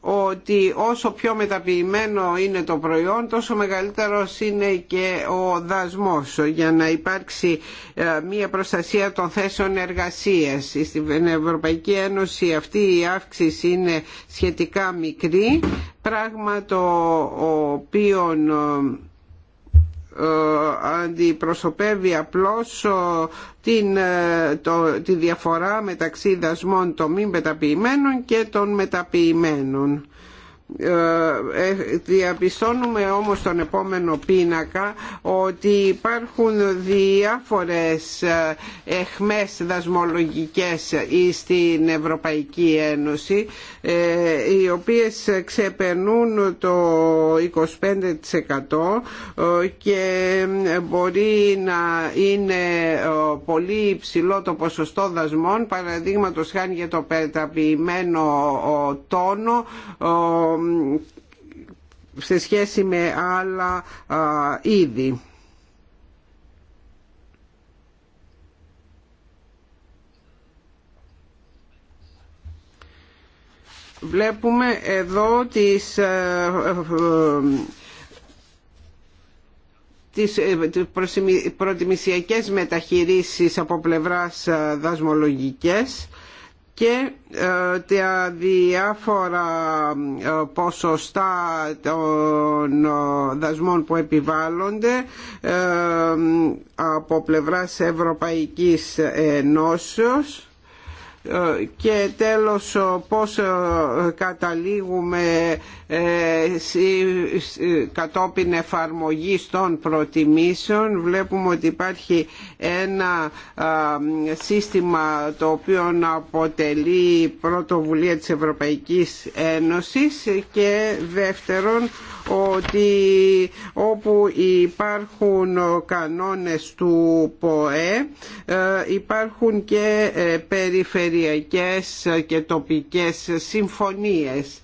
ότι όσο πιο μεταποιημένο είναι το προϊόν τόσο μεγαλύτερος είναι και ο δασμός για να υπάρξει ε, μια προστασία των θέσεων εργασίας. Στην Ευρωπαϊκή Ένωση αυτή η αύξηση είναι σχετικά μικρή πράγμα το οποίο ε, ε, αντιπροσωπεύει απλώς ε, την, ε, το, τη διαφορά μεταξύ δασμών των μη μεταποιημένων και των μεταποιημένων. Ε, ε, διαπιστώνουμε όμως τον επόμενο πίνακα ότι υπάρχουν διάφορες ε, εχμές δασμολογικές στην Ευρωπαϊκή Ένωση οι οποίες ξεπερνούν το 25% και μπορεί να είναι πολύ υψηλό το ποσοστό δασμών παραδείγματος χάνει για το πεταποιημένο τόνο σε σχέση με άλλα είδη. Βλέπουμε εδώ τις ε, ε, ε, τις προτιμησιακές μεταχειρήσεις από πλευράς δασμολογικές και ε, τα διάφορα ε, ποσοστά των ε, δασμών που επιβάλλονται από πλευράς Ευρωπαϊκής Ενώσεως και τέλος πώς καταλήγουμε ε, κατόπιν εφαρμογής των προτιμήσεων βλέπουμε ότι υπάρχει ένα σύστημα το οποίο αποτελεί πρωτοβουλία της Ευρωπαϊκής Ένωσης και δεύτερον ότι όπου υπάρχουν κανόνες του ΠΟΕ ε, υπάρχουν και ε, περιφερειακές και τοπικές συμφωνίες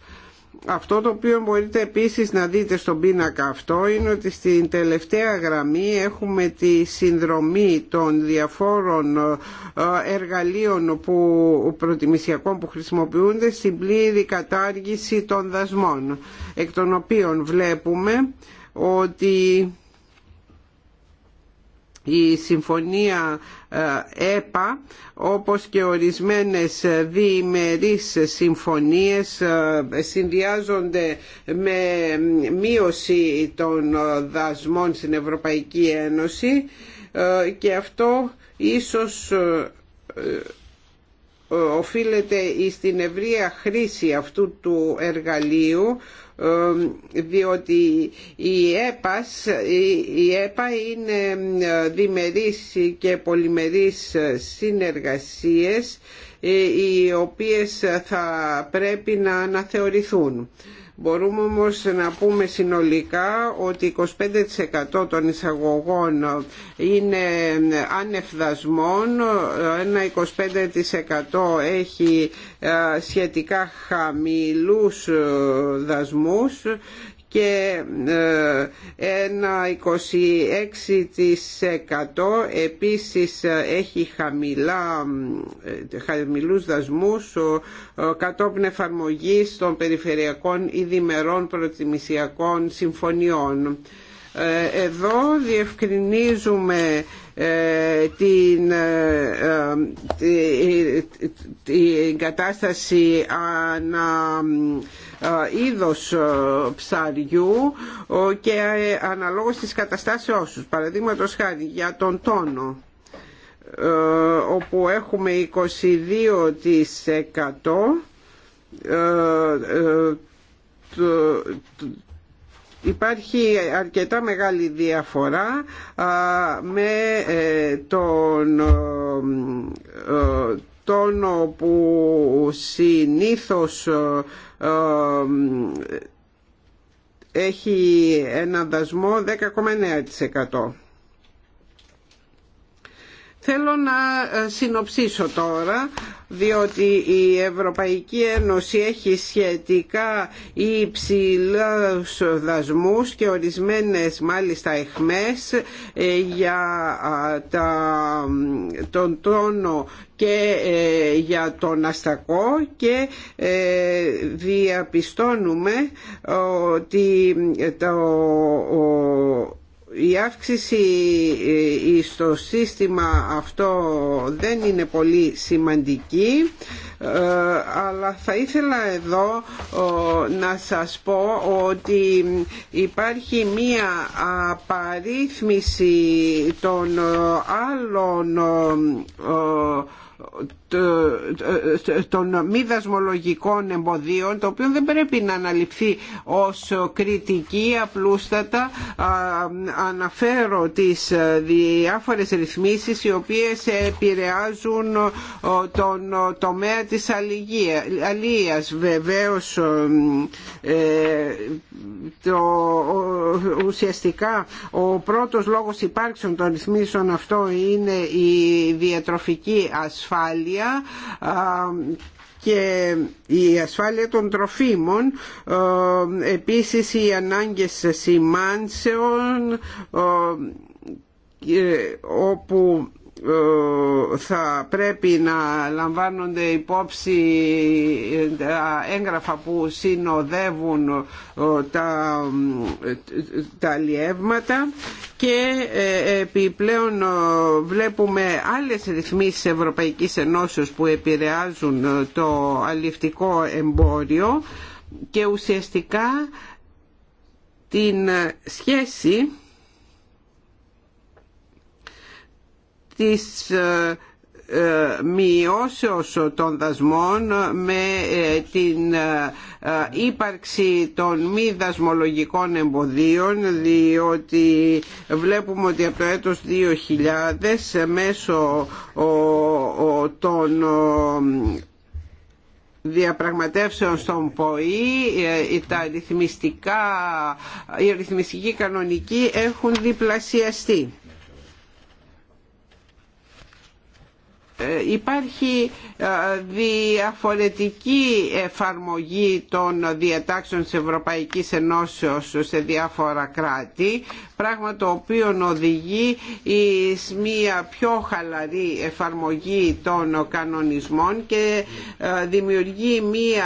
αυτό το οποίο μπορείτε επίσης να δείτε στον πίνακα αυτό είναι ότι στην τελευταία γραμμή έχουμε τη συνδρομή των διαφόρων ε, εργαλείων που, προτιμησιακών που χρησιμοποιούνται στην πλήρη κατάργηση των δασμών εκ των οποίων βλέπουμε ότι η συμφωνία ε, ΕΠΑ όπως και ορισμένες διημερείς συμφωνίες ε, συνδυάζονται με μείωση των δασμών στην Ευρωπαϊκή Ένωση ε, και αυτό ίσως οφείλεται στην ευρεία χρήση αυτού του εργαλείου διότι η, ΕΠΑΣ, η ΕΠΑ είναι διμερείς και πολυμερείς συνεργασίες ε, οι οποίες θα πρέπει να αναθεωρηθούν. Μπορούμε όμως να πούμε συνολικά ότι 25% των εισαγωγών είναι ανεφδασμών, ένα 25% έχει ε, σχετικά χαμηλούς ε, δασμούς και ε, ένα 26% επίσης ε, έχει χαμηλά, ε, χαμηλούς δασμούς κατόπιν εφαρμογής των περιφερειακών ή διμερών προτιμησιακών συμφωνιών. Εδώ διευκρινίζουμε την, την κατάσταση ανα ε, είδος ε, ψαριού και ε, αναλόγως της καταστάσεώς τους. Παραδείγματος χάρη για τον τόνο όπου έχουμε 22% Υπάρχει αρκετά μεγάλη διαφορά με τον τόνο που συνήθως ε, ε, έχει ένα δασμό 10,9%. Θέλω να ε, συνοψίσω τώρα διότι η Ευρωπαϊκή Ένωση έχει σχετικά υψηλούς δασμούς και ορισμένες μάλιστα εχμές ε, για τα, τον τόνο και ε, για τον αστακό και διαπιστώνουμε ότι το η αύξηση ε, στο σύστημα αυτό δεν είναι πολύ σημαντική ε, αλλά θα ήθελα εδώ ε, να σας πω ότι υπάρχει μία απαρίθμηση των άλλων των μη δασμολογικών εμποδίων το οποίο δεν πρέπει να αναλυφθεί ως κριτική απλούστατα αναφέρω τις διάφορες ρυθμίσεις οι οποίες επηρεάζουν τον τομέα της αλληλείας βεβαίως ε, το, ουσιαστικά ο πρώτος λόγος υπάρξεων των ρυθμίσεων αυτό είναι η διατροφική ασφάλεια και η ασφάλεια των τροφίμων, επίσης οι ανάγκες σημάνσεων όπου ε, θα πρέπει να λαμβάνονται υπόψη τα έγγραφα που συνοδεύουν ε, τα, τα λιεύματα και ε, επιπλέον βλέπουμε άλλες ρυθμίσεις Ευρωπαϊκής Ενώσεως που επηρεάζουν το αληφτικό εμπόριο και ουσιαστικά την σχέση της ε, ε, μειώσεως των δασμών με ε, την ύπαρξη των μη δασμολογικών εμποδίων διότι βλέπουμε ότι από το έτος 2000 μέσω των διαπραγματεύσεων στον ΠΟΗ τα ρυθμιστικά, οι ρυθμιστικοί κανονικοί έχουν διπλασιαστεί Ε, υπάρχει ε, διαφορετική εφαρμογή των διατάξεων της Ευρωπαϊκής Ενώσεως σε διάφορα κράτη πράγμα το οποίο οδηγεί σε μια πιο χαλαρή εφαρμογή των κανονισμών και ε, δημιουργεί μια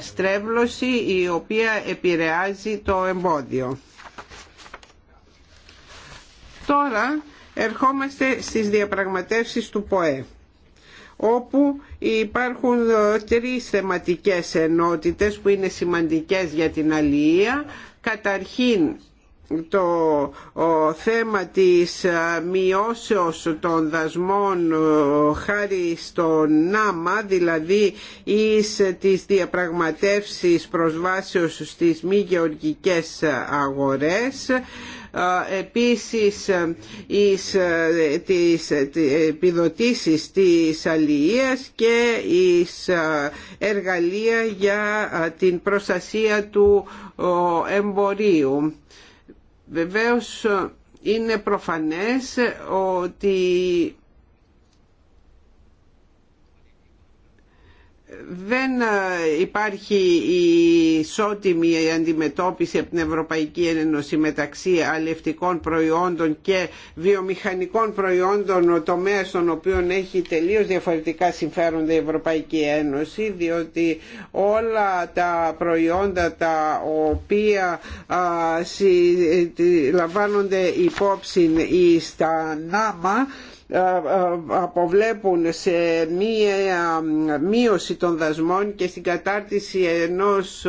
στρέβλωση η οποία επηρεάζει το εμπόδιο. Τώρα ερχόμαστε στις διαπραγματεύσεις του ΠΟΕ όπου υπάρχουν τρεις θεματικές ενότητες που είναι σημαντικές για την αλληλεία. Καταρχήν το θέμα της μειώσεως των δασμών χάρη στο ΝΑΜΑ, δηλαδή εις τις διαπραγματεύσεις προσβάσεως στις μη γεωργικές αγορές επίσης εις ε, τις ε, επιδοτήσεις της αλληλείας και εις ε, εργαλεία για την προστασία του εμπορίου. Βεβαίως είναι προφανές ότι δεν ε, υπάρχει η ισότιμη αντιμετώπιση από την Ευρωπαϊκή Ένωση μεταξύ αλληλευτικών προϊόντων και βιομηχανικών προϊόντων το τομέας των οποίων έχει τελείως διαφορετικά συμφέροντα η Ευρωπαϊκή Ένωση διότι όλα τα προϊόντα τα οποία λαμβάνονται υπόψη στα ΝΑΜΑ ε, ε, αποβλέπουν σε μία μείωση των δασμών και στην κατάρτιση ενός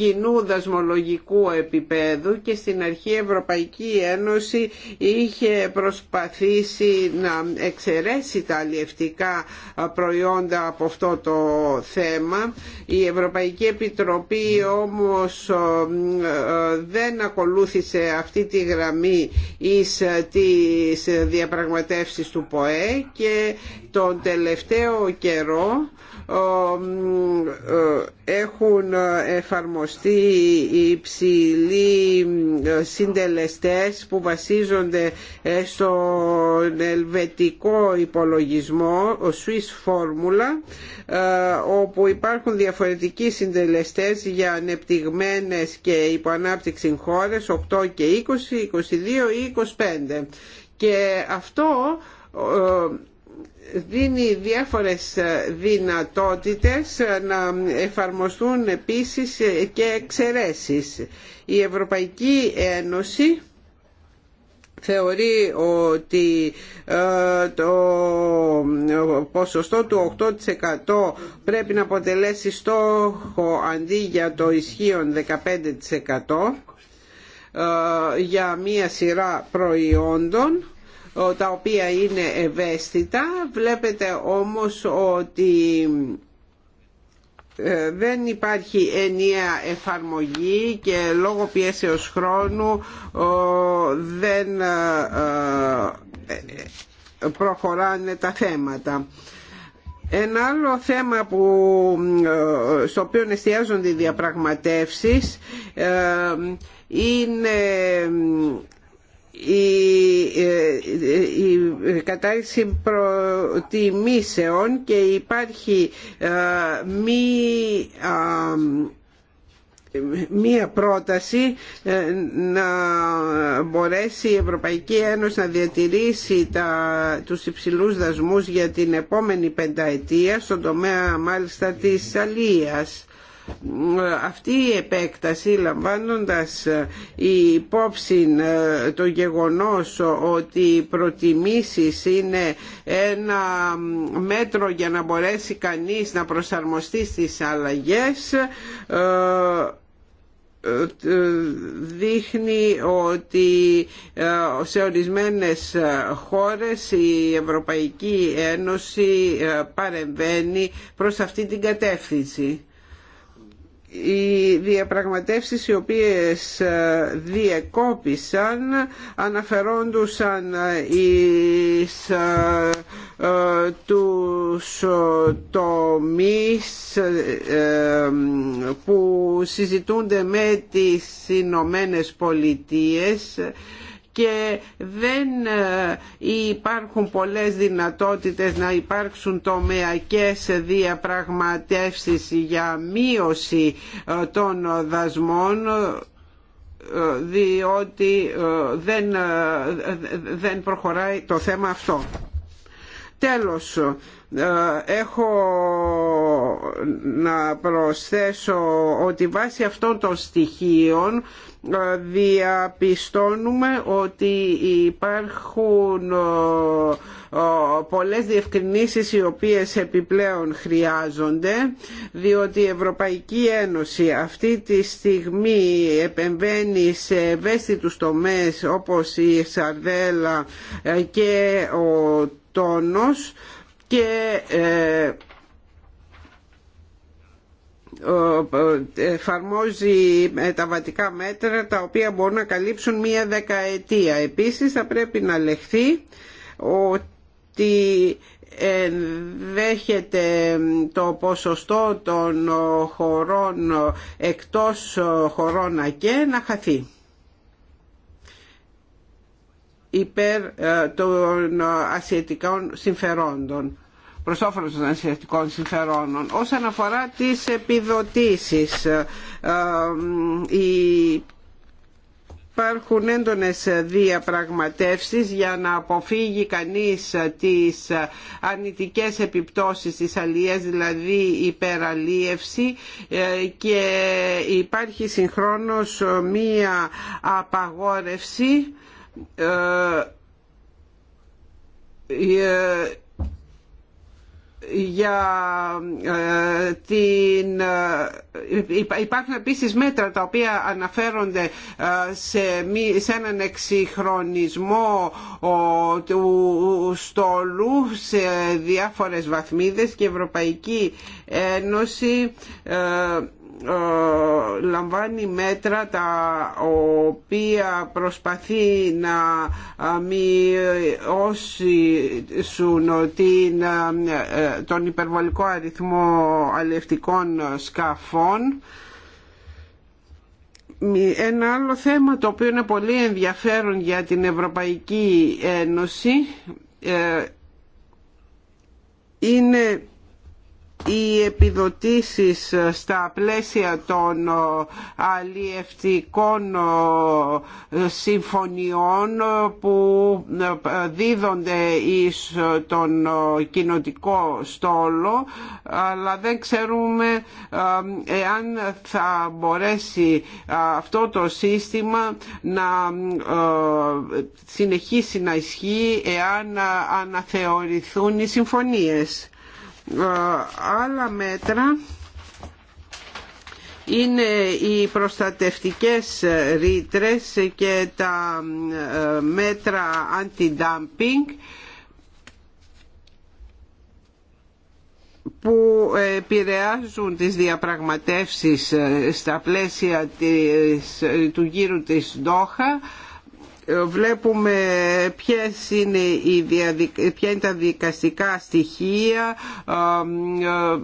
κοινού δασμολογικού επίπεδου και στην αρχή η Ευρωπαϊκή Ένωση είχε προσπαθήσει να εξαιρέσει τα αλλιευτικά προϊόντα από αυτό το θέμα. Η Ευρωπαϊκή Επιτροπή όμως ε, ε, δεν ακολούθησε αυτή τη γραμμή εις ε, τις διαπραγματεύσεις του ΠΟΕ και τον τελευταίο καιρό έχουν εφαρμοστεί υψηλοί συντελεστές που βασίζονται στον ελβετικό υπολογισμό, ο Swiss Formula, όπου υπάρχουν διαφορετικοί συντελεστές για ανεπτυγμένες και υποανάπτυξη χώρες 8 και 20, 22 ή 25. Και αυτό ε, δίνει διάφορες δυνατότητες να εφαρμοστούν επίσης και εξαιρέσεις. Η Ευρωπαϊκή Ένωση θεωρεί ότι ε, το ποσοστό του 8% πρέπει να αποτελέσει στόχο αντί για το ισχύον 15% ε, για μία σειρά προϊόντων τα οποία είναι ευαίσθητα. Βλέπετε όμως ότι ε, δεν υπάρχει ενιαία εφαρμογή και λόγω πιέσεως χρόνου δεν ε, ε, προχωράνε τα θέματα. Ένα άλλο θέμα που, στο οποίο εστιάζονται οι διαπραγματεύσεις είναι ε, ε, η κατάρριξη προτιμήσεων και υπάρχει ε, μη μία πρόταση να μπορέσει η Ευρωπαϊκή Ένωση να διατηρήσει τα, τους υψηλούς δασμούς για την επόμενη πενταετία στον τομέα μάλιστα της αλίας αυτή η επέκταση λαμβάνοντας ε, η υπόψη ε, το γεγονός ότι οι προτιμήσεις είναι ένα μέτρο για να μπορέσει κανείς να προσαρμοστεί στις αλλαγές ε, δείχνει ότι σε ορισμένες χώρες η Ευρωπαϊκή Ένωση παρεμβαίνει προς αυτή την κατεύθυνση οι διαπραγματεύσεις οι οποίες ε, διεκόπησαν αναφερόντουσαν ε, εις ε, τους τομείς που συζητούνται με τις Ηνωμένε Πολιτείες και δεν ε, υπάρχουν πολλές δυνατότητες να υπάρξουν τομεακές διαπραγματεύσεις για μείωση ε, των δασμών ε, διότι δεν, δεν προχωράει το θέμα αυτό. Τέλος, ε, έχω να προσθέσω ότι βάσει αυτών των στοιχείων ε, διαπιστώνουμε ότι υπάρχουν ε, πολλές διευκρινήσεις οι οποίες επιπλέον χρειάζονται διότι η Ευρωπαϊκή Ένωση αυτή τη στιγμή επεμβαίνει σε ευαίσθητους τομές όπως η Σαρδέλα και ο τόνος και ε, εφαρμόζει τα βατικά μέτρα τα οποία μπορούν να καλύψουν μία δεκαετία. Επίσης θα πρέπει να λεχθεί ότι δέχεται το ποσοστό των χωρών εκτός χωρών και να χαθεί υπέρ ε, των ασιατικών συμφερόντων προς όφελος των ασιατικών συμφερόνων. Όσον αφορά τις επιδοτήσεις, ε, ε, υπάρχουν έντονες διαπραγματεύσεις για να αποφύγει κανείς τις αρνητικές επιπτώσεις της αλίας, δηλαδή υπεραλίευση ε, και υπάρχει συγχρόνως μία απαγόρευση για ε, την... Ε, υπάρχουν επίσης μέτρα τα οποία αναφέρονται ε, σε, σε έναν εξυγχρονισμό του στόλου σε διάφορες βαθμίδες και η Ευρωπαϊκή Ένωση ε, λαμβάνει μέτρα τα οποία προσπαθεί να μειώσουν ε, τον υπερβολικό αριθμό αλλευτικών σκαφών ένα άλλο θέμα το οποίο είναι πολύ ενδιαφέρον για την Ευρωπαϊκή Ένωση ε, είναι οι επιδοτήσεις στα πλαίσια των ε, αλλιευτικών ε, συμφωνιών που ε, δίδονται εις τον κοινοτικό στόλο αλλά δεν ξέρουμε εάν θα μπορέσει αυτό το σύστημα να συνεχίσει να ισχύει εάν αναθεωρηθούν οι συμφωνίες άλλα μέτρα είναι οι προστατευτικές ρήτρες και τα ε, μέτρα anti-dumping που επηρεάζουν τις διαπραγματεύσεις ε, στα πλαίσια ε, του γύρου της Ντόχα βλέπουμε ποιες είναι οι διαδικ... ποια είναι τα δικαστικά στοιχεία, ε,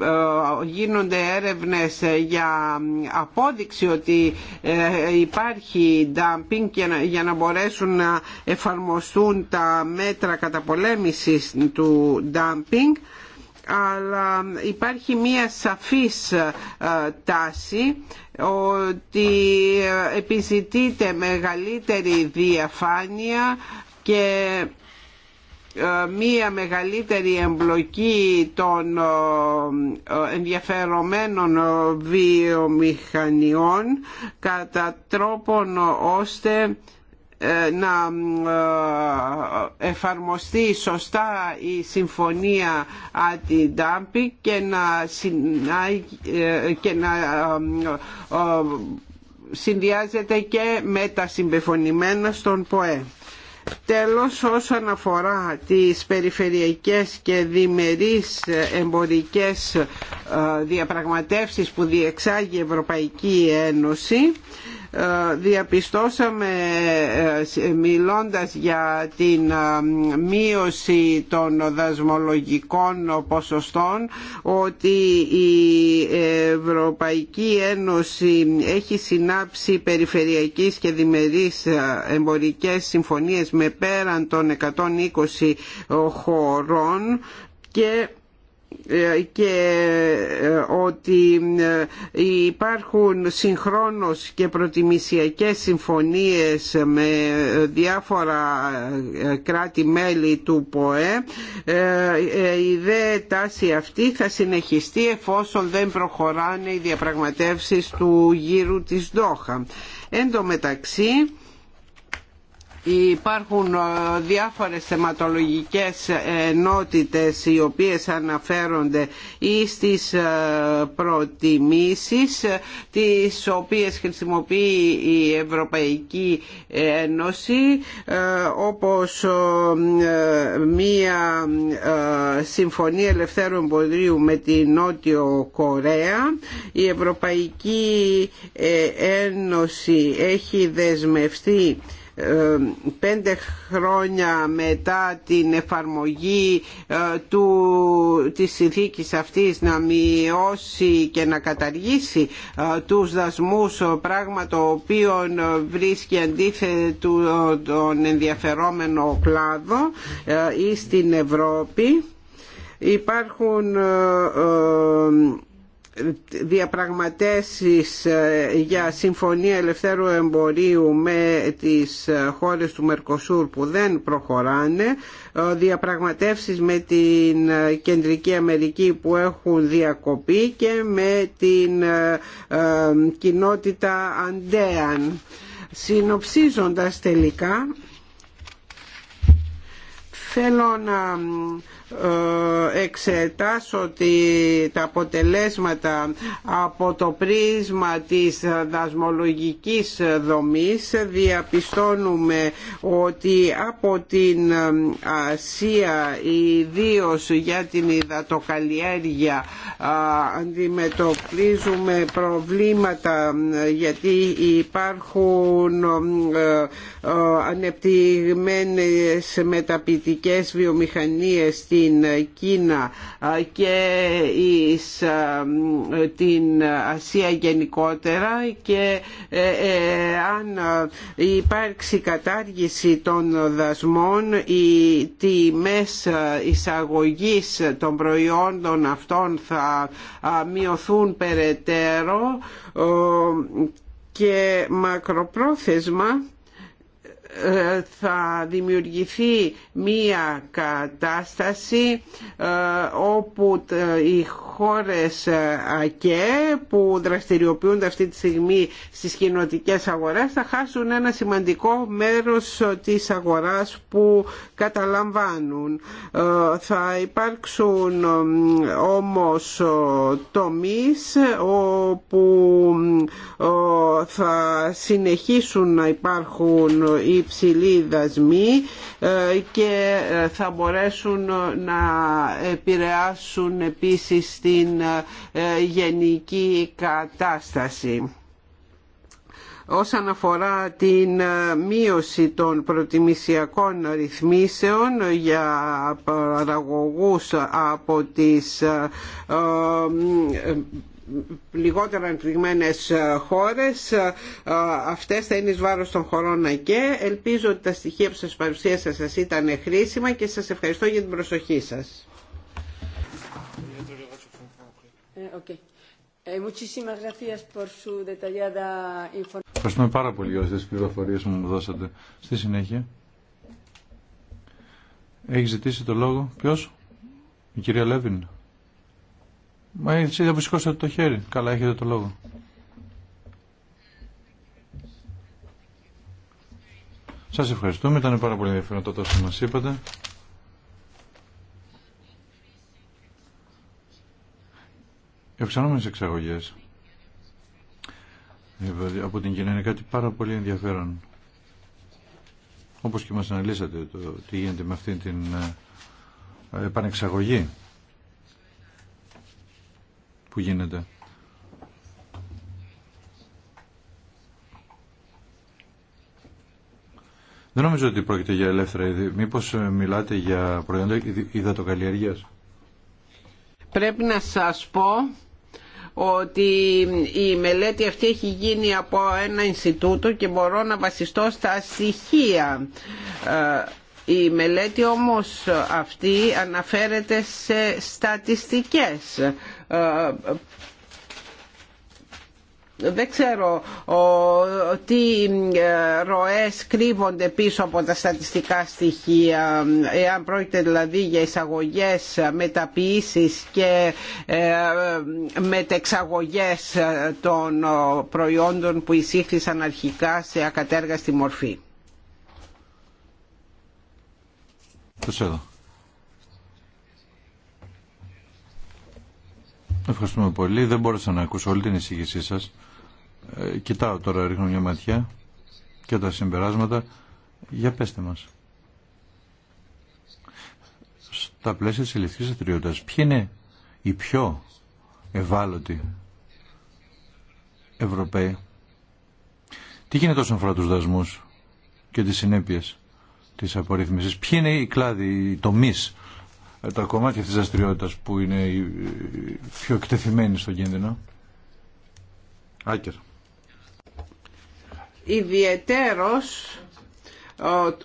ε, γίνονται έρευνες για απόδειξη ότι ε, υπάρχει dumping για να μπορέσουν να εφαρμοστούν τα μέτρα καταπολέμησης του dumping αλλά υπάρχει μία σαφής τάση ότι επιζητείται μεγαλύτερη διαφάνεια και ε, μία μεγαλύτερη εμπλοκή των ε, ενδιαφερομένων βιομηχανιών κατά τρόπον ώστε ε, να ε, εφαρμοστεί σωστά η συμφωνία και να, ε, και να συνδυάζεται και με τα συμπεφωνημένα στον ΠΟΕ. Τέλος, όσον αφορά τις περιφερειακές και διμερείς εμπορικές διαπραγματεύσεις που διεξάγει η Ευρωπαϊκή Ένωση, διαπιστώσαμε ε, μιλώντας για την ε, μείωση των δασμολογικών ποσοστών ότι η Ευρωπαϊκή Ένωση έχει συνάψει περιφερειακής και διμερείς ε, εμπορικές συμφωνίες με πέραν των 120 χωρών και και ε, ότι ε, υπάρχουν συγχρόνως και προτιμησιακές συμφωνίες με διάφορα ε, κράτη-μέλη του ΠΟΕ η δε τάση αυτή θα συνεχιστεί εφόσον δεν προχωράνε οι διαπραγματεύσεις του γύρου της ΔΟΧΑ. Εν μεταξύ Υπάρχουν ε, διάφορες θεματολογικές ενότητες οι οποίες αναφέρονται ή στις ε, προτιμήσεις ε, τις οποίες χρησιμοποιεί η Ευρωπαϊκή Ένωση όπως μία συμφωνία ελευθέρου εμποδίου με τη Νότιο Κορέα. Η Ευρωπαϊκή Ένωση έχει δεσμευτεί πέντε χρόνια μετά την εφαρμογή ε, του, της συνθήκης αυτής να μειώσει και να καταργήσει ε, τους δασμούς ε, πράγμα το οποίο βρίσκει αντίθετο τον ενδιαφερόμενο κλάδο ή στην Ευρώπη υπάρχουν διαπραγματεύσεις ε, για συμφωνία ελευθέρου εμπορίου με τις ε, χώρες του Μερκοσούρ που δεν προχωράνε ε, διαπραγματεύσεις με την Κεντρική Αμερική που έχουν διακοπεί και με την κοινότητα Αντέαν συνοψίζοντας τελικά θέλω να ε, εξετάσω τα αποτελέσματα από το πρίσμα της δασμολογικής δομής διαπιστώνουμε ότι από την Ασία ιδίω για την υδατοκαλλιέργεια αντιμετωπίζουμε προβλήματα γιατί υπάρχουν ε, ε, ανεπτυγμένες μεταπητικές βιομηχανίες την Κίνα και ε, την Ασία γενικότερα και ε, ε, αν υπάρξει κατάργηση των δασμών οι τιμές εισαγωγής των προϊόντων αυτών θα μειωθούν περαιτέρω και μακροπρόθεσμα ε, θα δημιουργηθεί μία κατάσταση ε, όπου η χώρες ε, ΑΚΕ που δραστηριοποιούνται αυτή τη στιγμή στις κοινοτικές αγορές θα χάσουν ένα σημαντικό μέρος ε, της αγοράς που καταλαμβάνουν. Ε, θα υπάρξουν όμως τομείς όπου θα συνεχίσουν να υπάρχουν υψηλοί δασμοί και θα μπορέσουν να επηρεάσουν επίσης την ε, ε, γενική κατάσταση. Όσον αφορά την ε, μείωση των προτιμησιακών ρυθμίσεων για παραγωγούς από τις λιγότερα ανεπτυγμένες χώρες αυτές θα είναι εις βάρος των χωρών και ελπίζω ότι τα στοιχεία που σας παρουσίασα σας ήταν χρήσιμα και σας ευχαριστώ για την προσοχή σας Ε, ε, ευχαριστούμε πάρα πολύ για αυτές τις πληροφορίες που μου δώσατε. Στη συνέχεια, έχει ζητήσει το λόγο. Ποιος? Η κυρία Λέβιν. Μα έτσι δεν που το χέρι. Καλά, έχετε το λόγο. Σας ευχαριστούμε. Ήταν πάρα πολύ ενδιαφέρον το τόσο μας είπατε. Ευξανόμενες εξαγωγές δηλαδή, από την κοινωνία είναι κάτι πάρα πολύ ενδιαφέρον. Όπως και μας αναλύσατε το τι γίνεται με αυτή την ε, επανεξαγωγή που γίνεται. Δεν νομίζω ότι πρόκειται για ελεύθερα είδη. Μήπως ε, μιλάτε για προϊόντα υδατοκαλλιεργία. Πρέπει να σας πω ότι η μελέτη αυτή έχει γίνει από ένα Ινστιτούτο και μπορώ να βασιστώ στα στοιχεία. Ε, η μελέτη όμως αυτή αναφέρεται σε στατιστικές ε, δεν ξέρω τι ε, ροές κρύβονται πίσω από τα στατιστικά στοιχεία εάν πρόκειται δηλαδή για εισαγωγές, μεταποιήσεις και ε, μετεξαγωγές των ε, προϊόντων που εισήχθησαν αρχικά σε ακατέργαστη μορφή. Ευχαριστούμε πολύ. Δεν μπόρεσα να ακούσω όλη την εισήγησή σας. Ε, κοιτάω τώρα, ρίχνω μια ματιά και τα συμπεράσματα. Για πέστε μας. Στα πλαίσια της ελευθερικής αστριότητας, ποιοι είναι οι πιο ευάλωτοι Ευρωπαίοι. Τι γίνεται όσον αφορά τους δασμούς και τις συνέπειες της απορρίθμισης. Ποιοι είναι οι κλάδοι, οι τομείς, ε, τα κομμάτια της δραστηριότητα που είναι οι πιο εκτεθειμένοι στον κίνδυνο. Άκερ ιδιαιτέρως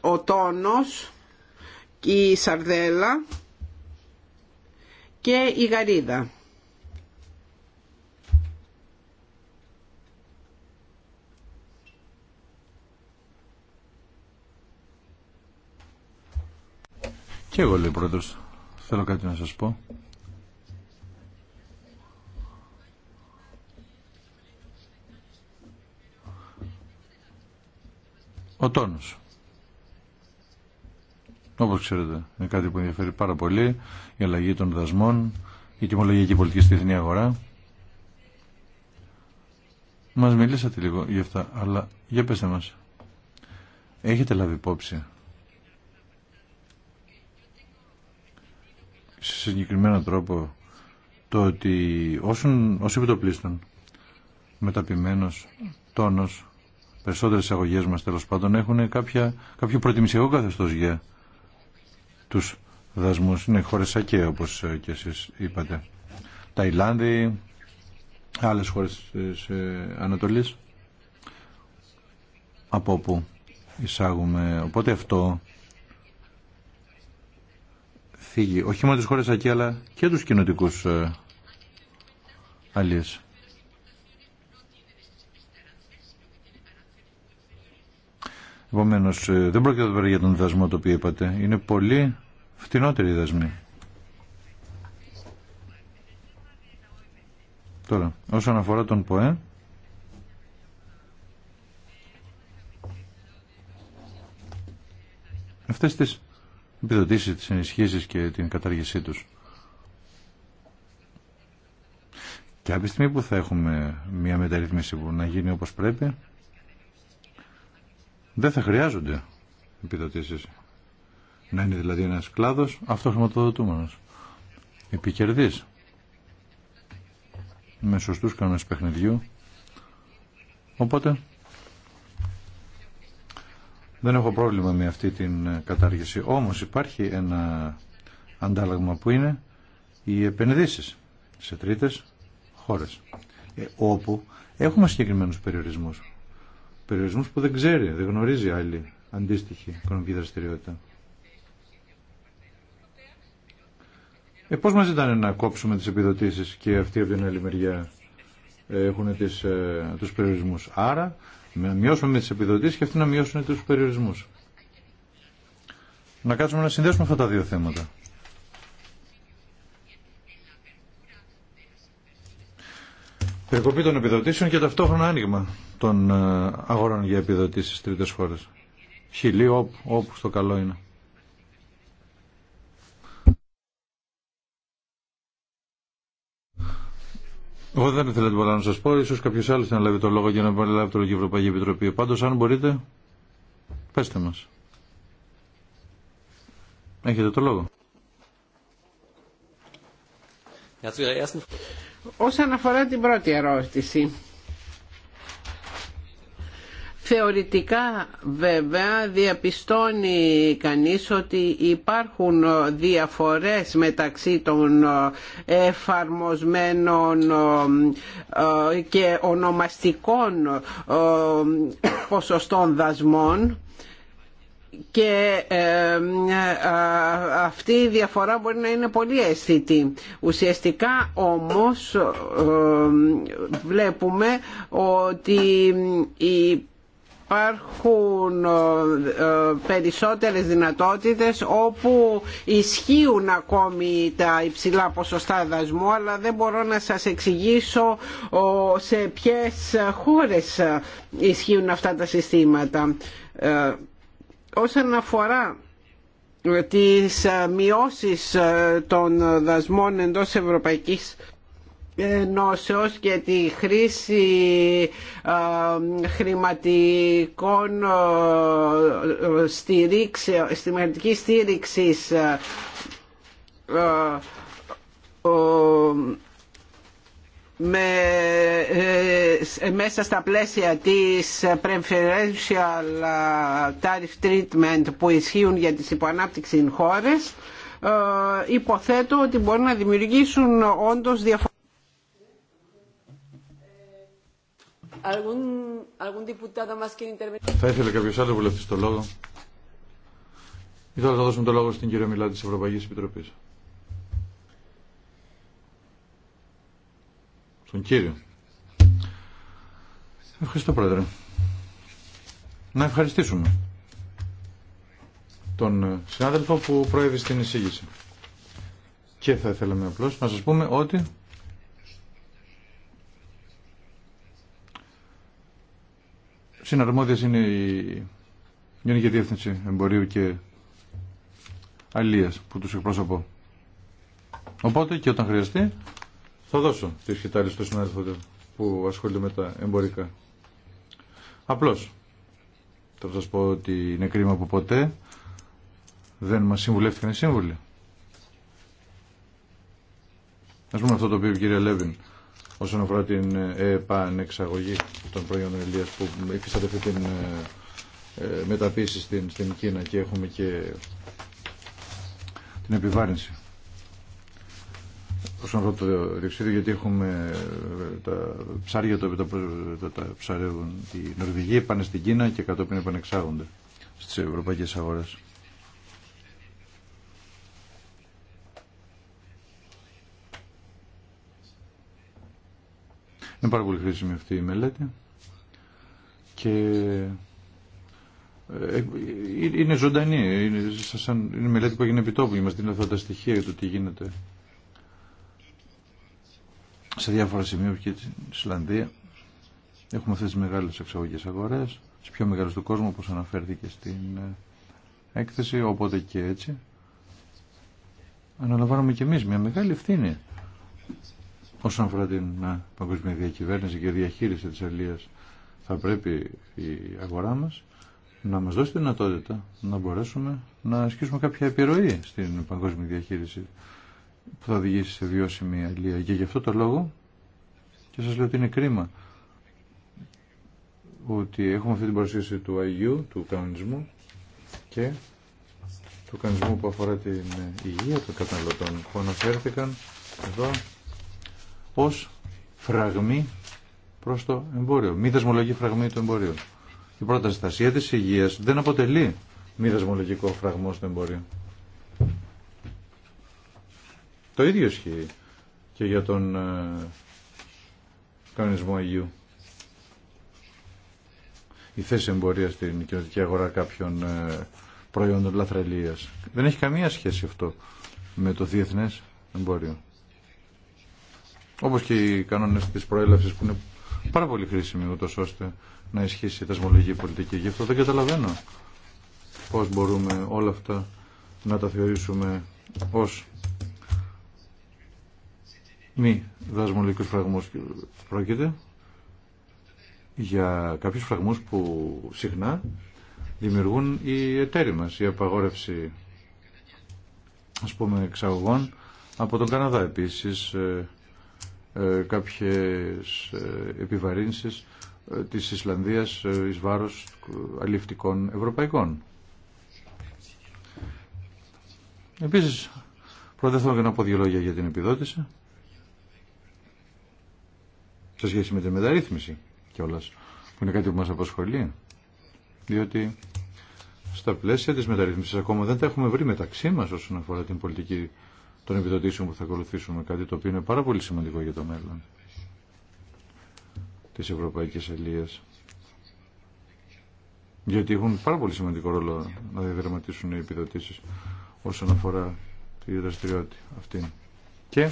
ο, ο τόνος η σαρδέλα και η γαρίδα. Και εγώ λέει πρώτος, θέλω κάτι να σας πω. Ο τόνος. Όπως ξέρετε, είναι κάτι που ενδιαφέρει πάρα πολύ, η αλλαγή των δασμών, η τιμολογική πολιτική στη διεθνή αγορά. Μας μιλήσατε λίγο γι' αυτά, αλλά για πέστε μας. Έχετε λάβει υπόψη σε συγκεκριμένο τρόπο το ότι όσον, όσοι επιτοπλίστων μεταπημένος τόνος περισσότερες αγωγές μας τέλος πάντων έχουν κάποια, κάποιο προτιμησιακό καθεστώς για τους δασμούς. Είναι χώρες ακέ, όπως ε, και εσείς είπατε. Ταϊλάνδη, άλλες χώρες της ε, Ανατολής από όπου εισάγουμε. Οπότε αυτό θίγει όχι μόνο τις χώρες ΑΚΕ αλλά και τους κοινωτικούς ε, αλίες. Επομένω, ε, δεν πρόκειται εδώ για τον δασμό το οποίο είπατε. Είναι πολύ φτηνότεροι οι δασμοί. Τώρα, όσον αφορά τον ΠΟΕ, αυτές τις επιδοτήσεις, τις ενισχύσεις και την κατάργησή τους. Και από στιγμή που θα έχουμε μια μεταρρύθμιση που να γίνει όπως πρέπει, δεν θα χρειάζονται επιδοτήσει Να είναι δηλαδή ένας κλάδο αυτοχρηματοδοτούμενο. Επικερδή. με σωστούς κανόνε παιχνιδιού. Οπότε δεν έχω πρόβλημα με αυτή την κατάργηση. Όμως υπάρχει ένα αντάλλαγμα που είναι οι επενδύσεις σε τρίτες χώρες, ε, όπου έχουμε συγκεκριμένους περιορισμούς περιορισμούς που δεν ξέρει, δεν γνωρίζει άλλη αντίστοιχη οικονομική δραστηριότητα. Ε, πώς μας ήταν να κόψουμε τις επιδοτήσεις και αυτοί από την άλλη μεριά ε, έχουν τις, ε, τους περιορισμούς. Άρα, να μειώσουμε με τις επιδοτήσεις και αυτοί να μειώσουν τους περιορισμούς. Να κάτσουμε να συνδέσουμε αυτά τα δύο θέματα. περικοπή των επιδοτήσεων και ταυτόχρονα άνοιγμα των ε, αγορών για επιδοτήσεις στις τρίτες χώρες. Χιλή όπου, όπου στο καλό είναι. Εγώ δεν ήθελα τίποτα να σας πω, ίσως κάποιος άλλος να λάβει το λόγο για να λάβει το λόγο η Ευρωπαϊκή Επιτροπή. Πάντως αν μπορείτε, πέστε μας. Έχετε το λόγο. Όσον αφορά την πρώτη ερώτηση, Θεωρητικά βέβαια διαπιστώνει κανείς ότι υπάρχουν διαφορές μεταξύ των ε, εφαρμοσμένων ε, και ονομαστικών ε, ποσοστών δασμών και ε, ε, αυτή η διαφορά μπορεί να είναι πολύ αισθητή. Ουσιαστικά όμως ε, βλέπουμε ότι υπάρχουν περισσότερες δυνατότητες όπου ισχύουν ακόμη τα υψηλά ποσοστά δασμού αλλά δεν μπορώ να σας εξηγήσω σε ποιες χώρες ισχύουν αυτά τα συστήματα όσον αφορά ε, τις ε, μειώσεις ε, των δασμών εντός Ευρωπαϊκής Ενώσεως και τη χρήση χρηματικών στηματικής στήριξης ε, μέσα στα πλαίσια της preferential ε, tariff treatment που ισχύουν για τις υποανάπτυξη χώρες ε, υποθέτω ότι μπορεί να δημιουργήσουν όντως διαφορετικά. Θα ήθελε κάποιο άλλο βουλευτή το λόγο. Ήθελα να δώσουμε το λόγο στην κυρία Μιλάτη τη Ευρωπαϊκή Επιτροπή. τον κύριο. Ευχαριστώ πρόεδρε. Να ευχαριστήσουμε τον συνάδελφο που προέβη στην εισήγηση. Και θα θέλαμε απλώς να σας πούμε ότι συναρμόδιας είναι η Γενική Διεύθυνση Εμπορίου και Αλίας που τους εκπρόσωπω. Οπότε και όταν χρειαστεί θα δώσω τη σκητάλη στο συνάδελφο που ασχολείται με τα εμπορικά. Απλώς. Θα σα πω ότι είναι κρίμα που ποτέ δεν μας συμβουλεύτηκαν οι σύμβουλοι. Α πούμε αυτό το οποίο κυρία Λέβιν όσον αφορά την ε, επανεξαγωγή των προϊόντων Ελίας που υφίσταται αυτή την ε, ε, μεταποίηση στην, στην Κίνα και έχουμε και την επιβάρυνση όσον αφορά το γιατί έχουμε τα ψάρια τα οποία τα ψαρεύουν. Οι Νορβηγοί πάνε στην Κίνα και κατόπιν επανεξάγονται στις ευρωπαϊκές αγορές. Είναι πάρα πολύ χρήσιμη αυτή η μελέτη και είναι ζωντανή, είναι, σαν, μελέτη που έγινε επιτόπου, μας δίνει αυτά τα στοιχεία για το τι γίνεται σε διάφορα σημεία και στην Ισλανδία έχουμε αυτές τις μεγάλες εξαγωγές αγορές τις πιο μεγάλες του κόσμου όπως αναφέρθηκε στην ε, έκθεση οπότε και έτσι αναλαμβάνουμε και εμείς μια μεγάλη ευθύνη όσον αφορά την ε, παγκοσμία διακυβέρνηση και διαχείριση της αλίας θα πρέπει η αγορά μας να μας δώσει τη δυνατότητα να μπορέσουμε να ασκήσουμε κάποια επιρροή στην παγκόσμια διαχείριση που θα οδηγήσει σε βιώσιμη αλληλεία. Και γι' αυτό το λόγο και σας λέω ότι είναι κρίμα ότι έχουμε αυτή την παρουσίαση του Αγίου, του κανονισμού και του κανονισμού που αφορά την υγεία των καταναλωτών που αναφέρθηκαν εδώ ως φραγμή προς το εμπόριο. Μη δασμολογική φραγμή του εμπορίου. Η πρόταση στασία της υγείας δεν αποτελεί μη δασμολογικό φραγμό στο εμπόριο. Το ίδιο ισχύει και για τον ε, κανονισμό Αγίου. Η θέση εμπορία στην κοινωτική αγορά κάποιων ε, προϊόντων λαθρελίας. Δεν έχει καμία σχέση αυτό με το διεθνές εμπόριο. Όπως και οι κανόνες της προέλευσης που είναι πάρα πολύ χρήσιμοι ούτως ώστε να ισχύσει η θεσμολογική πολιτική. Γι' αυτό δεν καταλαβαίνω πώς μπορούμε όλα αυτά να τα θεωρήσουμε ως μη δασμολογικούς φραγμούς πρόκειται για κάποιους φραγμούς που συχνά δημιουργούν οι εταίροι μας. Η απαγόρευση ας πούμε εξαγωγών από τον Καναδά επίσης ε, ε, κάποιες ε, επιβαρύνσεις της Ισλανδίας εις βάρος αλληλευτικών ευρωπαϊκών. Επίσης, προτεθώ και να πω δύο λόγια για την επιδότηση σε σχέση με τη μεταρρύθμιση κιόλα, που είναι κάτι που μας απασχολεί, διότι στα πλαίσια της μεταρρύθμισης ακόμα δεν τα έχουμε βρει μεταξύ μας όσον αφορά την πολιτική των επιδοτήσεων που θα ακολουθήσουμε, κάτι το οποίο είναι πάρα πολύ σημαντικό για το μέλλον τη Ευρωπαϊκή Ελίας. Γιατί έχουν πάρα πολύ σημαντικό ρόλο να διαδραματίσουν οι επιδοτήσει όσον αφορά τη δραστηριότητα αυτή. Και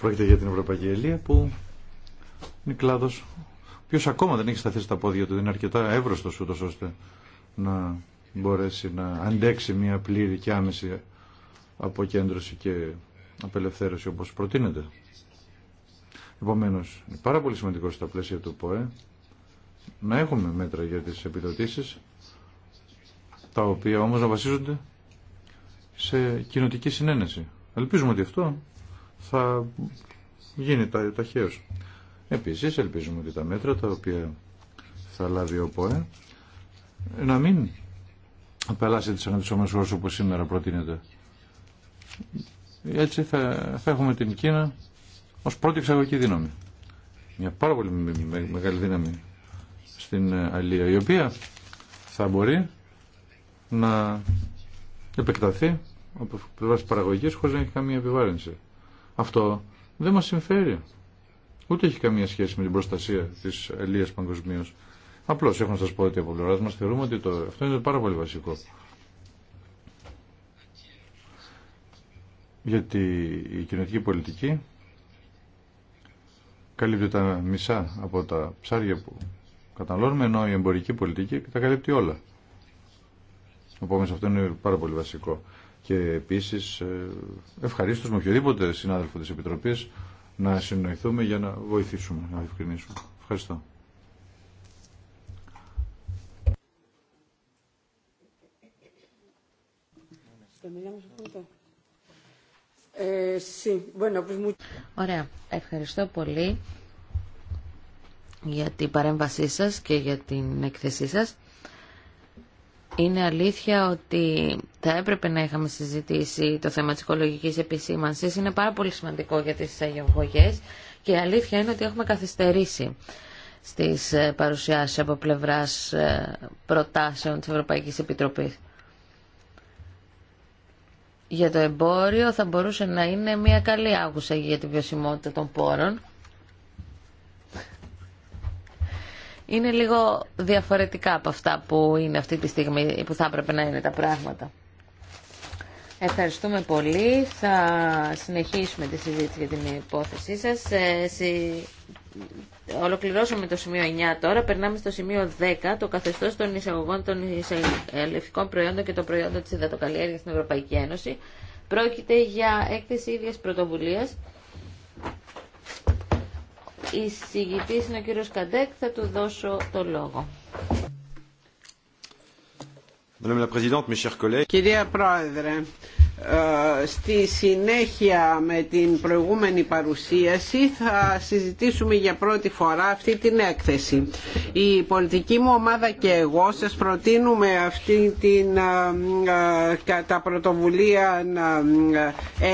Πρόκειται για την Ευρωπαϊκή Ελία που είναι κλάδο ποιος ακόμα δεν έχει σταθεί στα πόδια του, είναι αρκετά εύρωστο ούτω ώστε να μπορέσει να αντέξει μια πλήρη και άμεση αποκέντρωση και απελευθέρωση όπως προτείνεται. Επομένως, είναι πάρα πολύ σημαντικό στα πλαίσια του ΠΟΕ να έχουμε μέτρα για τις επιδοτήσεις, τα οποία όμως να βασίζονται σε κοινοτική συνένεση. Ελπίζουμε ότι αυτό θα γίνει ταχαίως. Επίσης ελπίζουμε ότι τα μέτρα τα οποία θα λάβει ο ΠΟΕ να μην απελάσει τις αναπτυσσόμενες χώρες όπως σήμερα προτείνεται. Έτσι θα, έχουμε την Κίνα ως πρώτη εξαγωγική δύναμη. Μια πάρα πολύ μεγάλη δύναμη στην Αλία η οποία θα μπορεί να επεκταθεί από πλευρά παραγωγή χωρί να έχει καμία επιβάρυνση. Αυτό δεν μας συμφέρει. Ούτε έχει καμία σχέση με την προστασία της Ελίας παγκοσμίω. Απλώς έχω να σας πω ότι από πλευράς μας θεωρούμε ότι το, αυτό είναι πάρα πολύ βασικό. Γιατί η κοινωνική πολιτική καλύπτει τα μισά από τα ψάρια που καταλώνουμε, ενώ η εμπορική πολιτική τα καλύπτει όλα. Οπότε αυτό είναι πάρα πολύ βασικό και επίση ε, ευχαριστώ με οποιοδήποτε συνάδελφο της Επιτροπή να συνοηθούμε για να βοηθήσουμε, να διευκρινίσουμε. Ευχαριστώ. Ωραία. Ευχαριστώ πολύ για την παρέμβασή σας και για την εκθεσή σας. Είναι αλήθεια ότι θα έπρεπε να είχαμε συζητήσει το θέμα της οικολογικής επισήμανσης. Είναι πάρα πολύ σημαντικό για τις αγιογωγές και η αλήθεια είναι ότι έχουμε καθυστερήσει στις ε, παρουσιάσεις από πλευράς ε, προτάσεων της Ευρωπαϊκής Επιτροπής. Για το εμπόριο θα μπορούσε να είναι μια καλή άγουσα για την βιωσιμότητα των πόρων είναι λίγο διαφορετικά από αυτά που είναι αυτή τη στιγμή που θα έπρεπε να είναι τα πράγματα. Ευχαριστούμε πολύ. Θα συνεχίσουμε τη συζήτηση για την υπόθεσή σας. Ε, ολοκληρώσαμε το σημείο 9 τώρα. Περνάμε στο σημείο 10, το καθεστώς των εισαγωγών των εισαγωγικών προϊόντων και των προϊόντων της υδατοκαλλιέργειας στην Ευρωπαϊκή Ένωση. Πρόκειται για έκθεση ίδιας πρωτοβουλίας η είναι ο κύριος Καντέκ, θα του δώσω το λόγο. Κυρία Πρόεδρε, ε, στη συνέχεια με την προηγούμενη παρουσίαση θα συζητήσουμε για πρώτη φορά αυτή την έκθεση. Η πολιτική μου ομάδα και εγώ σας προτείνουμε αυτή την ε, ε, κατά πρωτοβουλία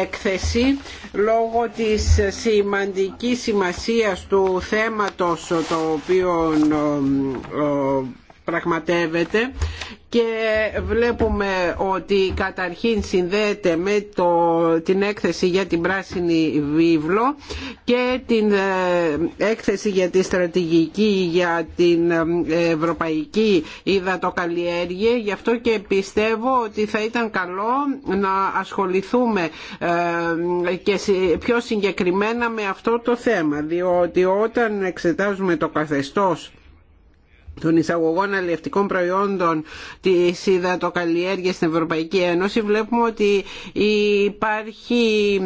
έκθεση λόγω της σημαντικής σημασίας του θέματος το οποίο πραγματεύεται και βλέπουμε ότι καταρχήν συνδέεται με το, την έκθεση για την πράσινη βίβλο και την ε, έκθεση για τη στρατηγική για την ε, ευρωπαϊκή υδατοκαλλιέργεια γι' αυτό και πιστεύω ότι θα ήταν καλό να ασχοληθούμε ε, και πιο συγκεκριμένα με αυτό το θέμα διότι όταν εξετάζουμε το καθεστώς των εισαγωγών αλληλευτικών προϊόντων της υδατοκαλλιέργειας στην Ευρωπαϊκή Ένωση βλέπουμε ότι υπάρχει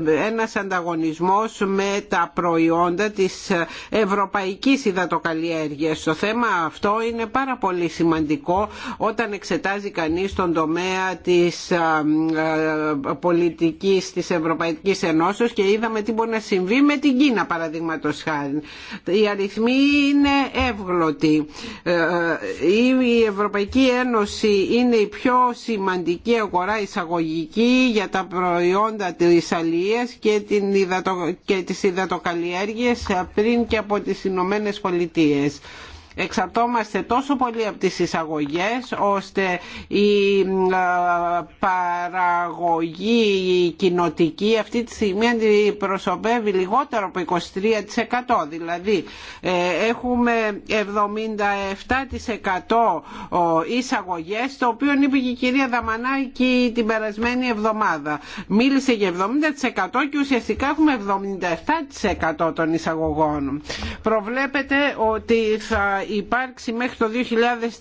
ε, ένας ανταγωνισμός με τα προϊόντα της ευρωπαϊκής υδατοκαλλιέργειας. Το θέμα αυτό είναι πάρα πολύ σημαντικό όταν εξετάζει κανείς τον τομέα της ε, ε, πολιτικής της Ευρωπαϊκής Ενώσεως και είδαμε τι μπορεί να συμβεί με την Κίνα παραδείγματος χάρη. Οι αριθμοί είναι εύγλωτοι ότι ε, ε, η Ευρωπαϊκή Ένωση είναι η πιο σημαντική αγορά εισαγωγική για τα προϊόντα της αλίας και, την υδατο... και τις ε, πριν και από τις Ηνωμένε Πολιτείες εξαρτώμαστε τόσο πολύ από τις εισαγωγές ώστε η ε, παραγωγή κοινοτική αυτή τη στιγμή αντιπροσωπεύει λιγότερο από 23% δηλαδή ε, έχουμε 77% εισαγωγές το οποίο είπε και η κυρία Δαμανάκη την περασμένη εβδομάδα μίλησε για 70% και ουσιαστικά έχουμε 77% των εισαγωγών προβλέπετε ότι θα υπάρξει μέχρι το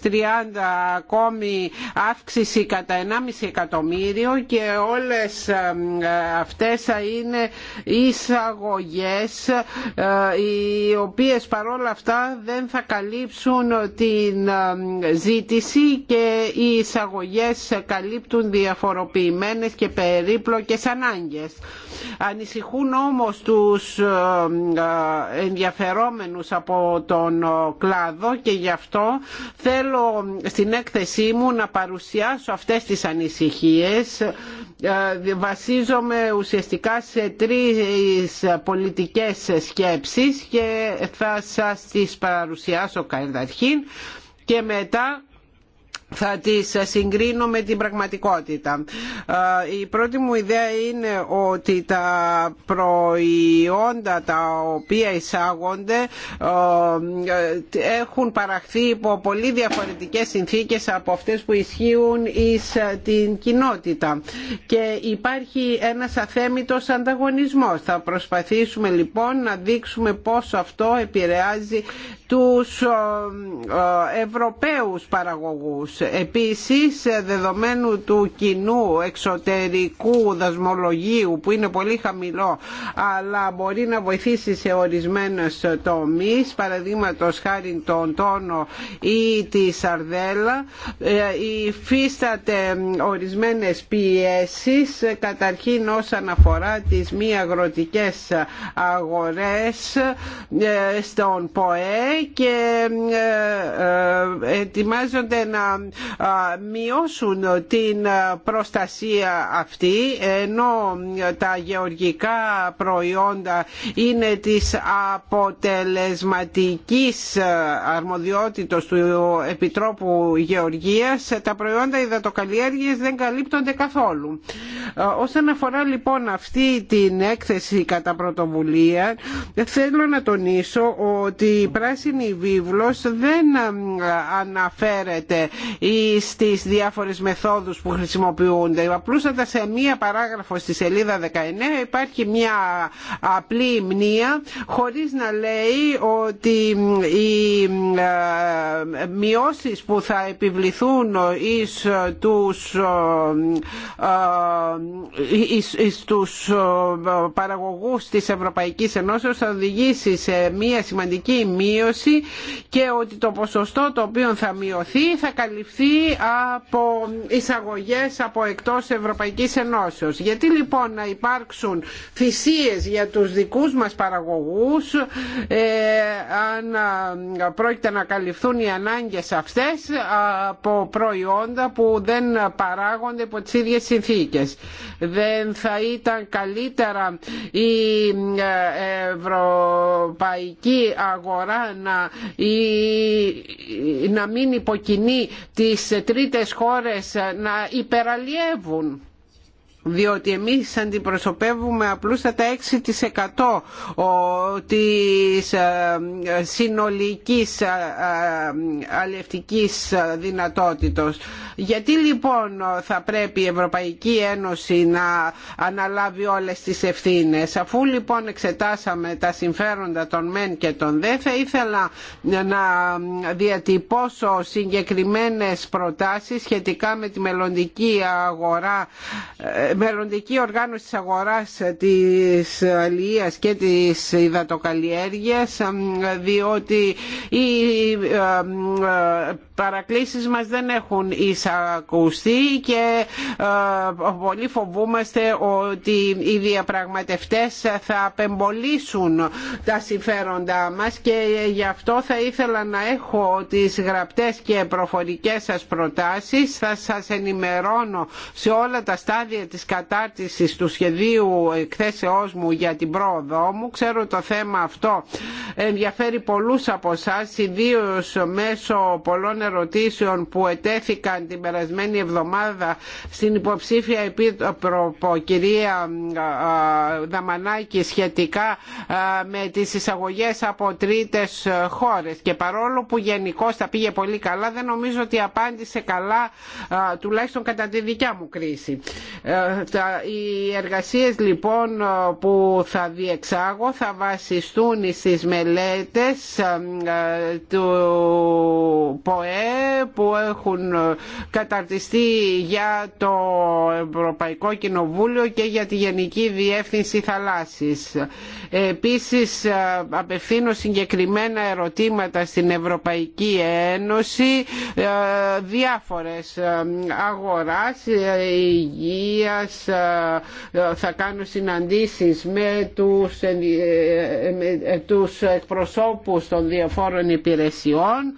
2030 ακόμη αύξηση κατά 1,5 εκατομμύριο και όλες ε, αυτές θα είναι εισαγωγές ε, οι οποίες παρόλα αυτά δεν θα καλύψουν την ε, ζήτηση και οι εισαγωγές καλύπτουν διαφοροποιημένες και περίπλοκες ανάγκες. Ανησυχούν όμως τους ενδιαφερόμενους από τον κλάδο και γι' αυτό θέλω στην έκθεσή μου να παρουσιάσω αυτές τις ανησυχίες ε, βασίζομαι ουσιαστικά σε τρεις πολιτικές σκέψεις και θα σας τις παρουσιάσω καταρχήν και μετά θα τις συγκρίνω με την πραγματικότητα. Ε, η πρώτη μου ιδέα είναι ότι τα προϊόντα τα οποία εισάγονται ε, έχουν παραχθεί υπό πολύ διαφορετικές συνθήκες από αυτές που ισχύουν εις ε, την κοινότητα και υπάρχει ένας αθέμητος ανταγωνισμός. Θα προσπαθήσουμε λοιπόν να δείξουμε πώς αυτό επηρεάζει τους Ευρωπαίους παραγωγούς Επίσης, δεδομένου του κοινού εξωτερικού δασμολογίου που είναι πολύ χαμηλό αλλά μπορεί να βοηθήσει σε ορισμένες τομείς, παραδείγματος χάρη τον τόνο ή τη σαρδέλα, ε, υφίσταται ορισμένες πιέσεις καταρχήν όσον αφορά τις μη αγροτικές αγορές ε, στον ΠΟΕ και ε, ετοιμάζονται να μειώσουν την προστασία αυτή ενώ τα γεωργικά προϊόντα είναι της αποτελεσματικής αρμοδιότητος του Επιτρόπου Γεωργίας τα προϊόντα υδατοκαλλιέργειας δεν καλύπτονται καθόλου. Όσον αφορά λοιπόν αυτή την έκθεση κατά πρωτοβουλία θέλω να τονίσω ότι η πράσινη βίβλος δεν αναφέρεται ή στις διάφορες μεθόδους που χρησιμοποιούνται. Απλούστατα σε μία παράγραφο στη σελίδα 19 υπάρχει μία απλή μνήα χωρίς να λέει ότι οι ε, μειώσεις που θα επιβληθούν εις τους, ε, ε, εις, εις τους παραγωγούς της Ευρωπαϊκής Ενώσεως θα οδηγήσει σε μία σημαντική μείωση και ότι το ποσοστό το οποίο θα μειωθεί θα καλυφθεί από εισαγωγές από εκτός Ευρωπαϊκής Ενώσεως. Γιατί λοιπόν να υπάρξουν θυσίες για τους δικούς μας παραγωγούς ε, αν πρόκειται να καλυφθούν οι ανάγκες αυτές από προϊόντα που δεν παράγονται από τις ίδιες συνθήκες. Δεν θα ήταν καλύτερα η ε, ευρωπαϊκή αγορά να, η, να μην υποκινεί τις τρίτες χώρες να υπεραλλιεύουν διότι εμείς αντιπροσωπεύουμε απλούστατα 6% της ε, συνολικής ε, ε, αλευτικής δυνατότητος γιατί λοιπόν θα πρέπει η Ευρωπαϊκή Ένωση να αναλάβει όλες τις ευθύνες. Αφού λοιπόν εξετάσαμε τα συμφέροντα των μεν και των δε θα ήθελα να διατυπώσω συγκεκριμένες προτάσεις σχετικά με τη μελλοντική, αγορά, ε, μελλοντική οργάνωση της αγοράς της αλληλείας και της υδατοκαλλιέργειας ε, διότι οι ε, παρακλήσεις μας δεν έχουν ίσα ακουστεί και ε, πολύ φοβούμαστε ότι οι διαπραγματευτές θα απεμπολίσουν τα συμφέροντά μας και γι' αυτό θα ήθελα να έχω τις γραπτές και προφορικές σας προτάσεις. Θα σας ενημερώνω σε όλα τα στάδια της κατάρτισης του σχεδίου εκθέσεώς μου για την πρόοδό μου. Ξέρω το θέμα αυτό ενδιαφέρει πολλούς από εσά, ιδίω μέσω πολλών ερωτήσεων που ετέθηκαν την περασμένη εβδομάδα στην υποψήφια επίτροπο κυρία Δαμανάκη σχετικά με τις εισαγωγές από τρίτες χώρες και παρόλο που γενικώ τα πήγε πολύ καλά δεν νομίζω ότι απάντησε καλά τουλάχιστον κατά τη δικιά μου κρίση. Ε, οι εργασίες λοιπόν που θα διεξάγω θα βασιστούν στις μελέτες του ΠΟΕ που έχουν καταρτιστεί για το Ευρωπαϊκό Κοινοβούλιο και για τη Γενική Διεύθυνση Θαλάσσης. Επίσης ε, απευθύνω συγκεκριμένα ερωτήματα στην Ευρωπαϊκή Ένωση ε, διάφορες ε, αγοράς, υγείας, θα κάνω συναντήσεις με τους, με τους εκπροσώπους των διαφόρων υπηρεσιών,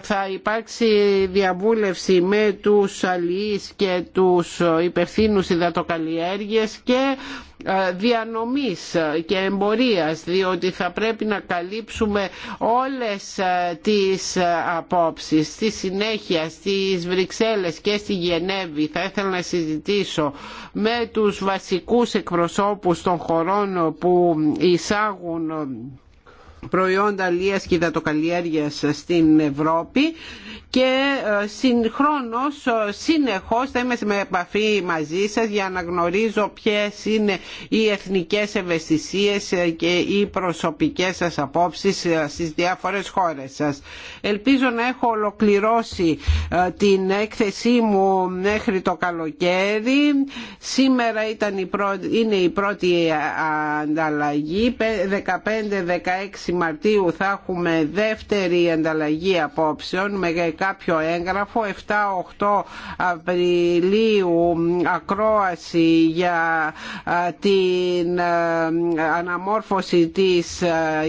θα υπάρξει διαβούλευση με τους αλληλείς και τους υπευθύνους υδατοκαλλιέργειες και ε, διανομής και εμπορίας διότι θα πρέπει να καλύψουμε όλες ε, τις ε, απόψεις στη συνέχεια στις Βρυξέλλες και στη Γενέβη θα ήθελα να συζητήσω με τους βασικούς εκπροσώπους των χωρών που εισάγουν προϊόντα αλίας και υδατοκαλλιέργειας στην Ευρώπη και ε, συγχρόνως ε, συνεχώς θα είμαι με επαφή μαζί σας για να γνωρίζω ποιες είναι οι εθνικές ευαισθησίες ε, και οι προσωπικές σας απόψεις στις διάφορες χώρες σας. Ελπίζω να έχω ολοκληρώσει την έκθεσή μου μέχρι το καλοκαίρι. Σήμερα ήταν η πρώτη, είναι η πρώτη ανταλλαγή. 15-16 Μαρτίου θα έχουμε δεύτερη ανταλλαγή απόψεων κάποιο έγγραφο 7-8 Απριλίου ακρόαση για την αναμόρφωση της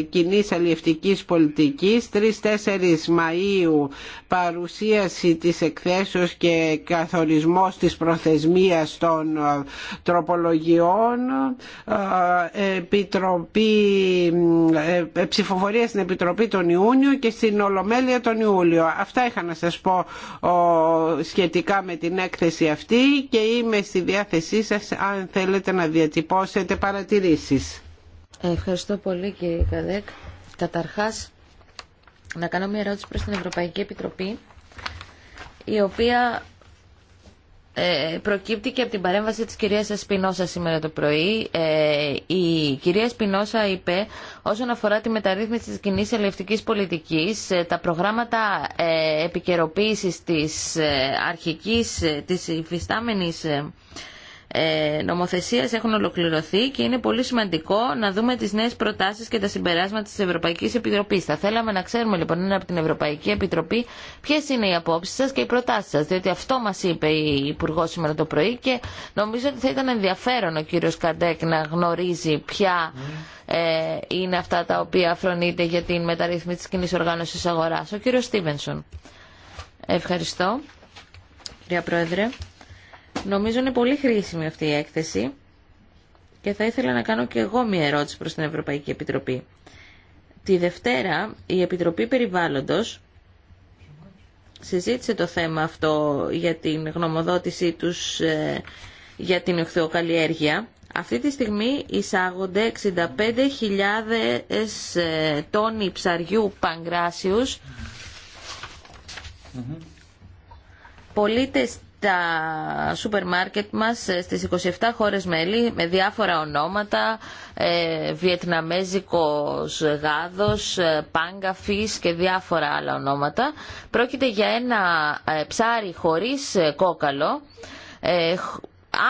κοινή αλληλευτικής πολιτικής 3-4 Μαΐου παρουσίαση της εκθέσεως και καθορισμός της προθεσμίας των τροπολογιών επιτροπή, ε, ψηφοφορία στην Επιτροπή τον Ιούνιο και στην Ολομέλεια τον Ιούλιο. Αυτά είχα να σας πω σχετικά με την έκθεση αυτή και είμαι στη διάθεσή σας αν θέλετε να διατυπώσετε παρατηρήσεις. Ευχαριστώ πολύ κύριε Καδέκ. Καταρχάς, να κάνω μια ερώτηση προς την Ευρωπαϊκή Επιτροπή η οποία ε, προκύπτει και από την παρέμβαση της κυρίας Σπινόσα σήμερα το πρωί. Ε, η κυρία Σπινόσα είπε όσον αφορά τη μεταρρύθμιση της κοινή ελευτικής πολιτικής ε, τα προγράμματα ε, επικαιροποίησης της αρχικής, της υφιστάμενης ε, νομοθεσίας έχουν ολοκληρωθεί και είναι πολύ σημαντικό να δούμε τις νέες προτάσεις και τα συμπεράσματα της Ευρωπαϊκής Επιτροπής. Θα θέλαμε να ξέρουμε λοιπόν από την Ευρωπαϊκή Επιτροπή ποιες είναι οι απόψεις σας και οι προτάσεις σας, διότι αυτό μας είπε η Υπουργό σήμερα το πρωί και νομίζω ότι θα ήταν ενδιαφέρον ο κύριος Καντέκ να γνωρίζει ποια ε, είναι αυτά τα οποία φρονείται για την μεταρρύθμιση της κοινής οργάνωσης αγοράς. Ο κύριος Στίβενσον. Ευχαριστώ, κυρία Πρόεδρε. Νομίζω είναι πολύ χρήσιμη αυτή η έκθεση και θα ήθελα να κάνω και εγώ μία ερώτηση προς την Ευρωπαϊκή Επιτροπή. Τη Δευτέρα η Επιτροπή Περιβάλλοντος συζήτησε το θέμα αυτό για την γνωμοδότησή τους ε, για την οχθεοκαλλιέργεια. Αυτή τη στιγμή εισάγονται 65.000 ε, τόνοι ψαριού παγκράσιους. Mm τα σούπερ μάρκετ μας στις 27 χώρες μέλη με διάφορα ονόματα, ε, βιετναμέζικος γάδος, ε, πάγκα, και διάφορα άλλα ονόματα. Πρόκειται για ένα ε, ψάρι χωρίς ε, κόκαλο, ε,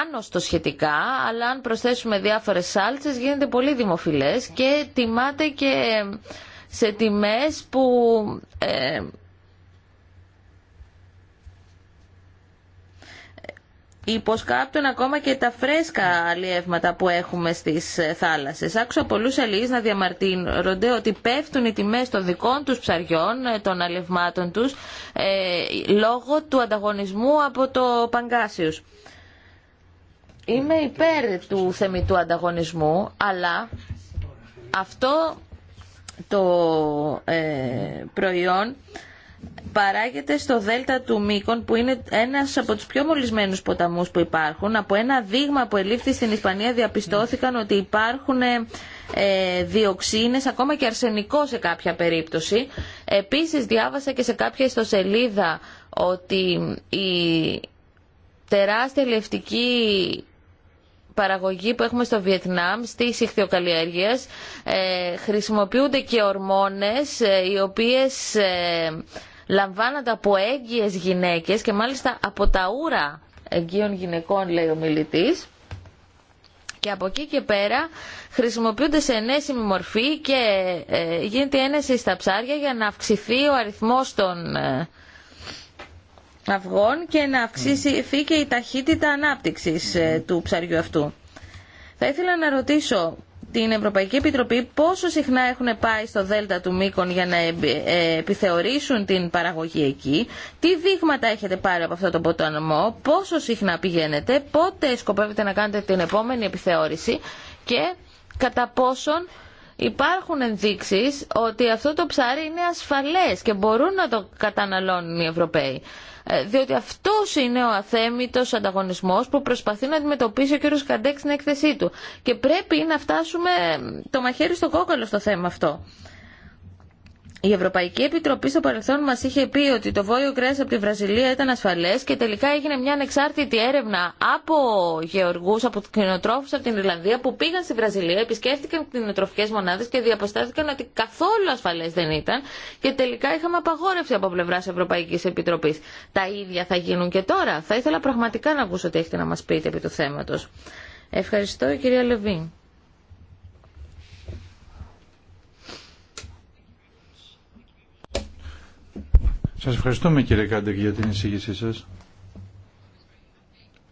άνοστο σχετικά, αλλά αν προσθέσουμε διάφορες σάλτσες γίνεται πολύ δημοφιλές και τιμάται και σε τιμές που... υποσκάπτουν ακόμα και τα φρέσκα αλλιεύματα που έχουμε στις θάλασσες. Άκουσα πολλούς αλληλείς να διαμαρτύρονται ότι πέφτουν οι τιμές των δικών τους ψαριών, ε, των αλλιευμάτων τους, ε, λόγω του ανταγωνισμού από το Παγκάσιους. Είμαι υπέρ του θεμητού ανταγωνισμού, αλλά αυτό το ε, προϊόν παράγεται στο δέλτα του Μήκον που είναι ένας από τους πιο μολυσμένους ποταμούς που υπάρχουν. Από ένα δείγμα που ελήφθη στην Ισπανία διαπιστώθηκαν ότι υπάρχουν ε, ακόμα και αρσενικό σε κάποια περίπτωση. Επίσης διάβασα και σε κάποια ιστοσελίδα ότι η τεράστια λευτική παραγωγή που έχουμε στο Βιετνάμ στις ηχθειοκαλλιέργειες ε, χρησιμοποιούνται και ορμόνες ε, οι οποίες ε, λαμβάνονται από έγκυες γυναίκες και μάλιστα από τα ούρα εγγύων γυναικών λέει ο μιλητής και από εκεί και πέρα χρησιμοποιούνται σε ενέσιμη μορφή και ε, γίνεται ένεση στα ψάρια για να αυξηθεί ο αριθμός των ε, αυγών και να αυξηθεί και η ταχύτητα ανάπτυξης ε, του ψαριού αυτού. Θα ήθελα να ρωτήσω την Ευρωπαϊκή Επιτροπή πόσο συχνά έχουν πάει στο Δέλτα του Μήκον για να ε, επιθεωρήσουν την παραγωγή εκεί, τι δείγματα έχετε πάρει από αυτό το ποταμό, πόσο συχνά πηγαίνετε, πότε σκοπεύετε να κάνετε την επόμενη επιθεώρηση και κατά πόσον υπάρχουν ενδείξεις ότι αυτό το ψάρι είναι ασφαλές και μπορούν να το καταναλώνουν οι Ευρωπαίοι. Ε, διότι αυτό είναι ο αθέμητο ανταγωνισμός που προσπαθεί να αντιμετωπίσει ο κ. Καντέκ στην έκθεσή του. Και πρέπει να φτάσουμε το μαχαίρι στο κόκαλο στο θέμα αυτό. Η Ευρωπαϊκή Επιτροπή στο παρελθόν μα είχε πει ότι το βόλιο κρέα από τη Βραζιλία ήταν ασφαλέ και τελικά έγινε μια ανεξάρτητη έρευνα από γεωργού, από κτηνοτρόφου από την Ιρλανδία που πήγαν στη Βραζιλία, επισκέφτηκαν κτηνοτροφικέ μονάδε και διαποστάθηκαν ότι καθόλου ασφαλέ δεν ήταν και τελικά είχαμε απαγόρευση από πλευρά Ευρωπαϊκή Επιτροπή. Τα ίδια θα γίνουν και τώρα. Θα ήθελα πραγματικά να ακούσω τι έχετε να μα πείτε επί του θέματο. Ευχαριστώ, κυρία Λεβίν. Σας ευχαριστούμε κύριε Κάντεκ για την εισήγησή σας.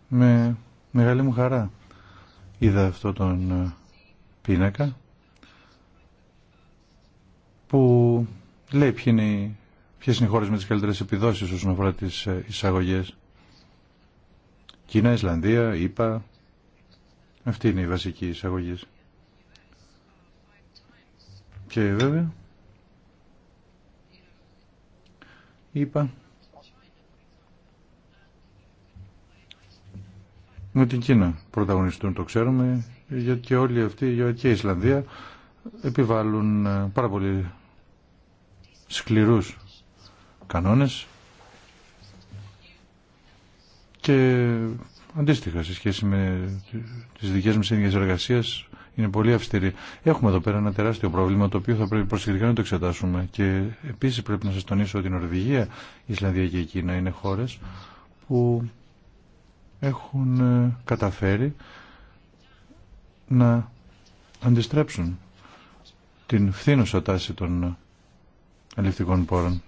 Με μεγάλη μου χαρά είδα αυτό τον ε, πίνακα που λέει ποιες είναι ποιες είναι οι χώρες με τις καλύτερες επιδόσεις όσον αφορά τις ε, εισαγωγές. Κίνα, Ισλανδία, ΙΠΑ, αυτή είναι η βασική εισαγωγή. Και βέβαια είπα με την Κίνα πρωταγωνιστούν, το ξέρουμε, γιατί και όλοι αυτοί και η Ισλανδία επιβάλλουν ε, πάρα πολύ σκληρούς κανόνες και αντίστοιχα σε σχέση με τις δικές μας ίδιες εργασίες είναι πολύ αυστηρή. Έχουμε εδώ πέρα ένα τεράστιο πρόβλημα το οποίο θα πρέπει προσεκτικά να το εξετάσουμε και επίσης πρέπει να σας τονίσω ότι η Νορβηγία, η Ισλανδία και η Κίνα είναι χώρες που έχουν ε, καταφέρει να αντιστρέψουν την φθήνουσα τάση των ε, αλιευτικών πόρων.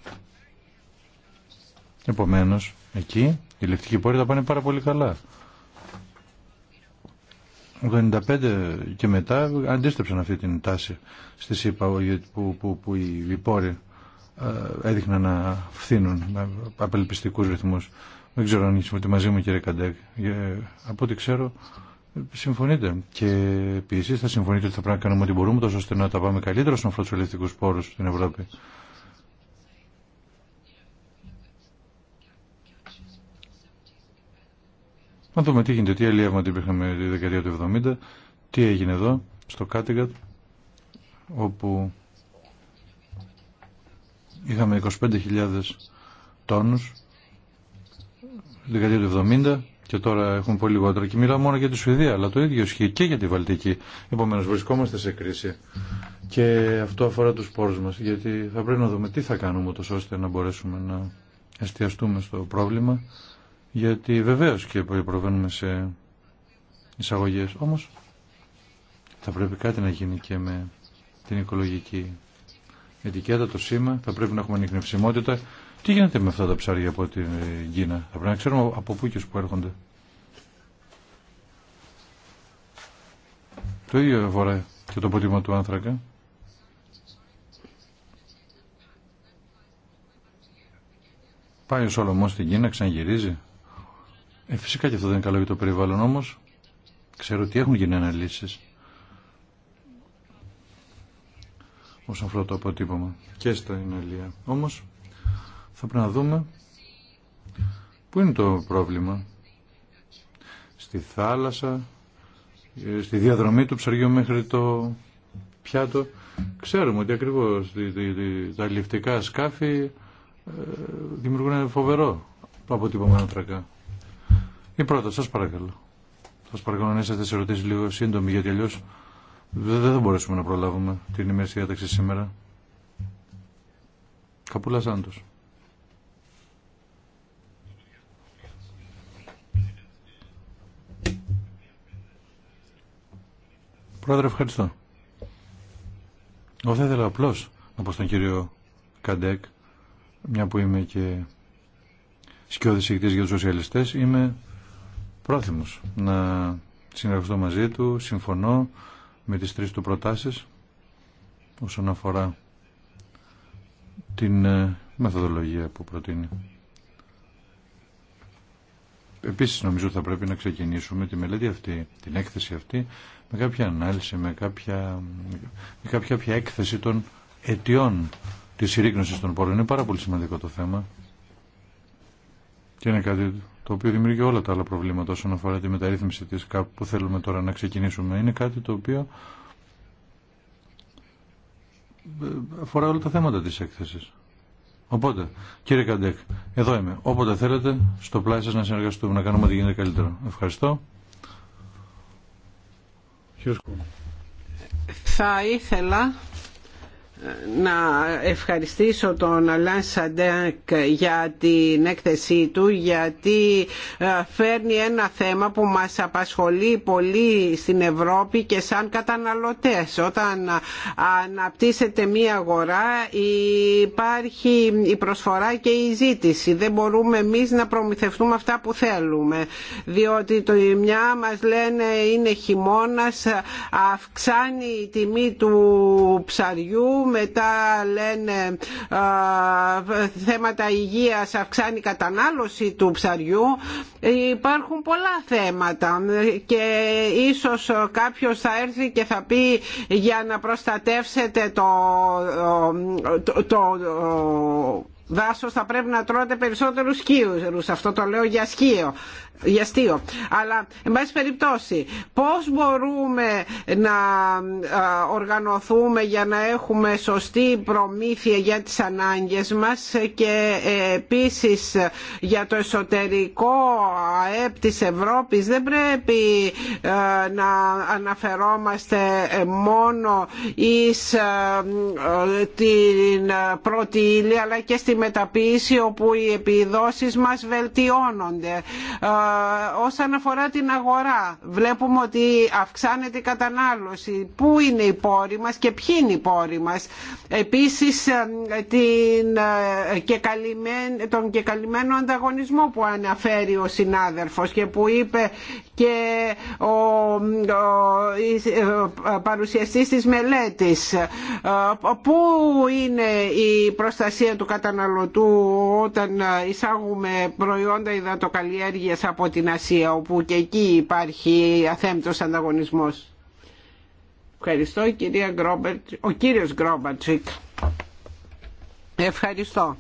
Επομένως, εκεί οι ληφτικοί πόροι θα πάνε πάρα πολύ καλά. Το 1995 και μετά αντίστρεψαν αυτή την τάση στη ΣΥΠΑ που, που, που οι πόροι ε, έδειχναν να φθήνουν με απελπιστικούς ρυθμούς. Δεν ξέρω αν είσαι μαζί μου κύριε Καντέκ. Ε, από ό,τι ξέρω συμφωνείτε. Και επίση θα συμφωνείτε ότι θα πρέπει να κάνουμε ό,τι μπορούμε τόσο ώστε να τα πάμε καλύτερα στον αφορά πόρους στην Ευρώπη. Να δούμε τι γίνεται, τι αλλιεύματα με τη δεκαετία του 70, τι έγινε εδώ, στο Κάτιγκατ, όπου είχαμε 25.000 τόνους τη δεκαετία του 70 και τώρα έχουν πολύ λιγότερα. Και μιλάω μόνο για τη Σουηδία, αλλά το ίδιο ισχύει και για τη Βαλτική. Επομένως βρισκόμαστε σε κρίση και αυτό αφορά τους πόρους μας, γιατί θα πρέπει να δούμε τι θα κάνουμε ώστε να μπορέσουμε να εστιαστούμε στο πρόβλημα γιατί βεβαίω και προβαίνουμε σε εισαγωγέ. όμως θα πρέπει κάτι να γίνει και με την οικολογική ετικέτα, το σήμα, θα πρέπει να έχουμε ανιχνευσιμότητα. Τι γίνεται με αυτά τα ψάρια από την Κίνα, θα πρέπει να ξέρουμε από πού και που έρχονται. Το ίδιο αφορά και το ποτήμα του άνθρακα. Πάει ο Σολομός στην Κίνα, ξαναγυρίζει. Ε, φυσικά και αυτό δεν είναι καλό για το περιβάλλον όμως. Ξέρω ότι έχουν γίνει αναλύσεις όσον αφορά το αποτύπωμα και στα Ιναλία. Όμως θα πρέπει να δούμε πού είναι το πρόβλημα. Στη θάλασσα, ε, στη διαδρομή του ψαριού μέχρι το πιάτο. Ξέρουμε ότι ακριβώς τα ληφτικά σκάφη ε, δημιουργούν φοβερό αποτύπωμα ανθρακά. Η πρώτα, σας παρακαλώ. Σας παρακαλώ να είσαστε σε ερωτήσεις λίγο σύντομη γιατί αλλιώ δεν θα μπορέσουμε να προλάβουμε την ημέρηση διάταξη σήμερα. Καπούλα Σάντος. Πρόεδρε, ευχαριστώ. Εγώ θα ήθελα απλώ να πω στον κύριο Καντέκ, μια που είμαι και σκιώδη ηγητή για του σοσιαλιστέ, είμαι πρόθυμος να συνεργαστώ μαζί του. Συμφωνώ με τις τρεις του προτάσεις όσον αφορά την ε, μεθοδολογία που προτείνει. Επίσης νομίζω θα πρέπει να ξεκινήσουμε τη μελέτη αυτή, την έκθεση αυτή, με κάποια ανάλυση, με κάποια, με κάποια, έκθεση των αιτιών της συρρήκνωσης των πόρων. Είναι πάρα πολύ σημαντικό το θέμα και είναι κάτι το οποίο δημιουργεί όλα τα άλλα προβλήματα όσον αφορά τη μεταρρύθμιση της ΚΑΠ που θέλουμε τώρα να ξεκινήσουμε. Είναι κάτι το οποίο ε, αφορά όλα τα θέματα της έκθεσης. Οπότε, κύριε Καντέκ, εδώ είμαι. Όποτε θέλετε, στο πλάι σας να συνεργαστούμε, να κάνουμε ό,τι γίνεται καλύτερο. Ευχαριστώ. Θα ήθελα να ευχαριστήσω τον Αλάν Σαντέκ για την έκθεσή του γιατί ε, φέρνει ένα θέμα που μας απασχολεί πολύ στην Ευρώπη και σαν καταναλωτές. Όταν ε, αναπτύσσεται μία αγορά υπάρχει η προσφορά και η ζήτηση. Δεν μπορούμε εμείς να προμηθευτούμε αυτά που θέλουμε διότι το μια μας λένε είναι χειμώνας, αυξάνει η τιμή του ψαριού μετά λένε α, θέματα υγείας αυξάνει η κατανάλωση του ψαριού υπάρχουν πολλά θέματα και ίσως κάποιος θα έρθει και θα πει για να προστατεύσετε το, το, δάσος θα πρέπει να τρώτε περισσότερους σκίους. Αυτό το λέω για σκίο για Αλλά, εν πάση περιπτώσει, πώς μπορούμε να οργανωθούμε για να έχουμε σωστή προμήθεια για τις ανάγκες μας και ε, επίσης για το εσωτερικό ΑΕΠ της Ευρώπης δεν πρέπει ε, να αναφερόμαστε ε, μόνο εις την πρώτη ύλη αλλά και στη μεταποίηση όπου οι επιδόσεις μας βελτιώνονται όσον αφορά την αγορά. Βλέπουμε ότι αυξάνεται η κατανάλωση. Πού είναι οι πόροι μας και ποιοι είναι οι πόροι μας. Επίσης ε, την, ε, και τον κεκαλυμμένο ανταγωνισμό που αναφέρει ο συνάδελφος και που είπε και ο, ο παρουσιαστής της μελέτης πού είναι η προστασία του καταναλωτού όταν εισάγουμε προϊόντα υδατοκαλλιέργειας από την Ασία όπου και εκεί υπάρχει αθέμπτος ανταγωνισμός. Ευχαριστώ κυρία Γκρόμπερτ, ο κύριος Ευχαριστώ.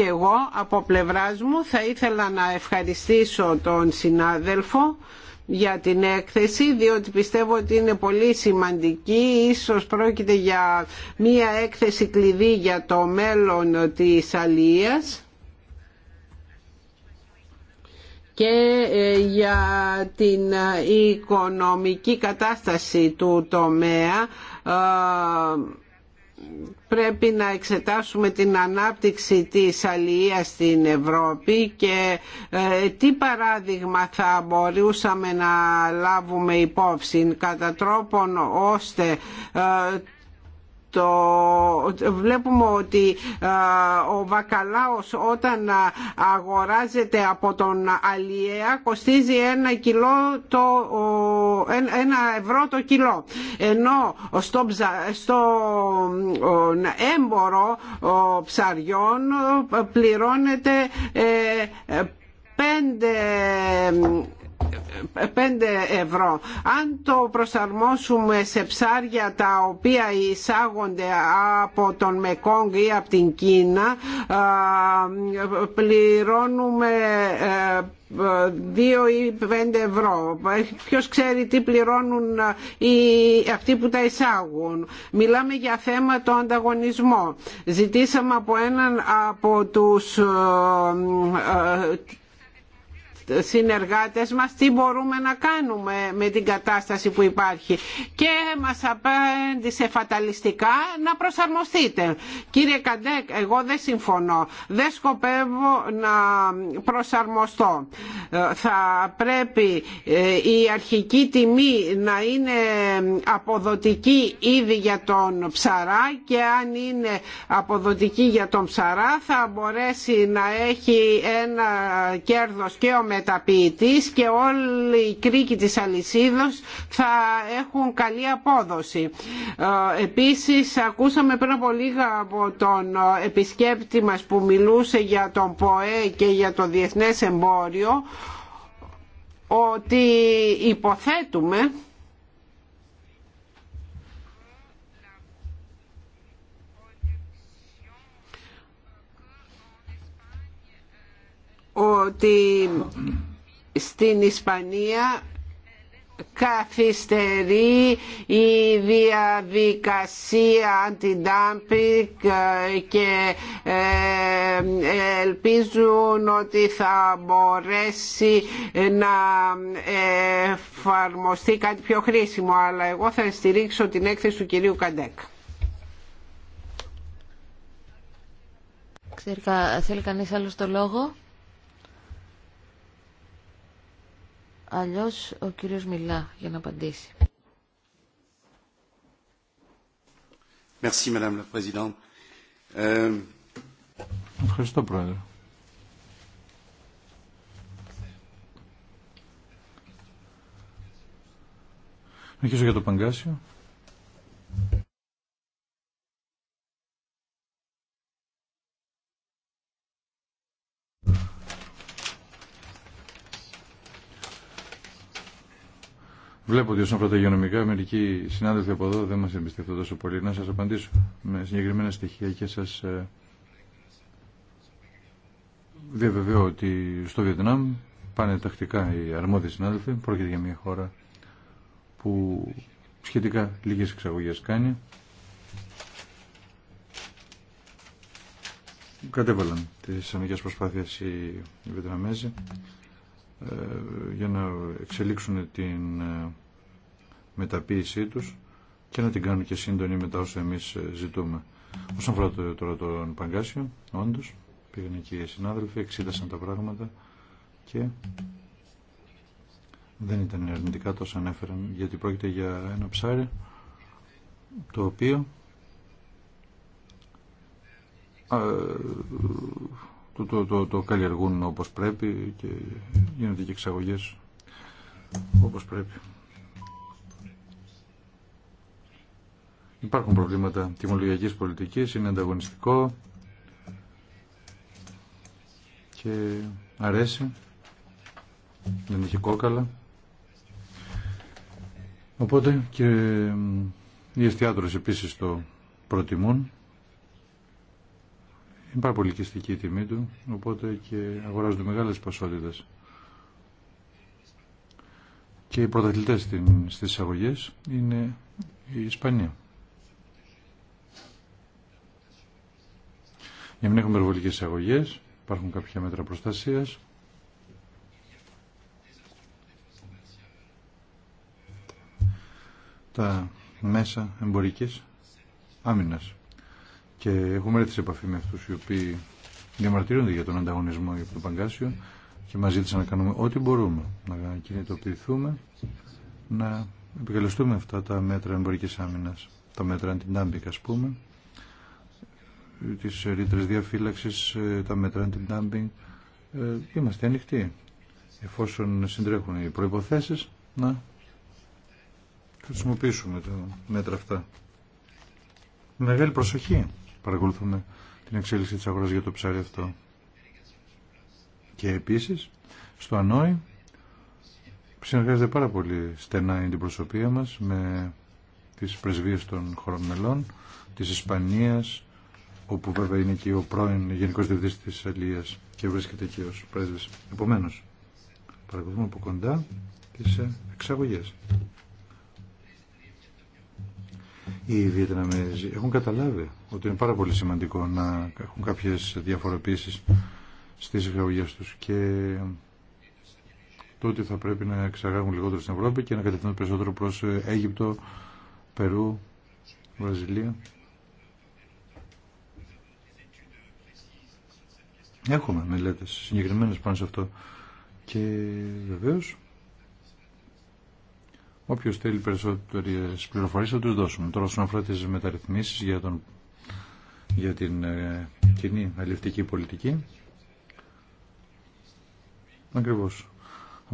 Και εγώ από πλευράς μου θα ήθελα να ευχαριστήσω τον συνάδελφο για την έκθεση διότι πιστεύω ότι είναι πολύ σημαντική ίσως πρόκειται για μία έκθεση κλειδί για το μέλλον της αλίας και ε, για την ε, οικονομική κατάσταση του τομέα ε, πρέπει να εξετάσουμε την ανάπτυξη της αλληλείας στην Ευρώπη και ε, τι παράδειγμα θα μπορούσαμε να λάβουμε υπόψη κατά τρόπον ώστε ε, το, βλέπουμε ότι ο βακαλάος όταν αγοράζεται από τον Αλιέα κοστίζει ένα, κιλό το, ένα ευρώ το κιλό ενώ στο, στο έμπορο ψαριών πληρώνεται ε, πέντε ευρώ. Αν το προσαρμόσουμε σε ψάρια τα οποία εισάγονται από τον Μεκόγκ ή από την Κίνα πληρώνουμε 2 ε, ή 5 ευρώ. Ποιος ξέρει τι πληρώνουν ε, οι, αυτοί που τα εισάγουν. Μιλάμε για θέμα το ανταγωνισμό. Ζητήσαμε από έναν από τους ε, συνεργάτες μας τι μπορούμε να κάνουμε με την κατάσταση που υπάρχει και μας απέντησε φαταλιστικά να προσαρμοστείτε. Κύριε Καντέκ, εγώ δεν συμφωνώ. Δεν σκοπεύω να προσαρμοστώ. Θα πρέπει ε, η αρχική τιμή να είναι ε, αποδοτική ήδη για τον ψαρά και αν είναι αποδοτική για τον ψαρά θα μπορέσει να έχει ένα κέρδος και ο μεταποιητής και όλοι οι κρίκοι της αλυσίδος θα έχουν καλή απόδοση. Ε, επίσης ακούσαμε πριν από λίγα από τον επισκέπτη μας που μιλούσε για τον ΠΟΕ και για το διεθνές εμπόριο ότι υποθέτουμε ότι στην Ισπανία καθυστερεί η διαδικασία αντιντάμπικ και ε, ελπίζουν ότι θα μπορέσει να εφαρμοστεί κάτι πιο χρήσιμο αλλά εγώ θα στηρίξω την έκθεση του κυρίου Καντέκ. Ξέρει, θέλει κανείς άλλο το λόγο. Αλλιώς ο κύριος Μιλά για να απαντήσει. Merci, Madame la Présidente. Ε, Ευχαριστώ, Πρόεδρε. Αρχίζω για το Παγκάσιο. Βλέπω ότι όσον αφορά τα υγειονομικά, μερικοί συνάδελφοι από εδώ δεν μα εμπιστευτούν τόσο πολύ. Να σα απαντήσω με συγκεκριμένα στοιχεία και σα ε, διαβεβαιώ ότι στο Βιετνάμ πάνε τακτικά οι αρμόδιοι συνάδελφοι. Πρόκειται για μια χώρα που σχετικά λίγε εξαγωγέ κάνει. Κατέβαλαν τι αμυγές προσπάθειε οι Βιετναμέζοι ε, για να εξελίξουν την ε, μεταποίησή τους και να την κάνουν και σύντονη μετά όσο εμείς ε, ζητούμε. Όσον αφορά το, τώρα τον Παγκάσιο, όντως, πήγαν εκεί οι συνάδελφοι, εξήτασαν τα πράγματα και δεν ήταν αρνητικά τόσο ανέφεραν, γιατί πρόκειται για ένα ψάρι το οποίο το, το, το, το καλλιεργούν όπως πρέπει και γίνονται και εξαγωγές όπως πρέπει. Υπάρχουν προβλήματα τιμολογιακής πολιτικής, είναι ανταγωνιστικό και αρέσει, δεν έχει κόκαλα. Οπότε και οι εστιατόρες επίσης το προτιμούν. Είναι πάρα πολύ κυστική η τιμή του, οπότε και αγοράζονται μεγάλες ποσότητες. Και οι πρωταθλητές στις αγωγές είναι η Ισπανία. Για μην έχουμε εργολικές αγωγές, υπάρχουν κάποια μέτρα προστασίας. Τα μέσα εμπορικής άμυνας. Και έχουμε έρθει σε επαφή με αυτούς οι οποίοι διαμαρτύρονται για τον ανταγωνισμό για το Παγκάσιο και μας ζήτησαν να κάνουμε ό,τι μπορούμε, να κινητοποιηθούμε, να επικαλεστούμε αυτά τα μέτρα εμπορικής άμυνας, τα μέτρα αντιντάμπικα ας πούμε τις ρήτρες διαφύλαξης, ε, τα μετρα αντιντάμπινγκ. Ε, είμαστε ανοιχτοί. Εφόσον συντρέχουν οι προϋποθέσεις, να χρησιμοποιήσουμε τα μέτρα αυτά. Με μεγάλη προσοχή παρακολουθούμε την εξέλιξη της αγοράς για το ψάρι αυτό. Και επίσης, στο Ανόη συνεργάζεται πάρα πολύ στενά η αντιπροσωπεία μας με τις πρεσβείες των χωρών μελών, της Ισπανίας, όπου βέβαια είναι και ο πρώην Γενικός Διευθυντής της Αλίας και βρίσκεται και ως πρέσβης. Επομένως, παρακολουθούμε από κοντά τις εξαγωγές. Οι Βιετναμέζοι έχουν καταλάβει ότι είναι πάρα πολύ σημαντικό να έχουν κάποιες διαφοροποίησεις στις εξαγωγές τους και το ότι θα πρέπει να εξαγάγουν λιγότερο στην Ευρώπη και να κατευθυνούν περισσότερο προς Αίγυπτο, Περού, Βραζιλία Έχουμε μελέτε συγκεκριμένε πάνω σε αυτό και βεβαίω. Όποιο θέλει περισσότερε πληροφορίε θα του δώσουμε. Τώρα όσον αφορά τι μεταρρυθμίσει για, τον, για την ε, κοινή αλληλευτική πολιτική ακριβώς θα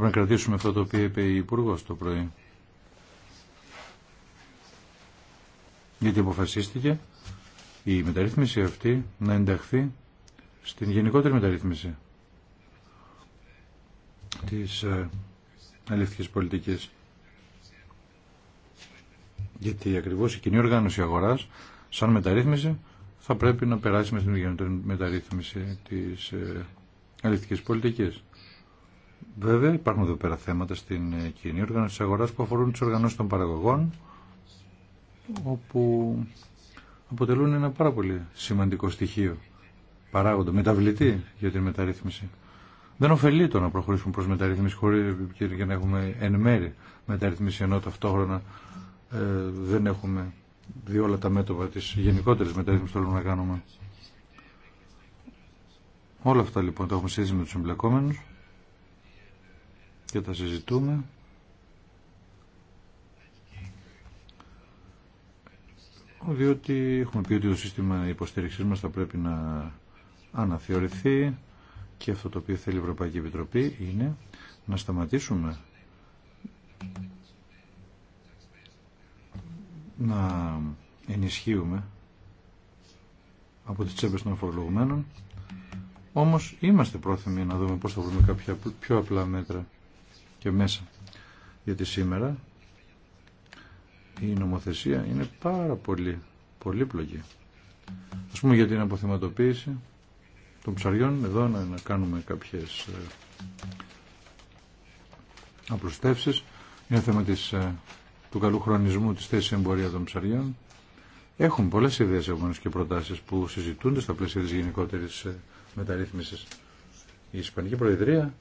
πρέπει να κρατήσουμε αυτό το οποίο είπε η Υπουργό το πρωί. Γιατί αποφασίστηκε η μεταρρύθμιση αυτή να ενταχθεί στην γενικότερη μεταρρύθμιση της ε, αλήθικης πολιτικής. Γιατί ακριβώς η κοινή οργάνωση αγοράς, σαν μεταρρύθμιση, θα πρέπει να περάσει με την γενικότερη μεταρρύθμιση της ε, αλήθικης πολιτικής. Βέβαια υπάρχουν εδώ πέρα θέματα στην ε, κοινή οργάνωση της αγοράς που αφορούν τις οργανώσεις των παραγωγών, όπου αποτελούν ένα πάρα πολύ σημαντικό στοιχείο παράγοντα, μεταβλητή για την μεταρρύθμιση. Δεν ωφελεί το να προχωρήσουμε προς μεταρρύθμιση χωρί και να έχουμε εν μέρη μεταρρύθμιση ενώ ταυτόχρονα ε, δεν έχουμε δει όλα τα μέτωπα τη γενικότερη μεταρρύθμιση που θέλουμε να κάνουμε. Όλα αυτά λοιπόν τα έχουμε συζητήσει με τους εμπλεκόμενου και τα συζητούμε. Διότι έχουμε πει ότι το σύστημα υποστήριξής μας θα πρέπει να αναθεωρηθεί και αυτό το οποίο θέλει η Ευρωπαϊκή Επιτροπή είναι να σταματήσουμε να ενισχύουμε από τις τσέπες των φορολογουμένων όμως είμαστε πρόθυμοι να δούμε πώς θα βρούμε κάποια πιο απλά μέτρα και μέσα γιατί σήμερα η νομοθεσία είναι πάρα πολύ πολύπλοκη ας πούμε για την αποθυματοποίηση των ψαριών εδώ να, να κάνουμε κάποιες ε, απλουστεύσεις. Είναι θέμα της, ε, του καλού χρονισμού της θέσης εμπορία των ψαριών. Έχουν πολλές ιδέες και προτάσεις που συζητούνται στα πλαίσια της γενικότερης ε, μεταρρύθμισης. Η Ισπανική Προεδρία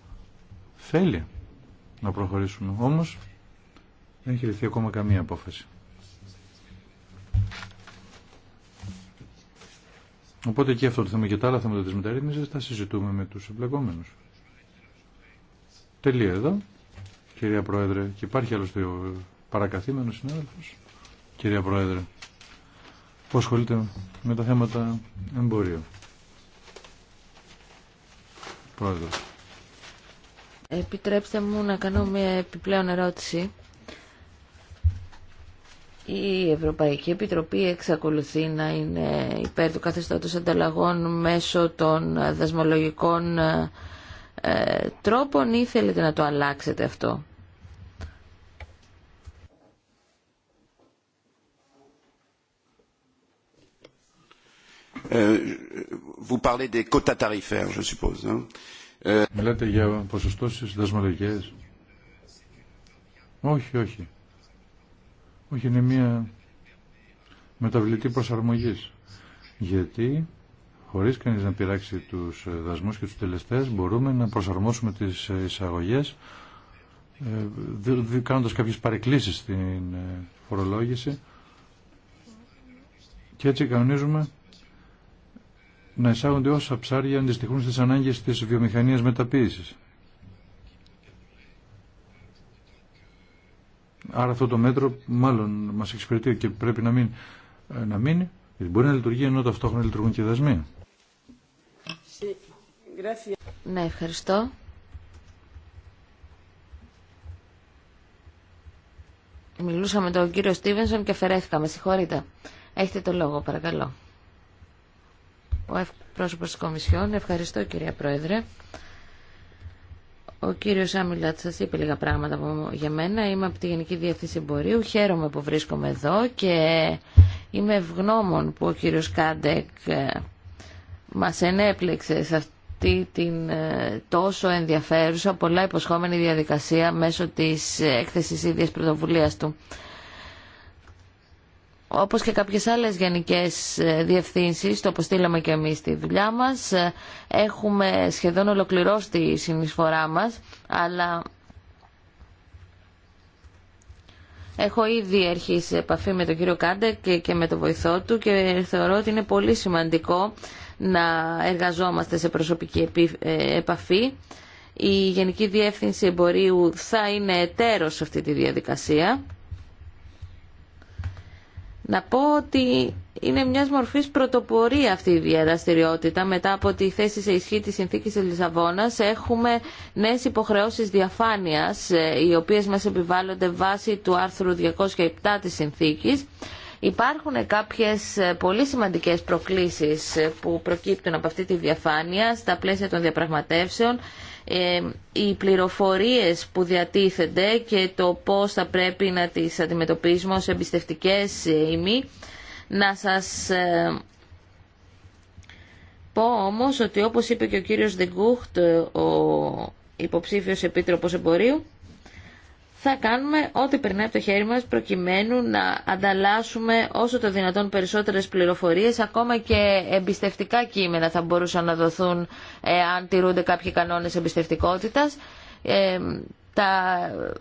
θέλει να προχωρήσουμε, όμως δεν έχει ληφθεί ακόμα καμία απόφαση. Οπότε και αυτό το θέμα και τα άλλα θέματα της μεταρρύθμισης θα συζητούμε με τους εμπλεκόμενους. Τελεία εδώ, κυρία Πρόεδρε. Και υπάρχει άλλωστε ο παρακαθήμενος συνάδελφος. Κυρία Πρόεδρε, που ασχολείται με τα θέματα εμπορίου. Πρόεδρε. Επιτρέψτε μου να κάνω μια επιπλέον ερώτηση. Η Ευρωπαϊκή Επιτροπή εξακολουθεί να είναι υπέρ του καθεστώτος ανταλλαγών μέσω των δασμολογικών ε, ε, τρόπων ή θέλετε να το αλλάξετε αυτό. Ε, vous parlez des quotas tarifaires, je Μιλάτε για ποσοστώσεις δασμολογικές. Όχι, όχι. Όχι, είναι μια μεταβλητή προσαρμογής. Γιατί χωρίς κανεί να πειράξει τους ε, δασμούς και τους τελεστές μπορούμε να προσαρμόσουμε τις ε, εισαγωγές ε, κάνοντα κάποιε παρεκκλήσει στην φορολόγηση και έτσι κανονίζουμε να εισάγονται όσα ψάρια αντιστοιχούν στις ανάγκες της βιομηχανίας μεταποίησης. Άρα αυτό το μέτρο μάλλον μα εξυπηρετεί και πρέπει να, μην, ε, να μείνει, γιατί μπορεί να λειτουργεί ενώ ταυτόχρονα λειτουργούν και οι δασμοί. Ναι, ευχαριστώ. Μιλούσαμε με τον κύριο Στίβενσον και αφαιρέθηκαμε. Με συγχωρείτε. Έχετε το λόγο, παρακαλώ. Ο πρόσωπος της Κομισιόν. Ευχαριστώ, κυρία Πρόεδρε. Ο κύριος Άμιλατ σας είπε λίγα πράγματα για μένα. Είμαι από τη Γενική Διευθύνση Εμπορίου. Χαίρομαι που βρίσκομαι εδώ και είμαι ευγνώμων που ο κύριος Κάντεκ ε, μας ενέπλεξε σε αυτή την ε, τόσο ενδιαφέρουσα, πολλά υποσχόμενη διαδικασία μέσω της ε, έκθεσης ίδιας πρωτοβουλίας του όπως και κάποιες άλλες γενικές ε, διευθύνσεις, το αποστήλαμε και εμείς στη δουλειά μας, ε, έχουμε σχεδόν ολοκληρώσει τη συνεισφορά μας, αλλά Έχω ήδη αρχίσει επαφή με τον κύριο Κάντε και, και με τον βοηθό του και θεωρώ ότι είναι πολύ σημαντικό να εργαζόμαστε σε προσωπική ε, επαφή. Η Γενική Διεύθυνση Εμπορίου θα είναι εταίρος σε αυτή τη διαδικασία. Να πω ότι είναι μια μορφή πρωτοπορία αυτή η διαδραστηριότητα. Μετά από τη θέση σε ισχύ τη συνθήκη τη Λισαβόνα, έχουμε νέε υποχρεώσει διαφάνεια, ε, οι οποίε μα επιβάλλονται βάσει του άρθρου 207 της συνθήκη. Υπάρχουν κάποιες ε, πολύ σημαντικές προκλήσεις ε, που προκύπτουν από αυτή τη διαφάνεια στα πλαίσια των διαπραγματεύσεων ε, οι πληροφορίες που διατίθενται και το πώς θα πρέπει να τις αντιμετωπίσουμε ως εμπιστευτικές ε, ή μη. Να σας ε, πω όμως ότι όπως είπε και ο κύριος Δεγκούχτ, ο υποψήφιος επίτροπος εμπορίου, θα κάνουμε ό,τι περνάει από το χέρι μας προκειμένου να ανταλλάσσουμε όσο το δυνατόν περισσότερες πληροφορίες, ακόμα και εμπιστευτικά κείμενα θα μπορούσαν να δοθούν ε, αν τηρούνται κάποιοι κανόνες εμπιστευτικότητας. Ε, τα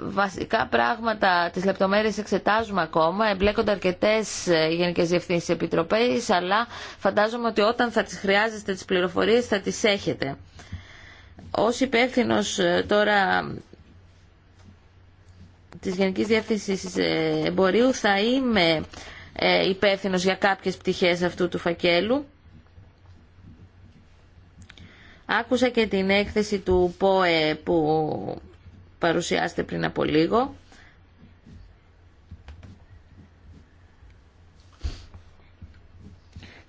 βασικά πράγματα, τις λεπτομέρειες εξετάζουμε ακόμα, εμπλέκονται αρκετές ε, γενικές διευθύνσεις επιτροπές, αλλά φαντάζομαι ότι όταν θα τις χρειάζεστε τις πληροφορίες θα τις έχετε. Ως υπεύθυνο ε, τώρα της Γενικής Διεύθυνσης ε, Εμπορίου θα είμαι ε, υπεύθυνο για κάποιες πτυχές αυτού του φακέλου. Άκουσα και την έκθεση του ΠΟΕ που παρουσιάστηκε πριν από λίγο.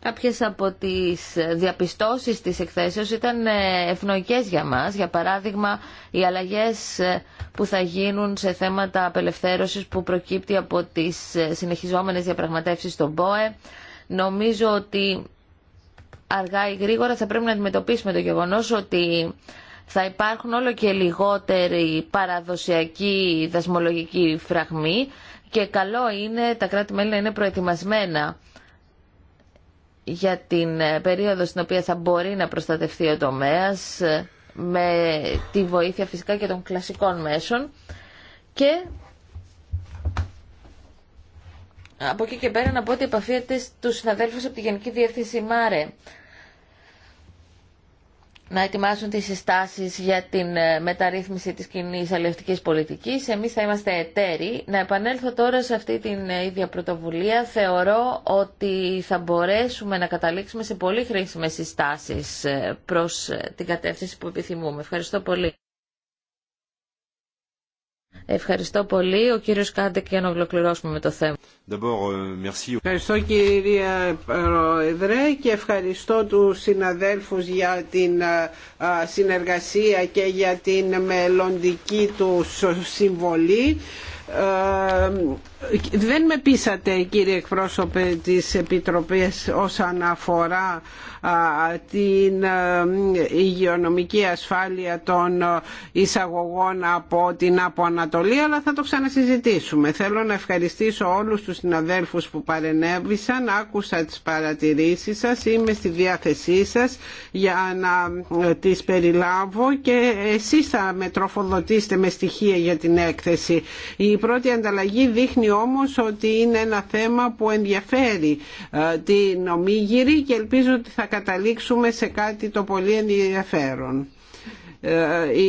Κάποιες από τις διαπιστώσεις της εκθέσεως ήταν ε, ευνοϊκές για μας. Για παράδειγμα, οι αλλαγές ε, που θα γίνουν σε θέματα απελευθέρωσης που προκύπτει από τις ε, συνεχιζόμενες διαπραγματεύσεις στον ΠΟΕ. Νομίζω ότι αργά ή γρήγορα θα πρέπει να αντιμετωπίσουμε το γεγονός ότι θα υπάρχουν όλο και λιγότεροι παραδοσιακοί δασμολογικοί φραγμοί και καλό είναι τα κράτη-μέλη να είναι προετοιμασμένα για την ε, περίοδο στην οποία θα μπορεί να προστατευτεί ο τομέας ε, με τη βοήθεια φυσικά και των κλασικών μέσων και από εκεί και πέρα να πω ότι τους στους συναδέλφους από τη Γενική Διεύθυνση ΜΑΡΕ να ετοιμάσουν τις συστάσεις για την ε, μεταρρύθμιση της κοινή αλληλευτικής πολιτικής. Εμείς θα είμαστε εταίροι. Να επανέλθω τώρα σε αυτή την ε, ίδια πρωτοβουλία. Θεωρώ ότι θα μπορέσουμε να καταλήξουμε σε πολύ χρήσιμες συστάσεις ε, προς την κατεύθυνση που επιθυμούμε. Ευχαριστώ πολύ. Ευχαριστώ πολύ. Ο κύριος Κάντεκ για να ολοκληρώσουμε με το θέμα. Euh, ευχαριστώ κυρία Πρόεδρε και ευχαριστώ τους συναδέλφους για την ε, ε, συνεργασία και για την μελλοντική του συμβολή ε, δεν με πείσατε κύριε εκπρόσωπε της Επιτροπής όσον αφορά την υγειονομική ασφάλεια των εισαγωγών από την Αποανατολή αλλά θα το ξανασυζητήσουμε. Θέλω να ευχαριστήσω όλους τους συναδέλφους που παρενέβησαν, άκουσα τις παρατηρήσεις σας, είμαι στη διάθεσή σας για να ε, τις περιλάβω και εσείς θα με τροφοδοτήσετε με στοιχεία για την έκθεση. Η πρώτη ανταλλαγή δείχνει όμως ότι είναι ένα θέμα που ενδιαφέρει ε, την ομίγυρη και ελπίζω ότι θα καταλήξουμε σε κάτι το πολύ ενδιαφέρον ε, ε,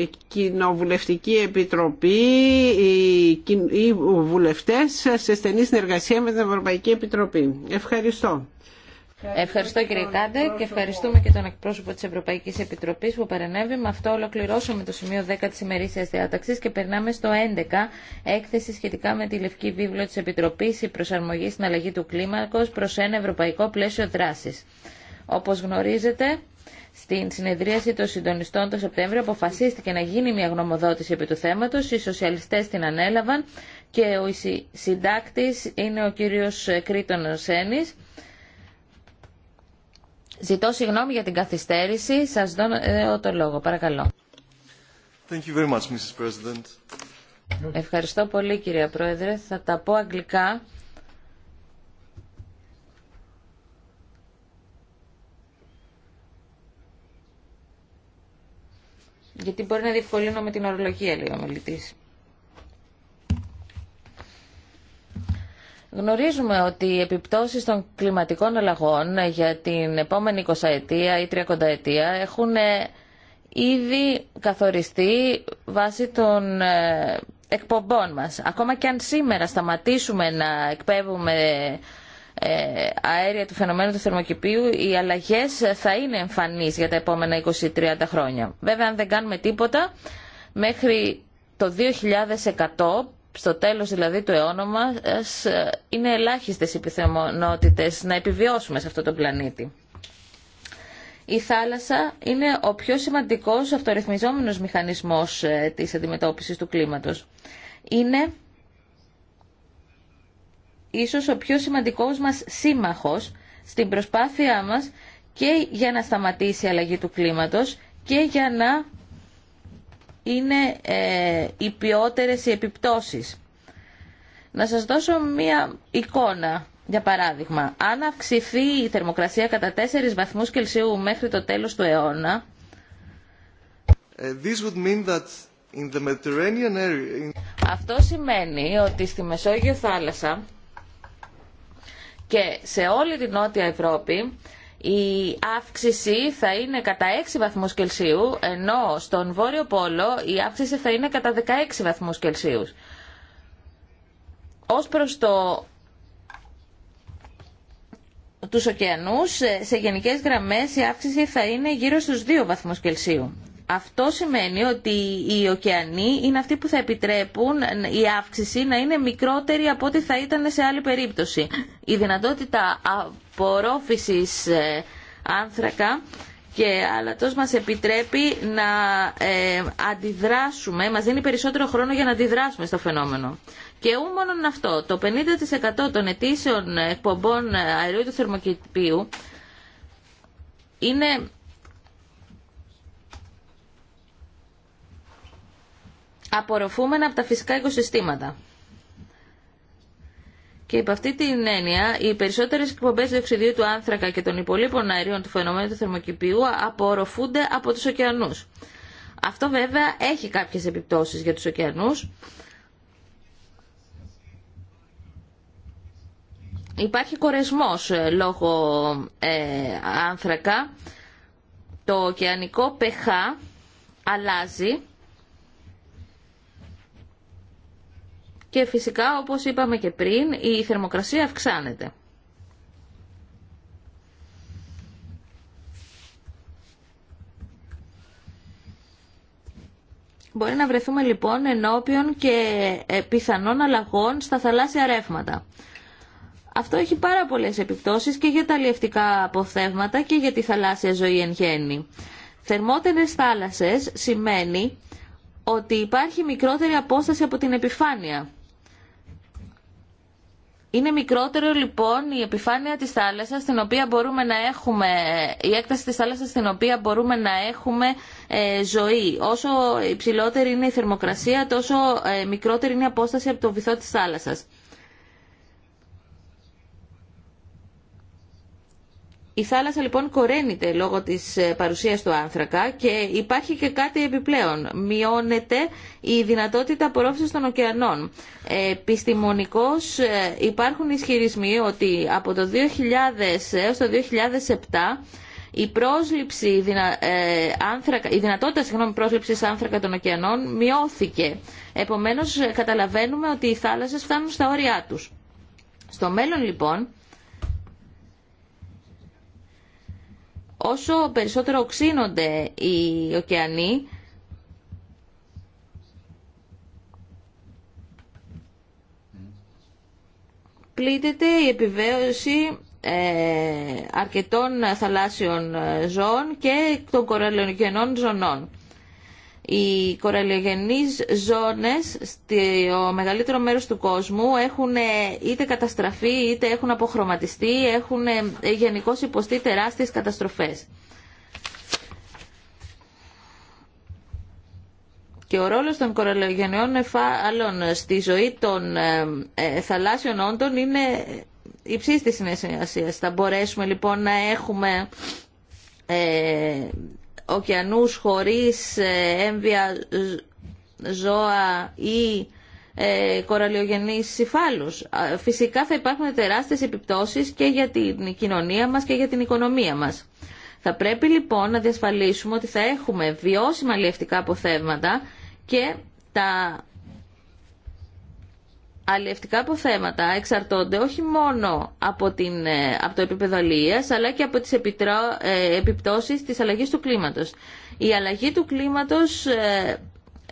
η Κοινοβουλευτική Επιτροπή, οι βουλευτές σε στενή συνεργασία με την Ευρωπαϊκή Επιτροπή. Ευχαριστώ. Ευχαριστώ κύριε Κάντε και ευχαριστούμε και τον εκπρόσωπο της Ευρωπαϊκής Επιτροπής που παρενέβη. Με αυτό ολοκληρώσαμε το σημείο 10 της ημερήσιας διάταξης και περνάμε στο 11 έκθεση σχετικά με τη Λευκή Βίβλο της Επιτροπής η προσαρμογή στην αλλαγή του κλίμακος προς ένα ευρωπαϊκό πλαίσιο δράσης. Όπως γνωρίζετε, στην συνεδρίαση των συντονιστών το Σεπτέμβριο αποφασίστηκε να γίνει μια γνωμοδότηση επί του θέματος, οι σοσιαλιστές την ανέλαβαν και ο συντάκτης είναι ο κύριος Κρήτον Σένης Ζητώ συγγνώμη για την καθυστέρηση. Σας δώνω το λόγο. Παρακαλώ. Ευχαριστώ πολύ κυρία Πρόεδρε. Θα τα πω αγγλικά. Γιατί μπορεί να διευκολύνω με την ορολογία, λέει ο Γνωρίζουμε ότι οι επιπτώσεις των κλιματικών αλλαγών για την επόμενη 20 ετία ή 30 ετία έχουν ε, ήδη καθοριστεί βάσει των ε, εκπομπών μας. Ακόμα και αν σήμερα σταματήσουμε να εκπέμπουμε ε, αέρια του φαινομένου του θερμοκηπίου, οι αλλαγές θα είναι εμφανείς για τα επόμενα 20-30 χρόνια. Βέβαια, αν δεν κάνουμε τίποτα, μέχρι το 2100 στο τέλος δηλαδή του αιώνα μας ε, είναι ελάχιστες οι να επιβιώσουμε σε αυτό το πλανήτη. Η θάλασσα είναι ο πιο σημαντικός αυτορυθμιζόμενος μηχανισμός ε, της αντιμετώπισης του κλίματος. Είναι ίσως ο πιο σημαντικός μας σύμμαχος στην προσπάθειά μας και για να σταματήσει η αλλαγή του κλίματος και για να είναι ε, οι ποιότερες οι επιπτώσεις. Να σας δώσω μία εικόνα. Για παράδειγμα, αν αυξηθεί η θερμοκρασία κατά 4 βαθμούς Κελσίου μέχρι το τέλος του αιώνα, ε, αυτό σημαίνει ότι στη Μεσόγειο θάλασσα και σε όλη την Νότια Ευρώπη η αύξηση θα είναι κατά 6 βαθμούς Κελσίου, ενώ στον Βόρειο Πόλο η αύξηση θα είναι κατά 16 βαθμούς Κελσίου. Ως προς το τους ωκεανούς, ε, σε γενικές γραμμές η αύξηση θα είναι γύρω στους 2 βαθμούς Κελσίου. Αυτό σημαίνει ότι οι ωκεανοί είναι αυτοί που θα επιτρέπουν η αύξηση να είναι μικρότερη από ό,τι θα ήταν σε άλλη περίπτωση. Η δυνατότητα απορρόφησης ε, άνθρακα και αλατός μας επιτρέπει να ε, αντιδράσουμε, μας δίνει περισσότερο χρόνο για να αντιδράσουμε στο φαινόμενο. Και ού μόνον αυτό, το 50% των αιτήσεων εκπομπών αερίου του θερμοκηπίου είναι απορροφούμενα από τα φυσικά οικοσυστήματα. Και υπ' αυτή την έννοια, οι περισσότερε εκπομπέ διοξιδίου του άνθρακα και των υπολείπων αερίων του φαινομένου του θερμοκηπίου απορροφούνται από του ωκεανού. Αυτό βέβαια έχει κάποιε επιπτώσει για του ωκεανού. Υπάρχει κορεσμός ε, λόγω ε, άνθρακα. Το ωκεανικό pH αλλάζει και φυσικά όπως είπαμε και πριν η θερμοκρασία αυξάνεται. Μπορεί να βρεθούμε λοιπόν ενώπιον και ε, πιθανών αλλαγών στα θαλάσσια ρεύματα. Αυτό έχει πάρα πολλές επιπτώσεις και για τα αλλιευτικά αποθέματα και για τη θαλάσσια ζωή εν γέννη. Θερμότερες θάλασσες σημαίνει ότι υπάρχει μικρότερη απόσταση από την επιφάνεια. Είναι μικρότερο λοιπόν η επιφάνεια της θάλασσας στην οποία μπορούμε να έχουμε, η έκταση της θάλασσας στην οποία μπορούμε να έχουμε ε, ζωή. Όσο υψηλότερη είναι η θερμοκρασία τόσο ε, μικρότερη είναι η απόσταση από το βυθό της θάλασσας. Η θάλασσα λοιπόν κοραίνεται λόγω της ε, παρουσίας του άνθρακα και υπάρχει και κάτι επιπλέον. Μειώνεται η δυνατότητα απορρόφησης των ωκεανών. Επιστημονικώς ε, υπάρχουν ισχυρισμοί ότι από το 2000 έως το 2007 η, πρόσληψη, ε, άνθρακα, η δυνατότητα συγγνώμη, πρόσληψης άνθρακα των ωκεανών μειώθηκε. Επομένως καταλαβαίνουμε ότι οι θάλασσες φτάνουν στα όρια τους. Στο μέλλον λοιπόν Όσο περισσότερο οξύνονται οι ωκεανοί, πλήττεται η επιβέωση ε, αρκετών θαλάσσιων ζώων και των κορελογενών ζωνών. Οι κοραλιογενείς ζώνες στο μεγαλύτερο μέρος του κόσμου έχουν ε, είτε καταστραφεί είτε έχουν αποχρωματιστεί, έχουν ε, γενικώ υποστεί τεράστιες καταστροφές. Και ο ρόλος των κοραλιογενειών εφάλων στη ζωή των ε, θαλάσσιων όντων είναι υψής της Θα μπορέσουμε λοιπόν να έχουμε ωκεανούς χωρίς ε, έμβια ζώα ή ε, κοραλιογενείς Φυσικά θα υπάρχουν τεράστιες επιπτώσεις και για την κοινωνία μας και για την οικονομία μας. Θα πρέπει λοιπόν να διασφαλίσουμε ότι θα έχουμε βιώσιμα λιευτικά αποθέματα και τα αλλιευτικά αποθέματα εξαρτώνται όχι μόνο από, την, ε, από το επίπεδο αλλά και από τις επιτρό, ε, επιπτώσεις της αλλαγής του κλίματος. Η αλλαγή του κλίματος, ε,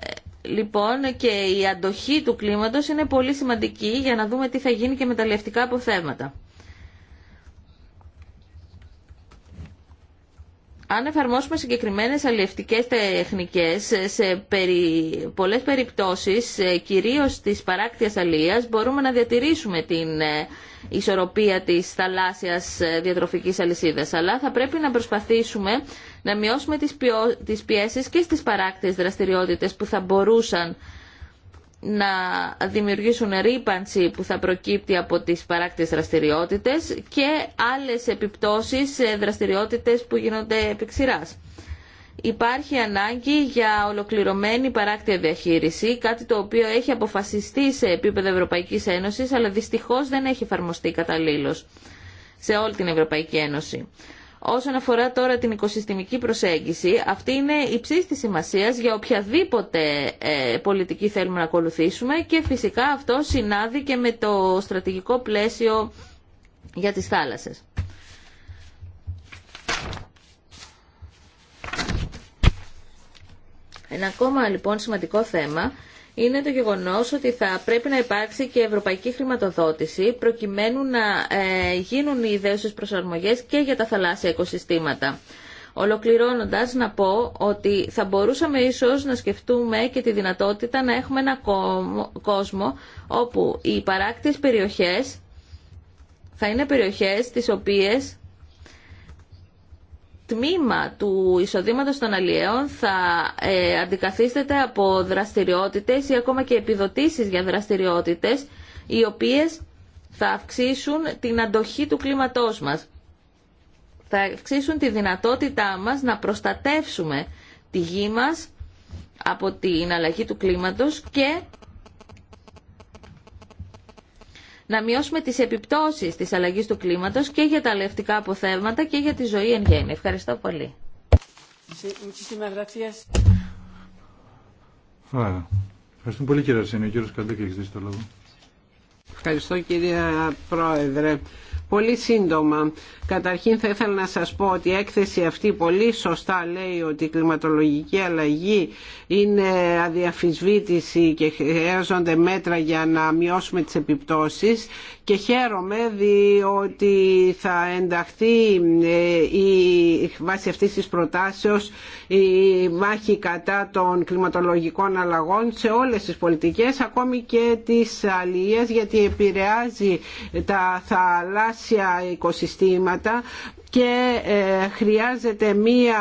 ε, λοιπόν, και η αντοχή του κλίματος είναι πολύ σημαντική για να δούμε τι θα γίνει και με τα αλλιευτικά αποθέματα. Αν εφαρμόσουμε συγκεκριμένες αλλιευτικές τεχνικές, ε, σε περι... πολλές περιπτώσεις, ε, κυρίως της παράκτιας αλλίας, μπορούμε να διατηρήσουμε την ε, ισορροπία της θαλάσσιας διατροφικής αλυσίδας. Αλλά θα πρέπει να προσπαθήσουμε να μειώσουμε τις, πιέσεις και στις παράκτιες δραστηριότητες που θα μπορούσαν να δημιουργήσουν ρήπανση που θα προκύπτει από τις παράκτης δραστηριότητες και άλλες επιπτώσεις σε δραστηριότητες που γίνονται επεξηράς. Υπάρχει ανάγκη για ολοκληρωμένη παράκτια διαχείριση, κάτι το οποίο έχει αποφασιστεί σε επίπεδο Ευρωπαϊκής Ένωσης, αλλά δυστυχώς δεν έχει εφαρμοστεί καταλήλως σε όλη την Ευρωπαϊκή Ένωση. Όσον αφορά τώρα την οικοσυστημική προσέγγιση, αυτή είναι η της σημασίας για οποιαδήποτε ε, πολιτική θέλουμε να ακολουθήσουμε και φυσικά αυτό συνάδει και με το στρατηγικό πλαίσιο για τις θάλασσες. Ένα ακόμα λοιπόν σημαντικό θέμα είναι το γεγονός ότι θα πρέπει να υπάρξει και ευρωπαϊκή χρηματοδότηση προκειμένου να ε, γίνουν οι ιδέωσες προσαρμογές και για τα θαλάσσια οικοσυστήματα. Ολοκληρώνοντας να πω ότι θα μπορούσαμε ίσως να σκεφτούμε και τη δυνατότητα να έχουμε ένα κόσμο όπου οι παράκτης περιοχές θα είναι περιοχές τις οποίες τμήμα του εισοδήματος των αλλιέων θα ε, από δραστηριότητες ή ακόμα και επιδοτήσεις για δραστηριότητες οι οποίες θα αυξήσουν την αντοχή του κλίματός μας. Θα αυξήσουν τη δυνατότητά μας να προστατεύσουμε τη γη μας από την αλλαγή του κλίματος και να μειώσουμε τις επιπτώσεις της αλλαγής του κλίματος και για τα αλλευτικά αποθέματα και για τη ζωή εν γέννη. Ευχαριστώ πολύ. Ευχαριστώ πολύ κύριε Αρσένη. Ο κύριος Καντέκ έχει δει το λόγο. Ευχαριστώ κύριε Πρόεδρε. Πολύ σύντομα. Καταρχήν θα ήθελα να σας πω ότι η έκθεση αυτή πολύ σωστά λέει ότι η κλιματολογική αλλαγή είναι αδιαφυσβήτηση και χρειάζονται μέτρα για να μειώσουμε τις επιπτώσεις και χαίρομαι διότι θα ενταχθεί ε, η βάση αυτής της προτάσεως η μάχη κατά των κλιματολογικών αλλαγών σε όλες τις πολιτικές ακόμη και τις αλληλίες γιατί επηρεάζει τα θαλάσσια οικοσυστήματα και ε, χρειάζεται μία,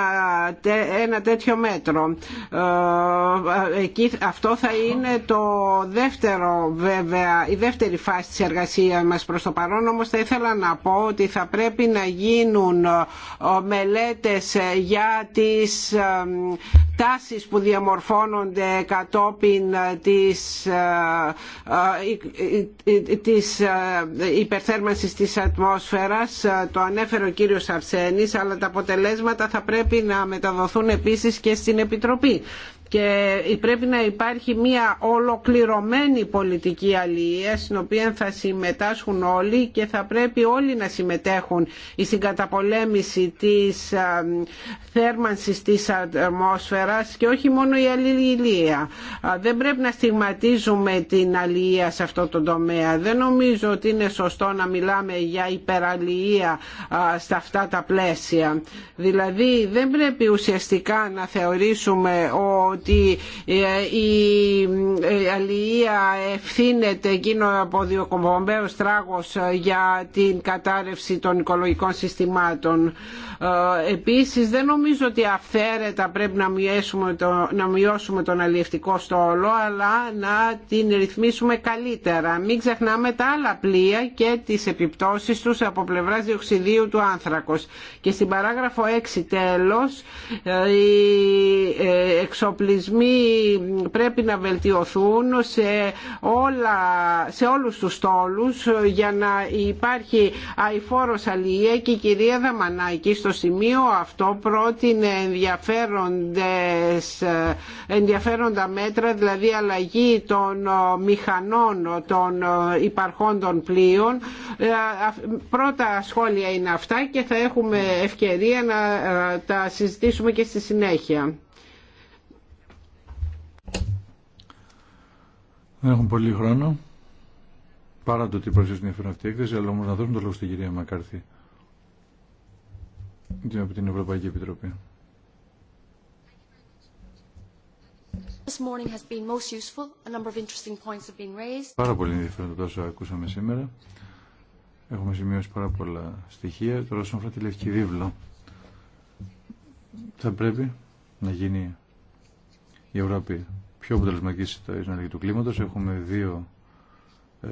ένα τέτοιο μέτρο. Ε, αυτό θα είναι το δεύτερο βέβαια, η δεύτερη φάση της εργασίας μας προς το παρόν όμως θα ήθελα να πω ότι θα πρέπει να γίνουν ε, μελέτες για τις τάσεις που διαμορφώνονται κατόπιν της, της υπερθέρμανσης της ατμόσφαιρας. Το ανέφερε ο κύριος κύριος αλλά τα αποτελέσματα θα πρέπει να μεταδοθούν επίσης και στην Επιτροπή και πρέπει να υπάρχει μια ολοκληρωμένη πολιτική αλληλεία στην οποία θα συμμετάσχουν όλοι και θα πρέπει όλοι να συμμετέχουν στην καταπολέμηση της ε, θέρμανσης της ατμόσφαιρας και όχι μόνο η αλληλεία. Ε, δεν πρέπει να στιγματίζουμε την αλληλεία σε αυτό το τομέα. Δεν νομίζω ότι είναι σωστό να μιλάμε για υπεραλληλεία ε, στα αυτά τα πλαίσια. Δηλαδή δεν πρέπει ουσιαστικά να θεωρήσουμε ότι ότι ε, η ε, αλληλεία ευθύνεται εκείνο από διοκομπομπέως τράγος ε, για την κατάρρευση των οικολογικών συστημάτων. Επίσης δεν νομίζω ότι αυθαίρετα πρέπει να μειώσουμε, το, να μειώσουμε τον αλληλευτικό στόλο αλλά να την ρυθμίσουμε καλύτερα. Μην ξεχνάμε τα άλλα πλοία και τις επιπτώσεις τους από πλευράς διοξιδίου του άνθρακος. Και στην παράγραφο 6 τέλος η εξοπλισμοί πρέπει να βελτιωθούν σε, όλα, σε όλους τους τόλους για να υπάρχει αηφόρος αλληλεία και η κυρία Δαμανάκη στο σημείο αυτό πρότεινε ενδιαφέροντες, ενδιαφέροντα μέτρα δηλαδή αλλαγή των μηχανών των υπαρχόντων πλοίων πρώτα σχόλια είναι αυτά και θα έχουμε ευκαιρία να ε, τα συζητήσουμε και στη συνέχεια. Δεν έχουν πολύ χρόνο. Παρά το ότι προσέχει την αυτή η έκθεση, αλλά όμω να δώσουμε το λόγο στην κυρία Μακάρθη από την Ευρωπαϊκή Επιτροπή. Πάρα πολύ ενδιαφέροντα τόσο ακούσαμε σήμερα. Έχουμε σημειώσει πάρα πολλά στοιχεία. Τώρα, όσον αφορά τη Λευκή Βίβλο, θα πρέπει να γίνει η Ευρώπη πιο αποτελεσματική στην αλλαγή του κλίματο εχουμε Έχουμε δύο ε,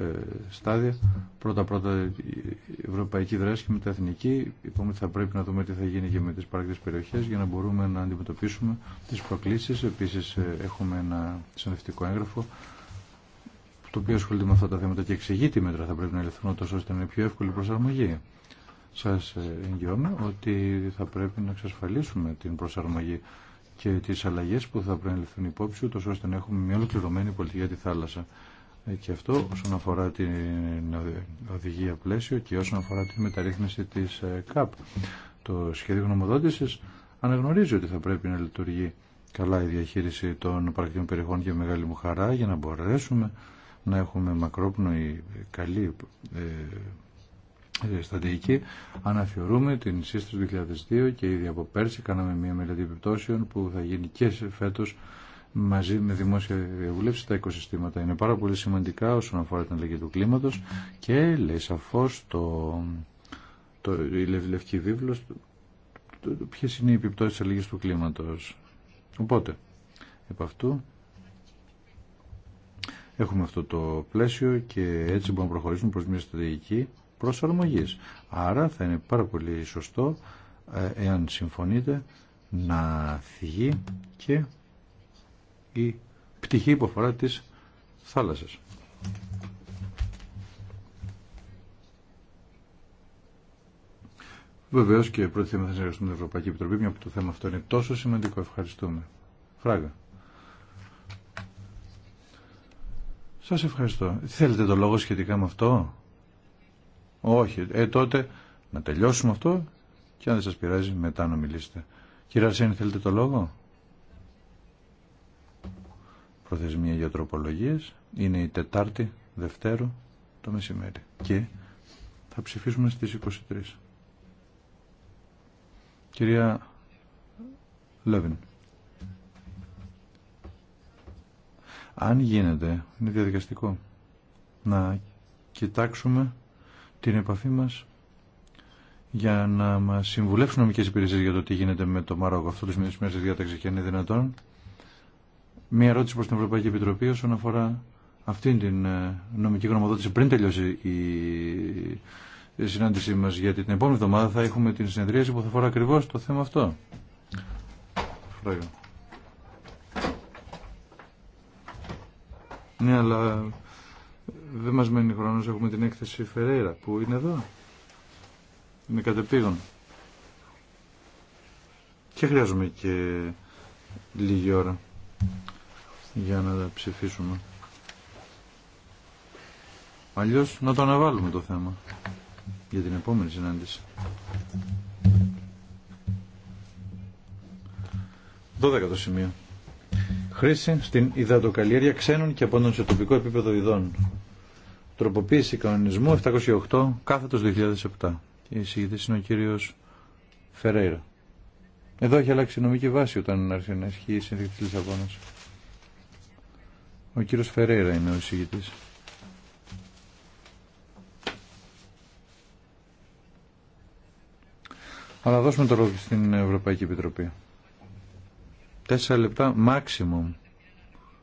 στάδια. Πρώτα-πρώτα η ευρωπαϊκή δράση και μετά εθνική. Είπαμε ότι θα πρέπει να δούμε τι θα γίνει και με τι παρακτές περιοχές για να μπορούμε να αντιμετωπίσουμε τις προκλήσεις. Επίσης ε, έχουμε ένα συνδευτικό έγγραφο το οποίο ασχολείται με αυτά τα θέματα και εξηγεί τι μέτρα θα πρέπει να λεφθούν τόσο ώστε να είναι πιο εύκολη προσαρμογή. Σας ε, εγγυώμαι ότι θα πρέπει να εξασφαλίσουμε την προσαρμογή και τι αλλαγές που θα πρέπει να ληφθούν υπόψη ούτω ώστε να έχουμε μια ολοκληρωμένη πολιτική για τη θάλασσα. Ε, και αυτό όσον αφορά την οδηγία πλαίσιο και όσον αφορά τη μεταρρύθμιση τη ε, ΚΑΠ. Το σχέδιο γνωμοδότησης αναγνωρίζει ότι θα πρέπει να λειτουργεί καλά η διαχείριση των παρακτήρων περιοχών και μεγάλη μου χαρά για να μπορέσουμε να έχουμε μακρόπνοη καλή ε, ε, στρατηγική αναφιωρούμε την σύσταση του 2002 και ήδη από πέρσι κάναμε μια μελέτη επιπτώσεων που θα γίνει και φέτος μαζί με δημόσια διαβούλευση τα οικοσυστήματα. Είναι πάρα πολύ σημαντικά όσον αφορά την αλλαγή του κλίματος και λέει σαφώς το, το, η Λευκή Βίβλος το, είναι οι επιπτώσεις τη αλλαγής του κλίματος. Οπότε, επ' αυτού έχουμε αυτό το πλαίσιο και έτσι μπορούμε να προχωρήσουμε προς μια στρατηγική προσαρμογής. Άρα θα είναι πάρα πολύ σωστό, ε, εάν συμφωνείτε, να θυγεί και η πτυχή υποφορά της θάλασσας. Βεβαίω και πρώτη θέμα θα συνεργαστούμε με την Ευρωπαϊκή Επιτροπή, μια που το θέμα αυτό είναι τόσο σημαντικό. Ευχαριστούμε. Φράγκα. Σας ευχαριστώ. Θέλετε το λόγο σχετικά με αυτό. Όχι. Ε, τότε να τελειώσουμε αυτό και αν δεν σας πειράζει μετά να μιλήσετε. Κύριε Αρσένη, θέλετε το λόγο. Προθεσμία για τροπολογίες. Είναι η Τετάρτη, Δευτέρου, το μεσημέρι. Και θα ψηφίσουμε στις 23. Κυρία Λέβιν. Αν γίνεται, είναι διαδικαστικό, να κοιτάξουμε την επαφή μας για να μας συμβουλεύσουν νομικές υπηρεσίες για το τι γίνεται με το Μαρόκο. Αυτό το σημείο της διάταξη και αν είναι δυνατόν. Μία ερώτηση προς την Ευρωπαϊκή Επιτροπή όσον αφορά αυτήν την ε, νομική γνωμοδότηση πριν τελειώσει η συνάντησή μας γιατί την επόμενη εβδομάδα θα έχουμε την συνεδρίαση που θα φορά ακριβώς το θέμα αυτό. Ναι, αλλά δεν μας μένει χρόνος, έχουμε την έκθεση Φερέιρα που είναι εδώ. Είναι κατεπήγον. Και χρειάζομαι και λίγη ώρα για να τα ψηφίσουμε. Αλλιώς να το αναβάλουμε το θέμα για την επόμενη συνάντηση. 12 το σημείο χρήση στην υδατοκαλλιέργεια ξένων και απόντων σε τοπικό επίπεδο ειδών. Τροποποίηση κανονισμού 708 κάθετο 2007. Η εισηγητής είναι ο κύριο Φερέιρα. Εδώ έχει αλλάξει η νομική βάση όταν άρχισε να ισχύει η συνθήκη τη Λισαβόνα. Ο κύριο Φερέιρα είναι ο εισηγητής. Αλλά δώσουμε το λόγο στην Ευρωπαϊκή Επιτροπή. Τέσσερα λεπτά maximum.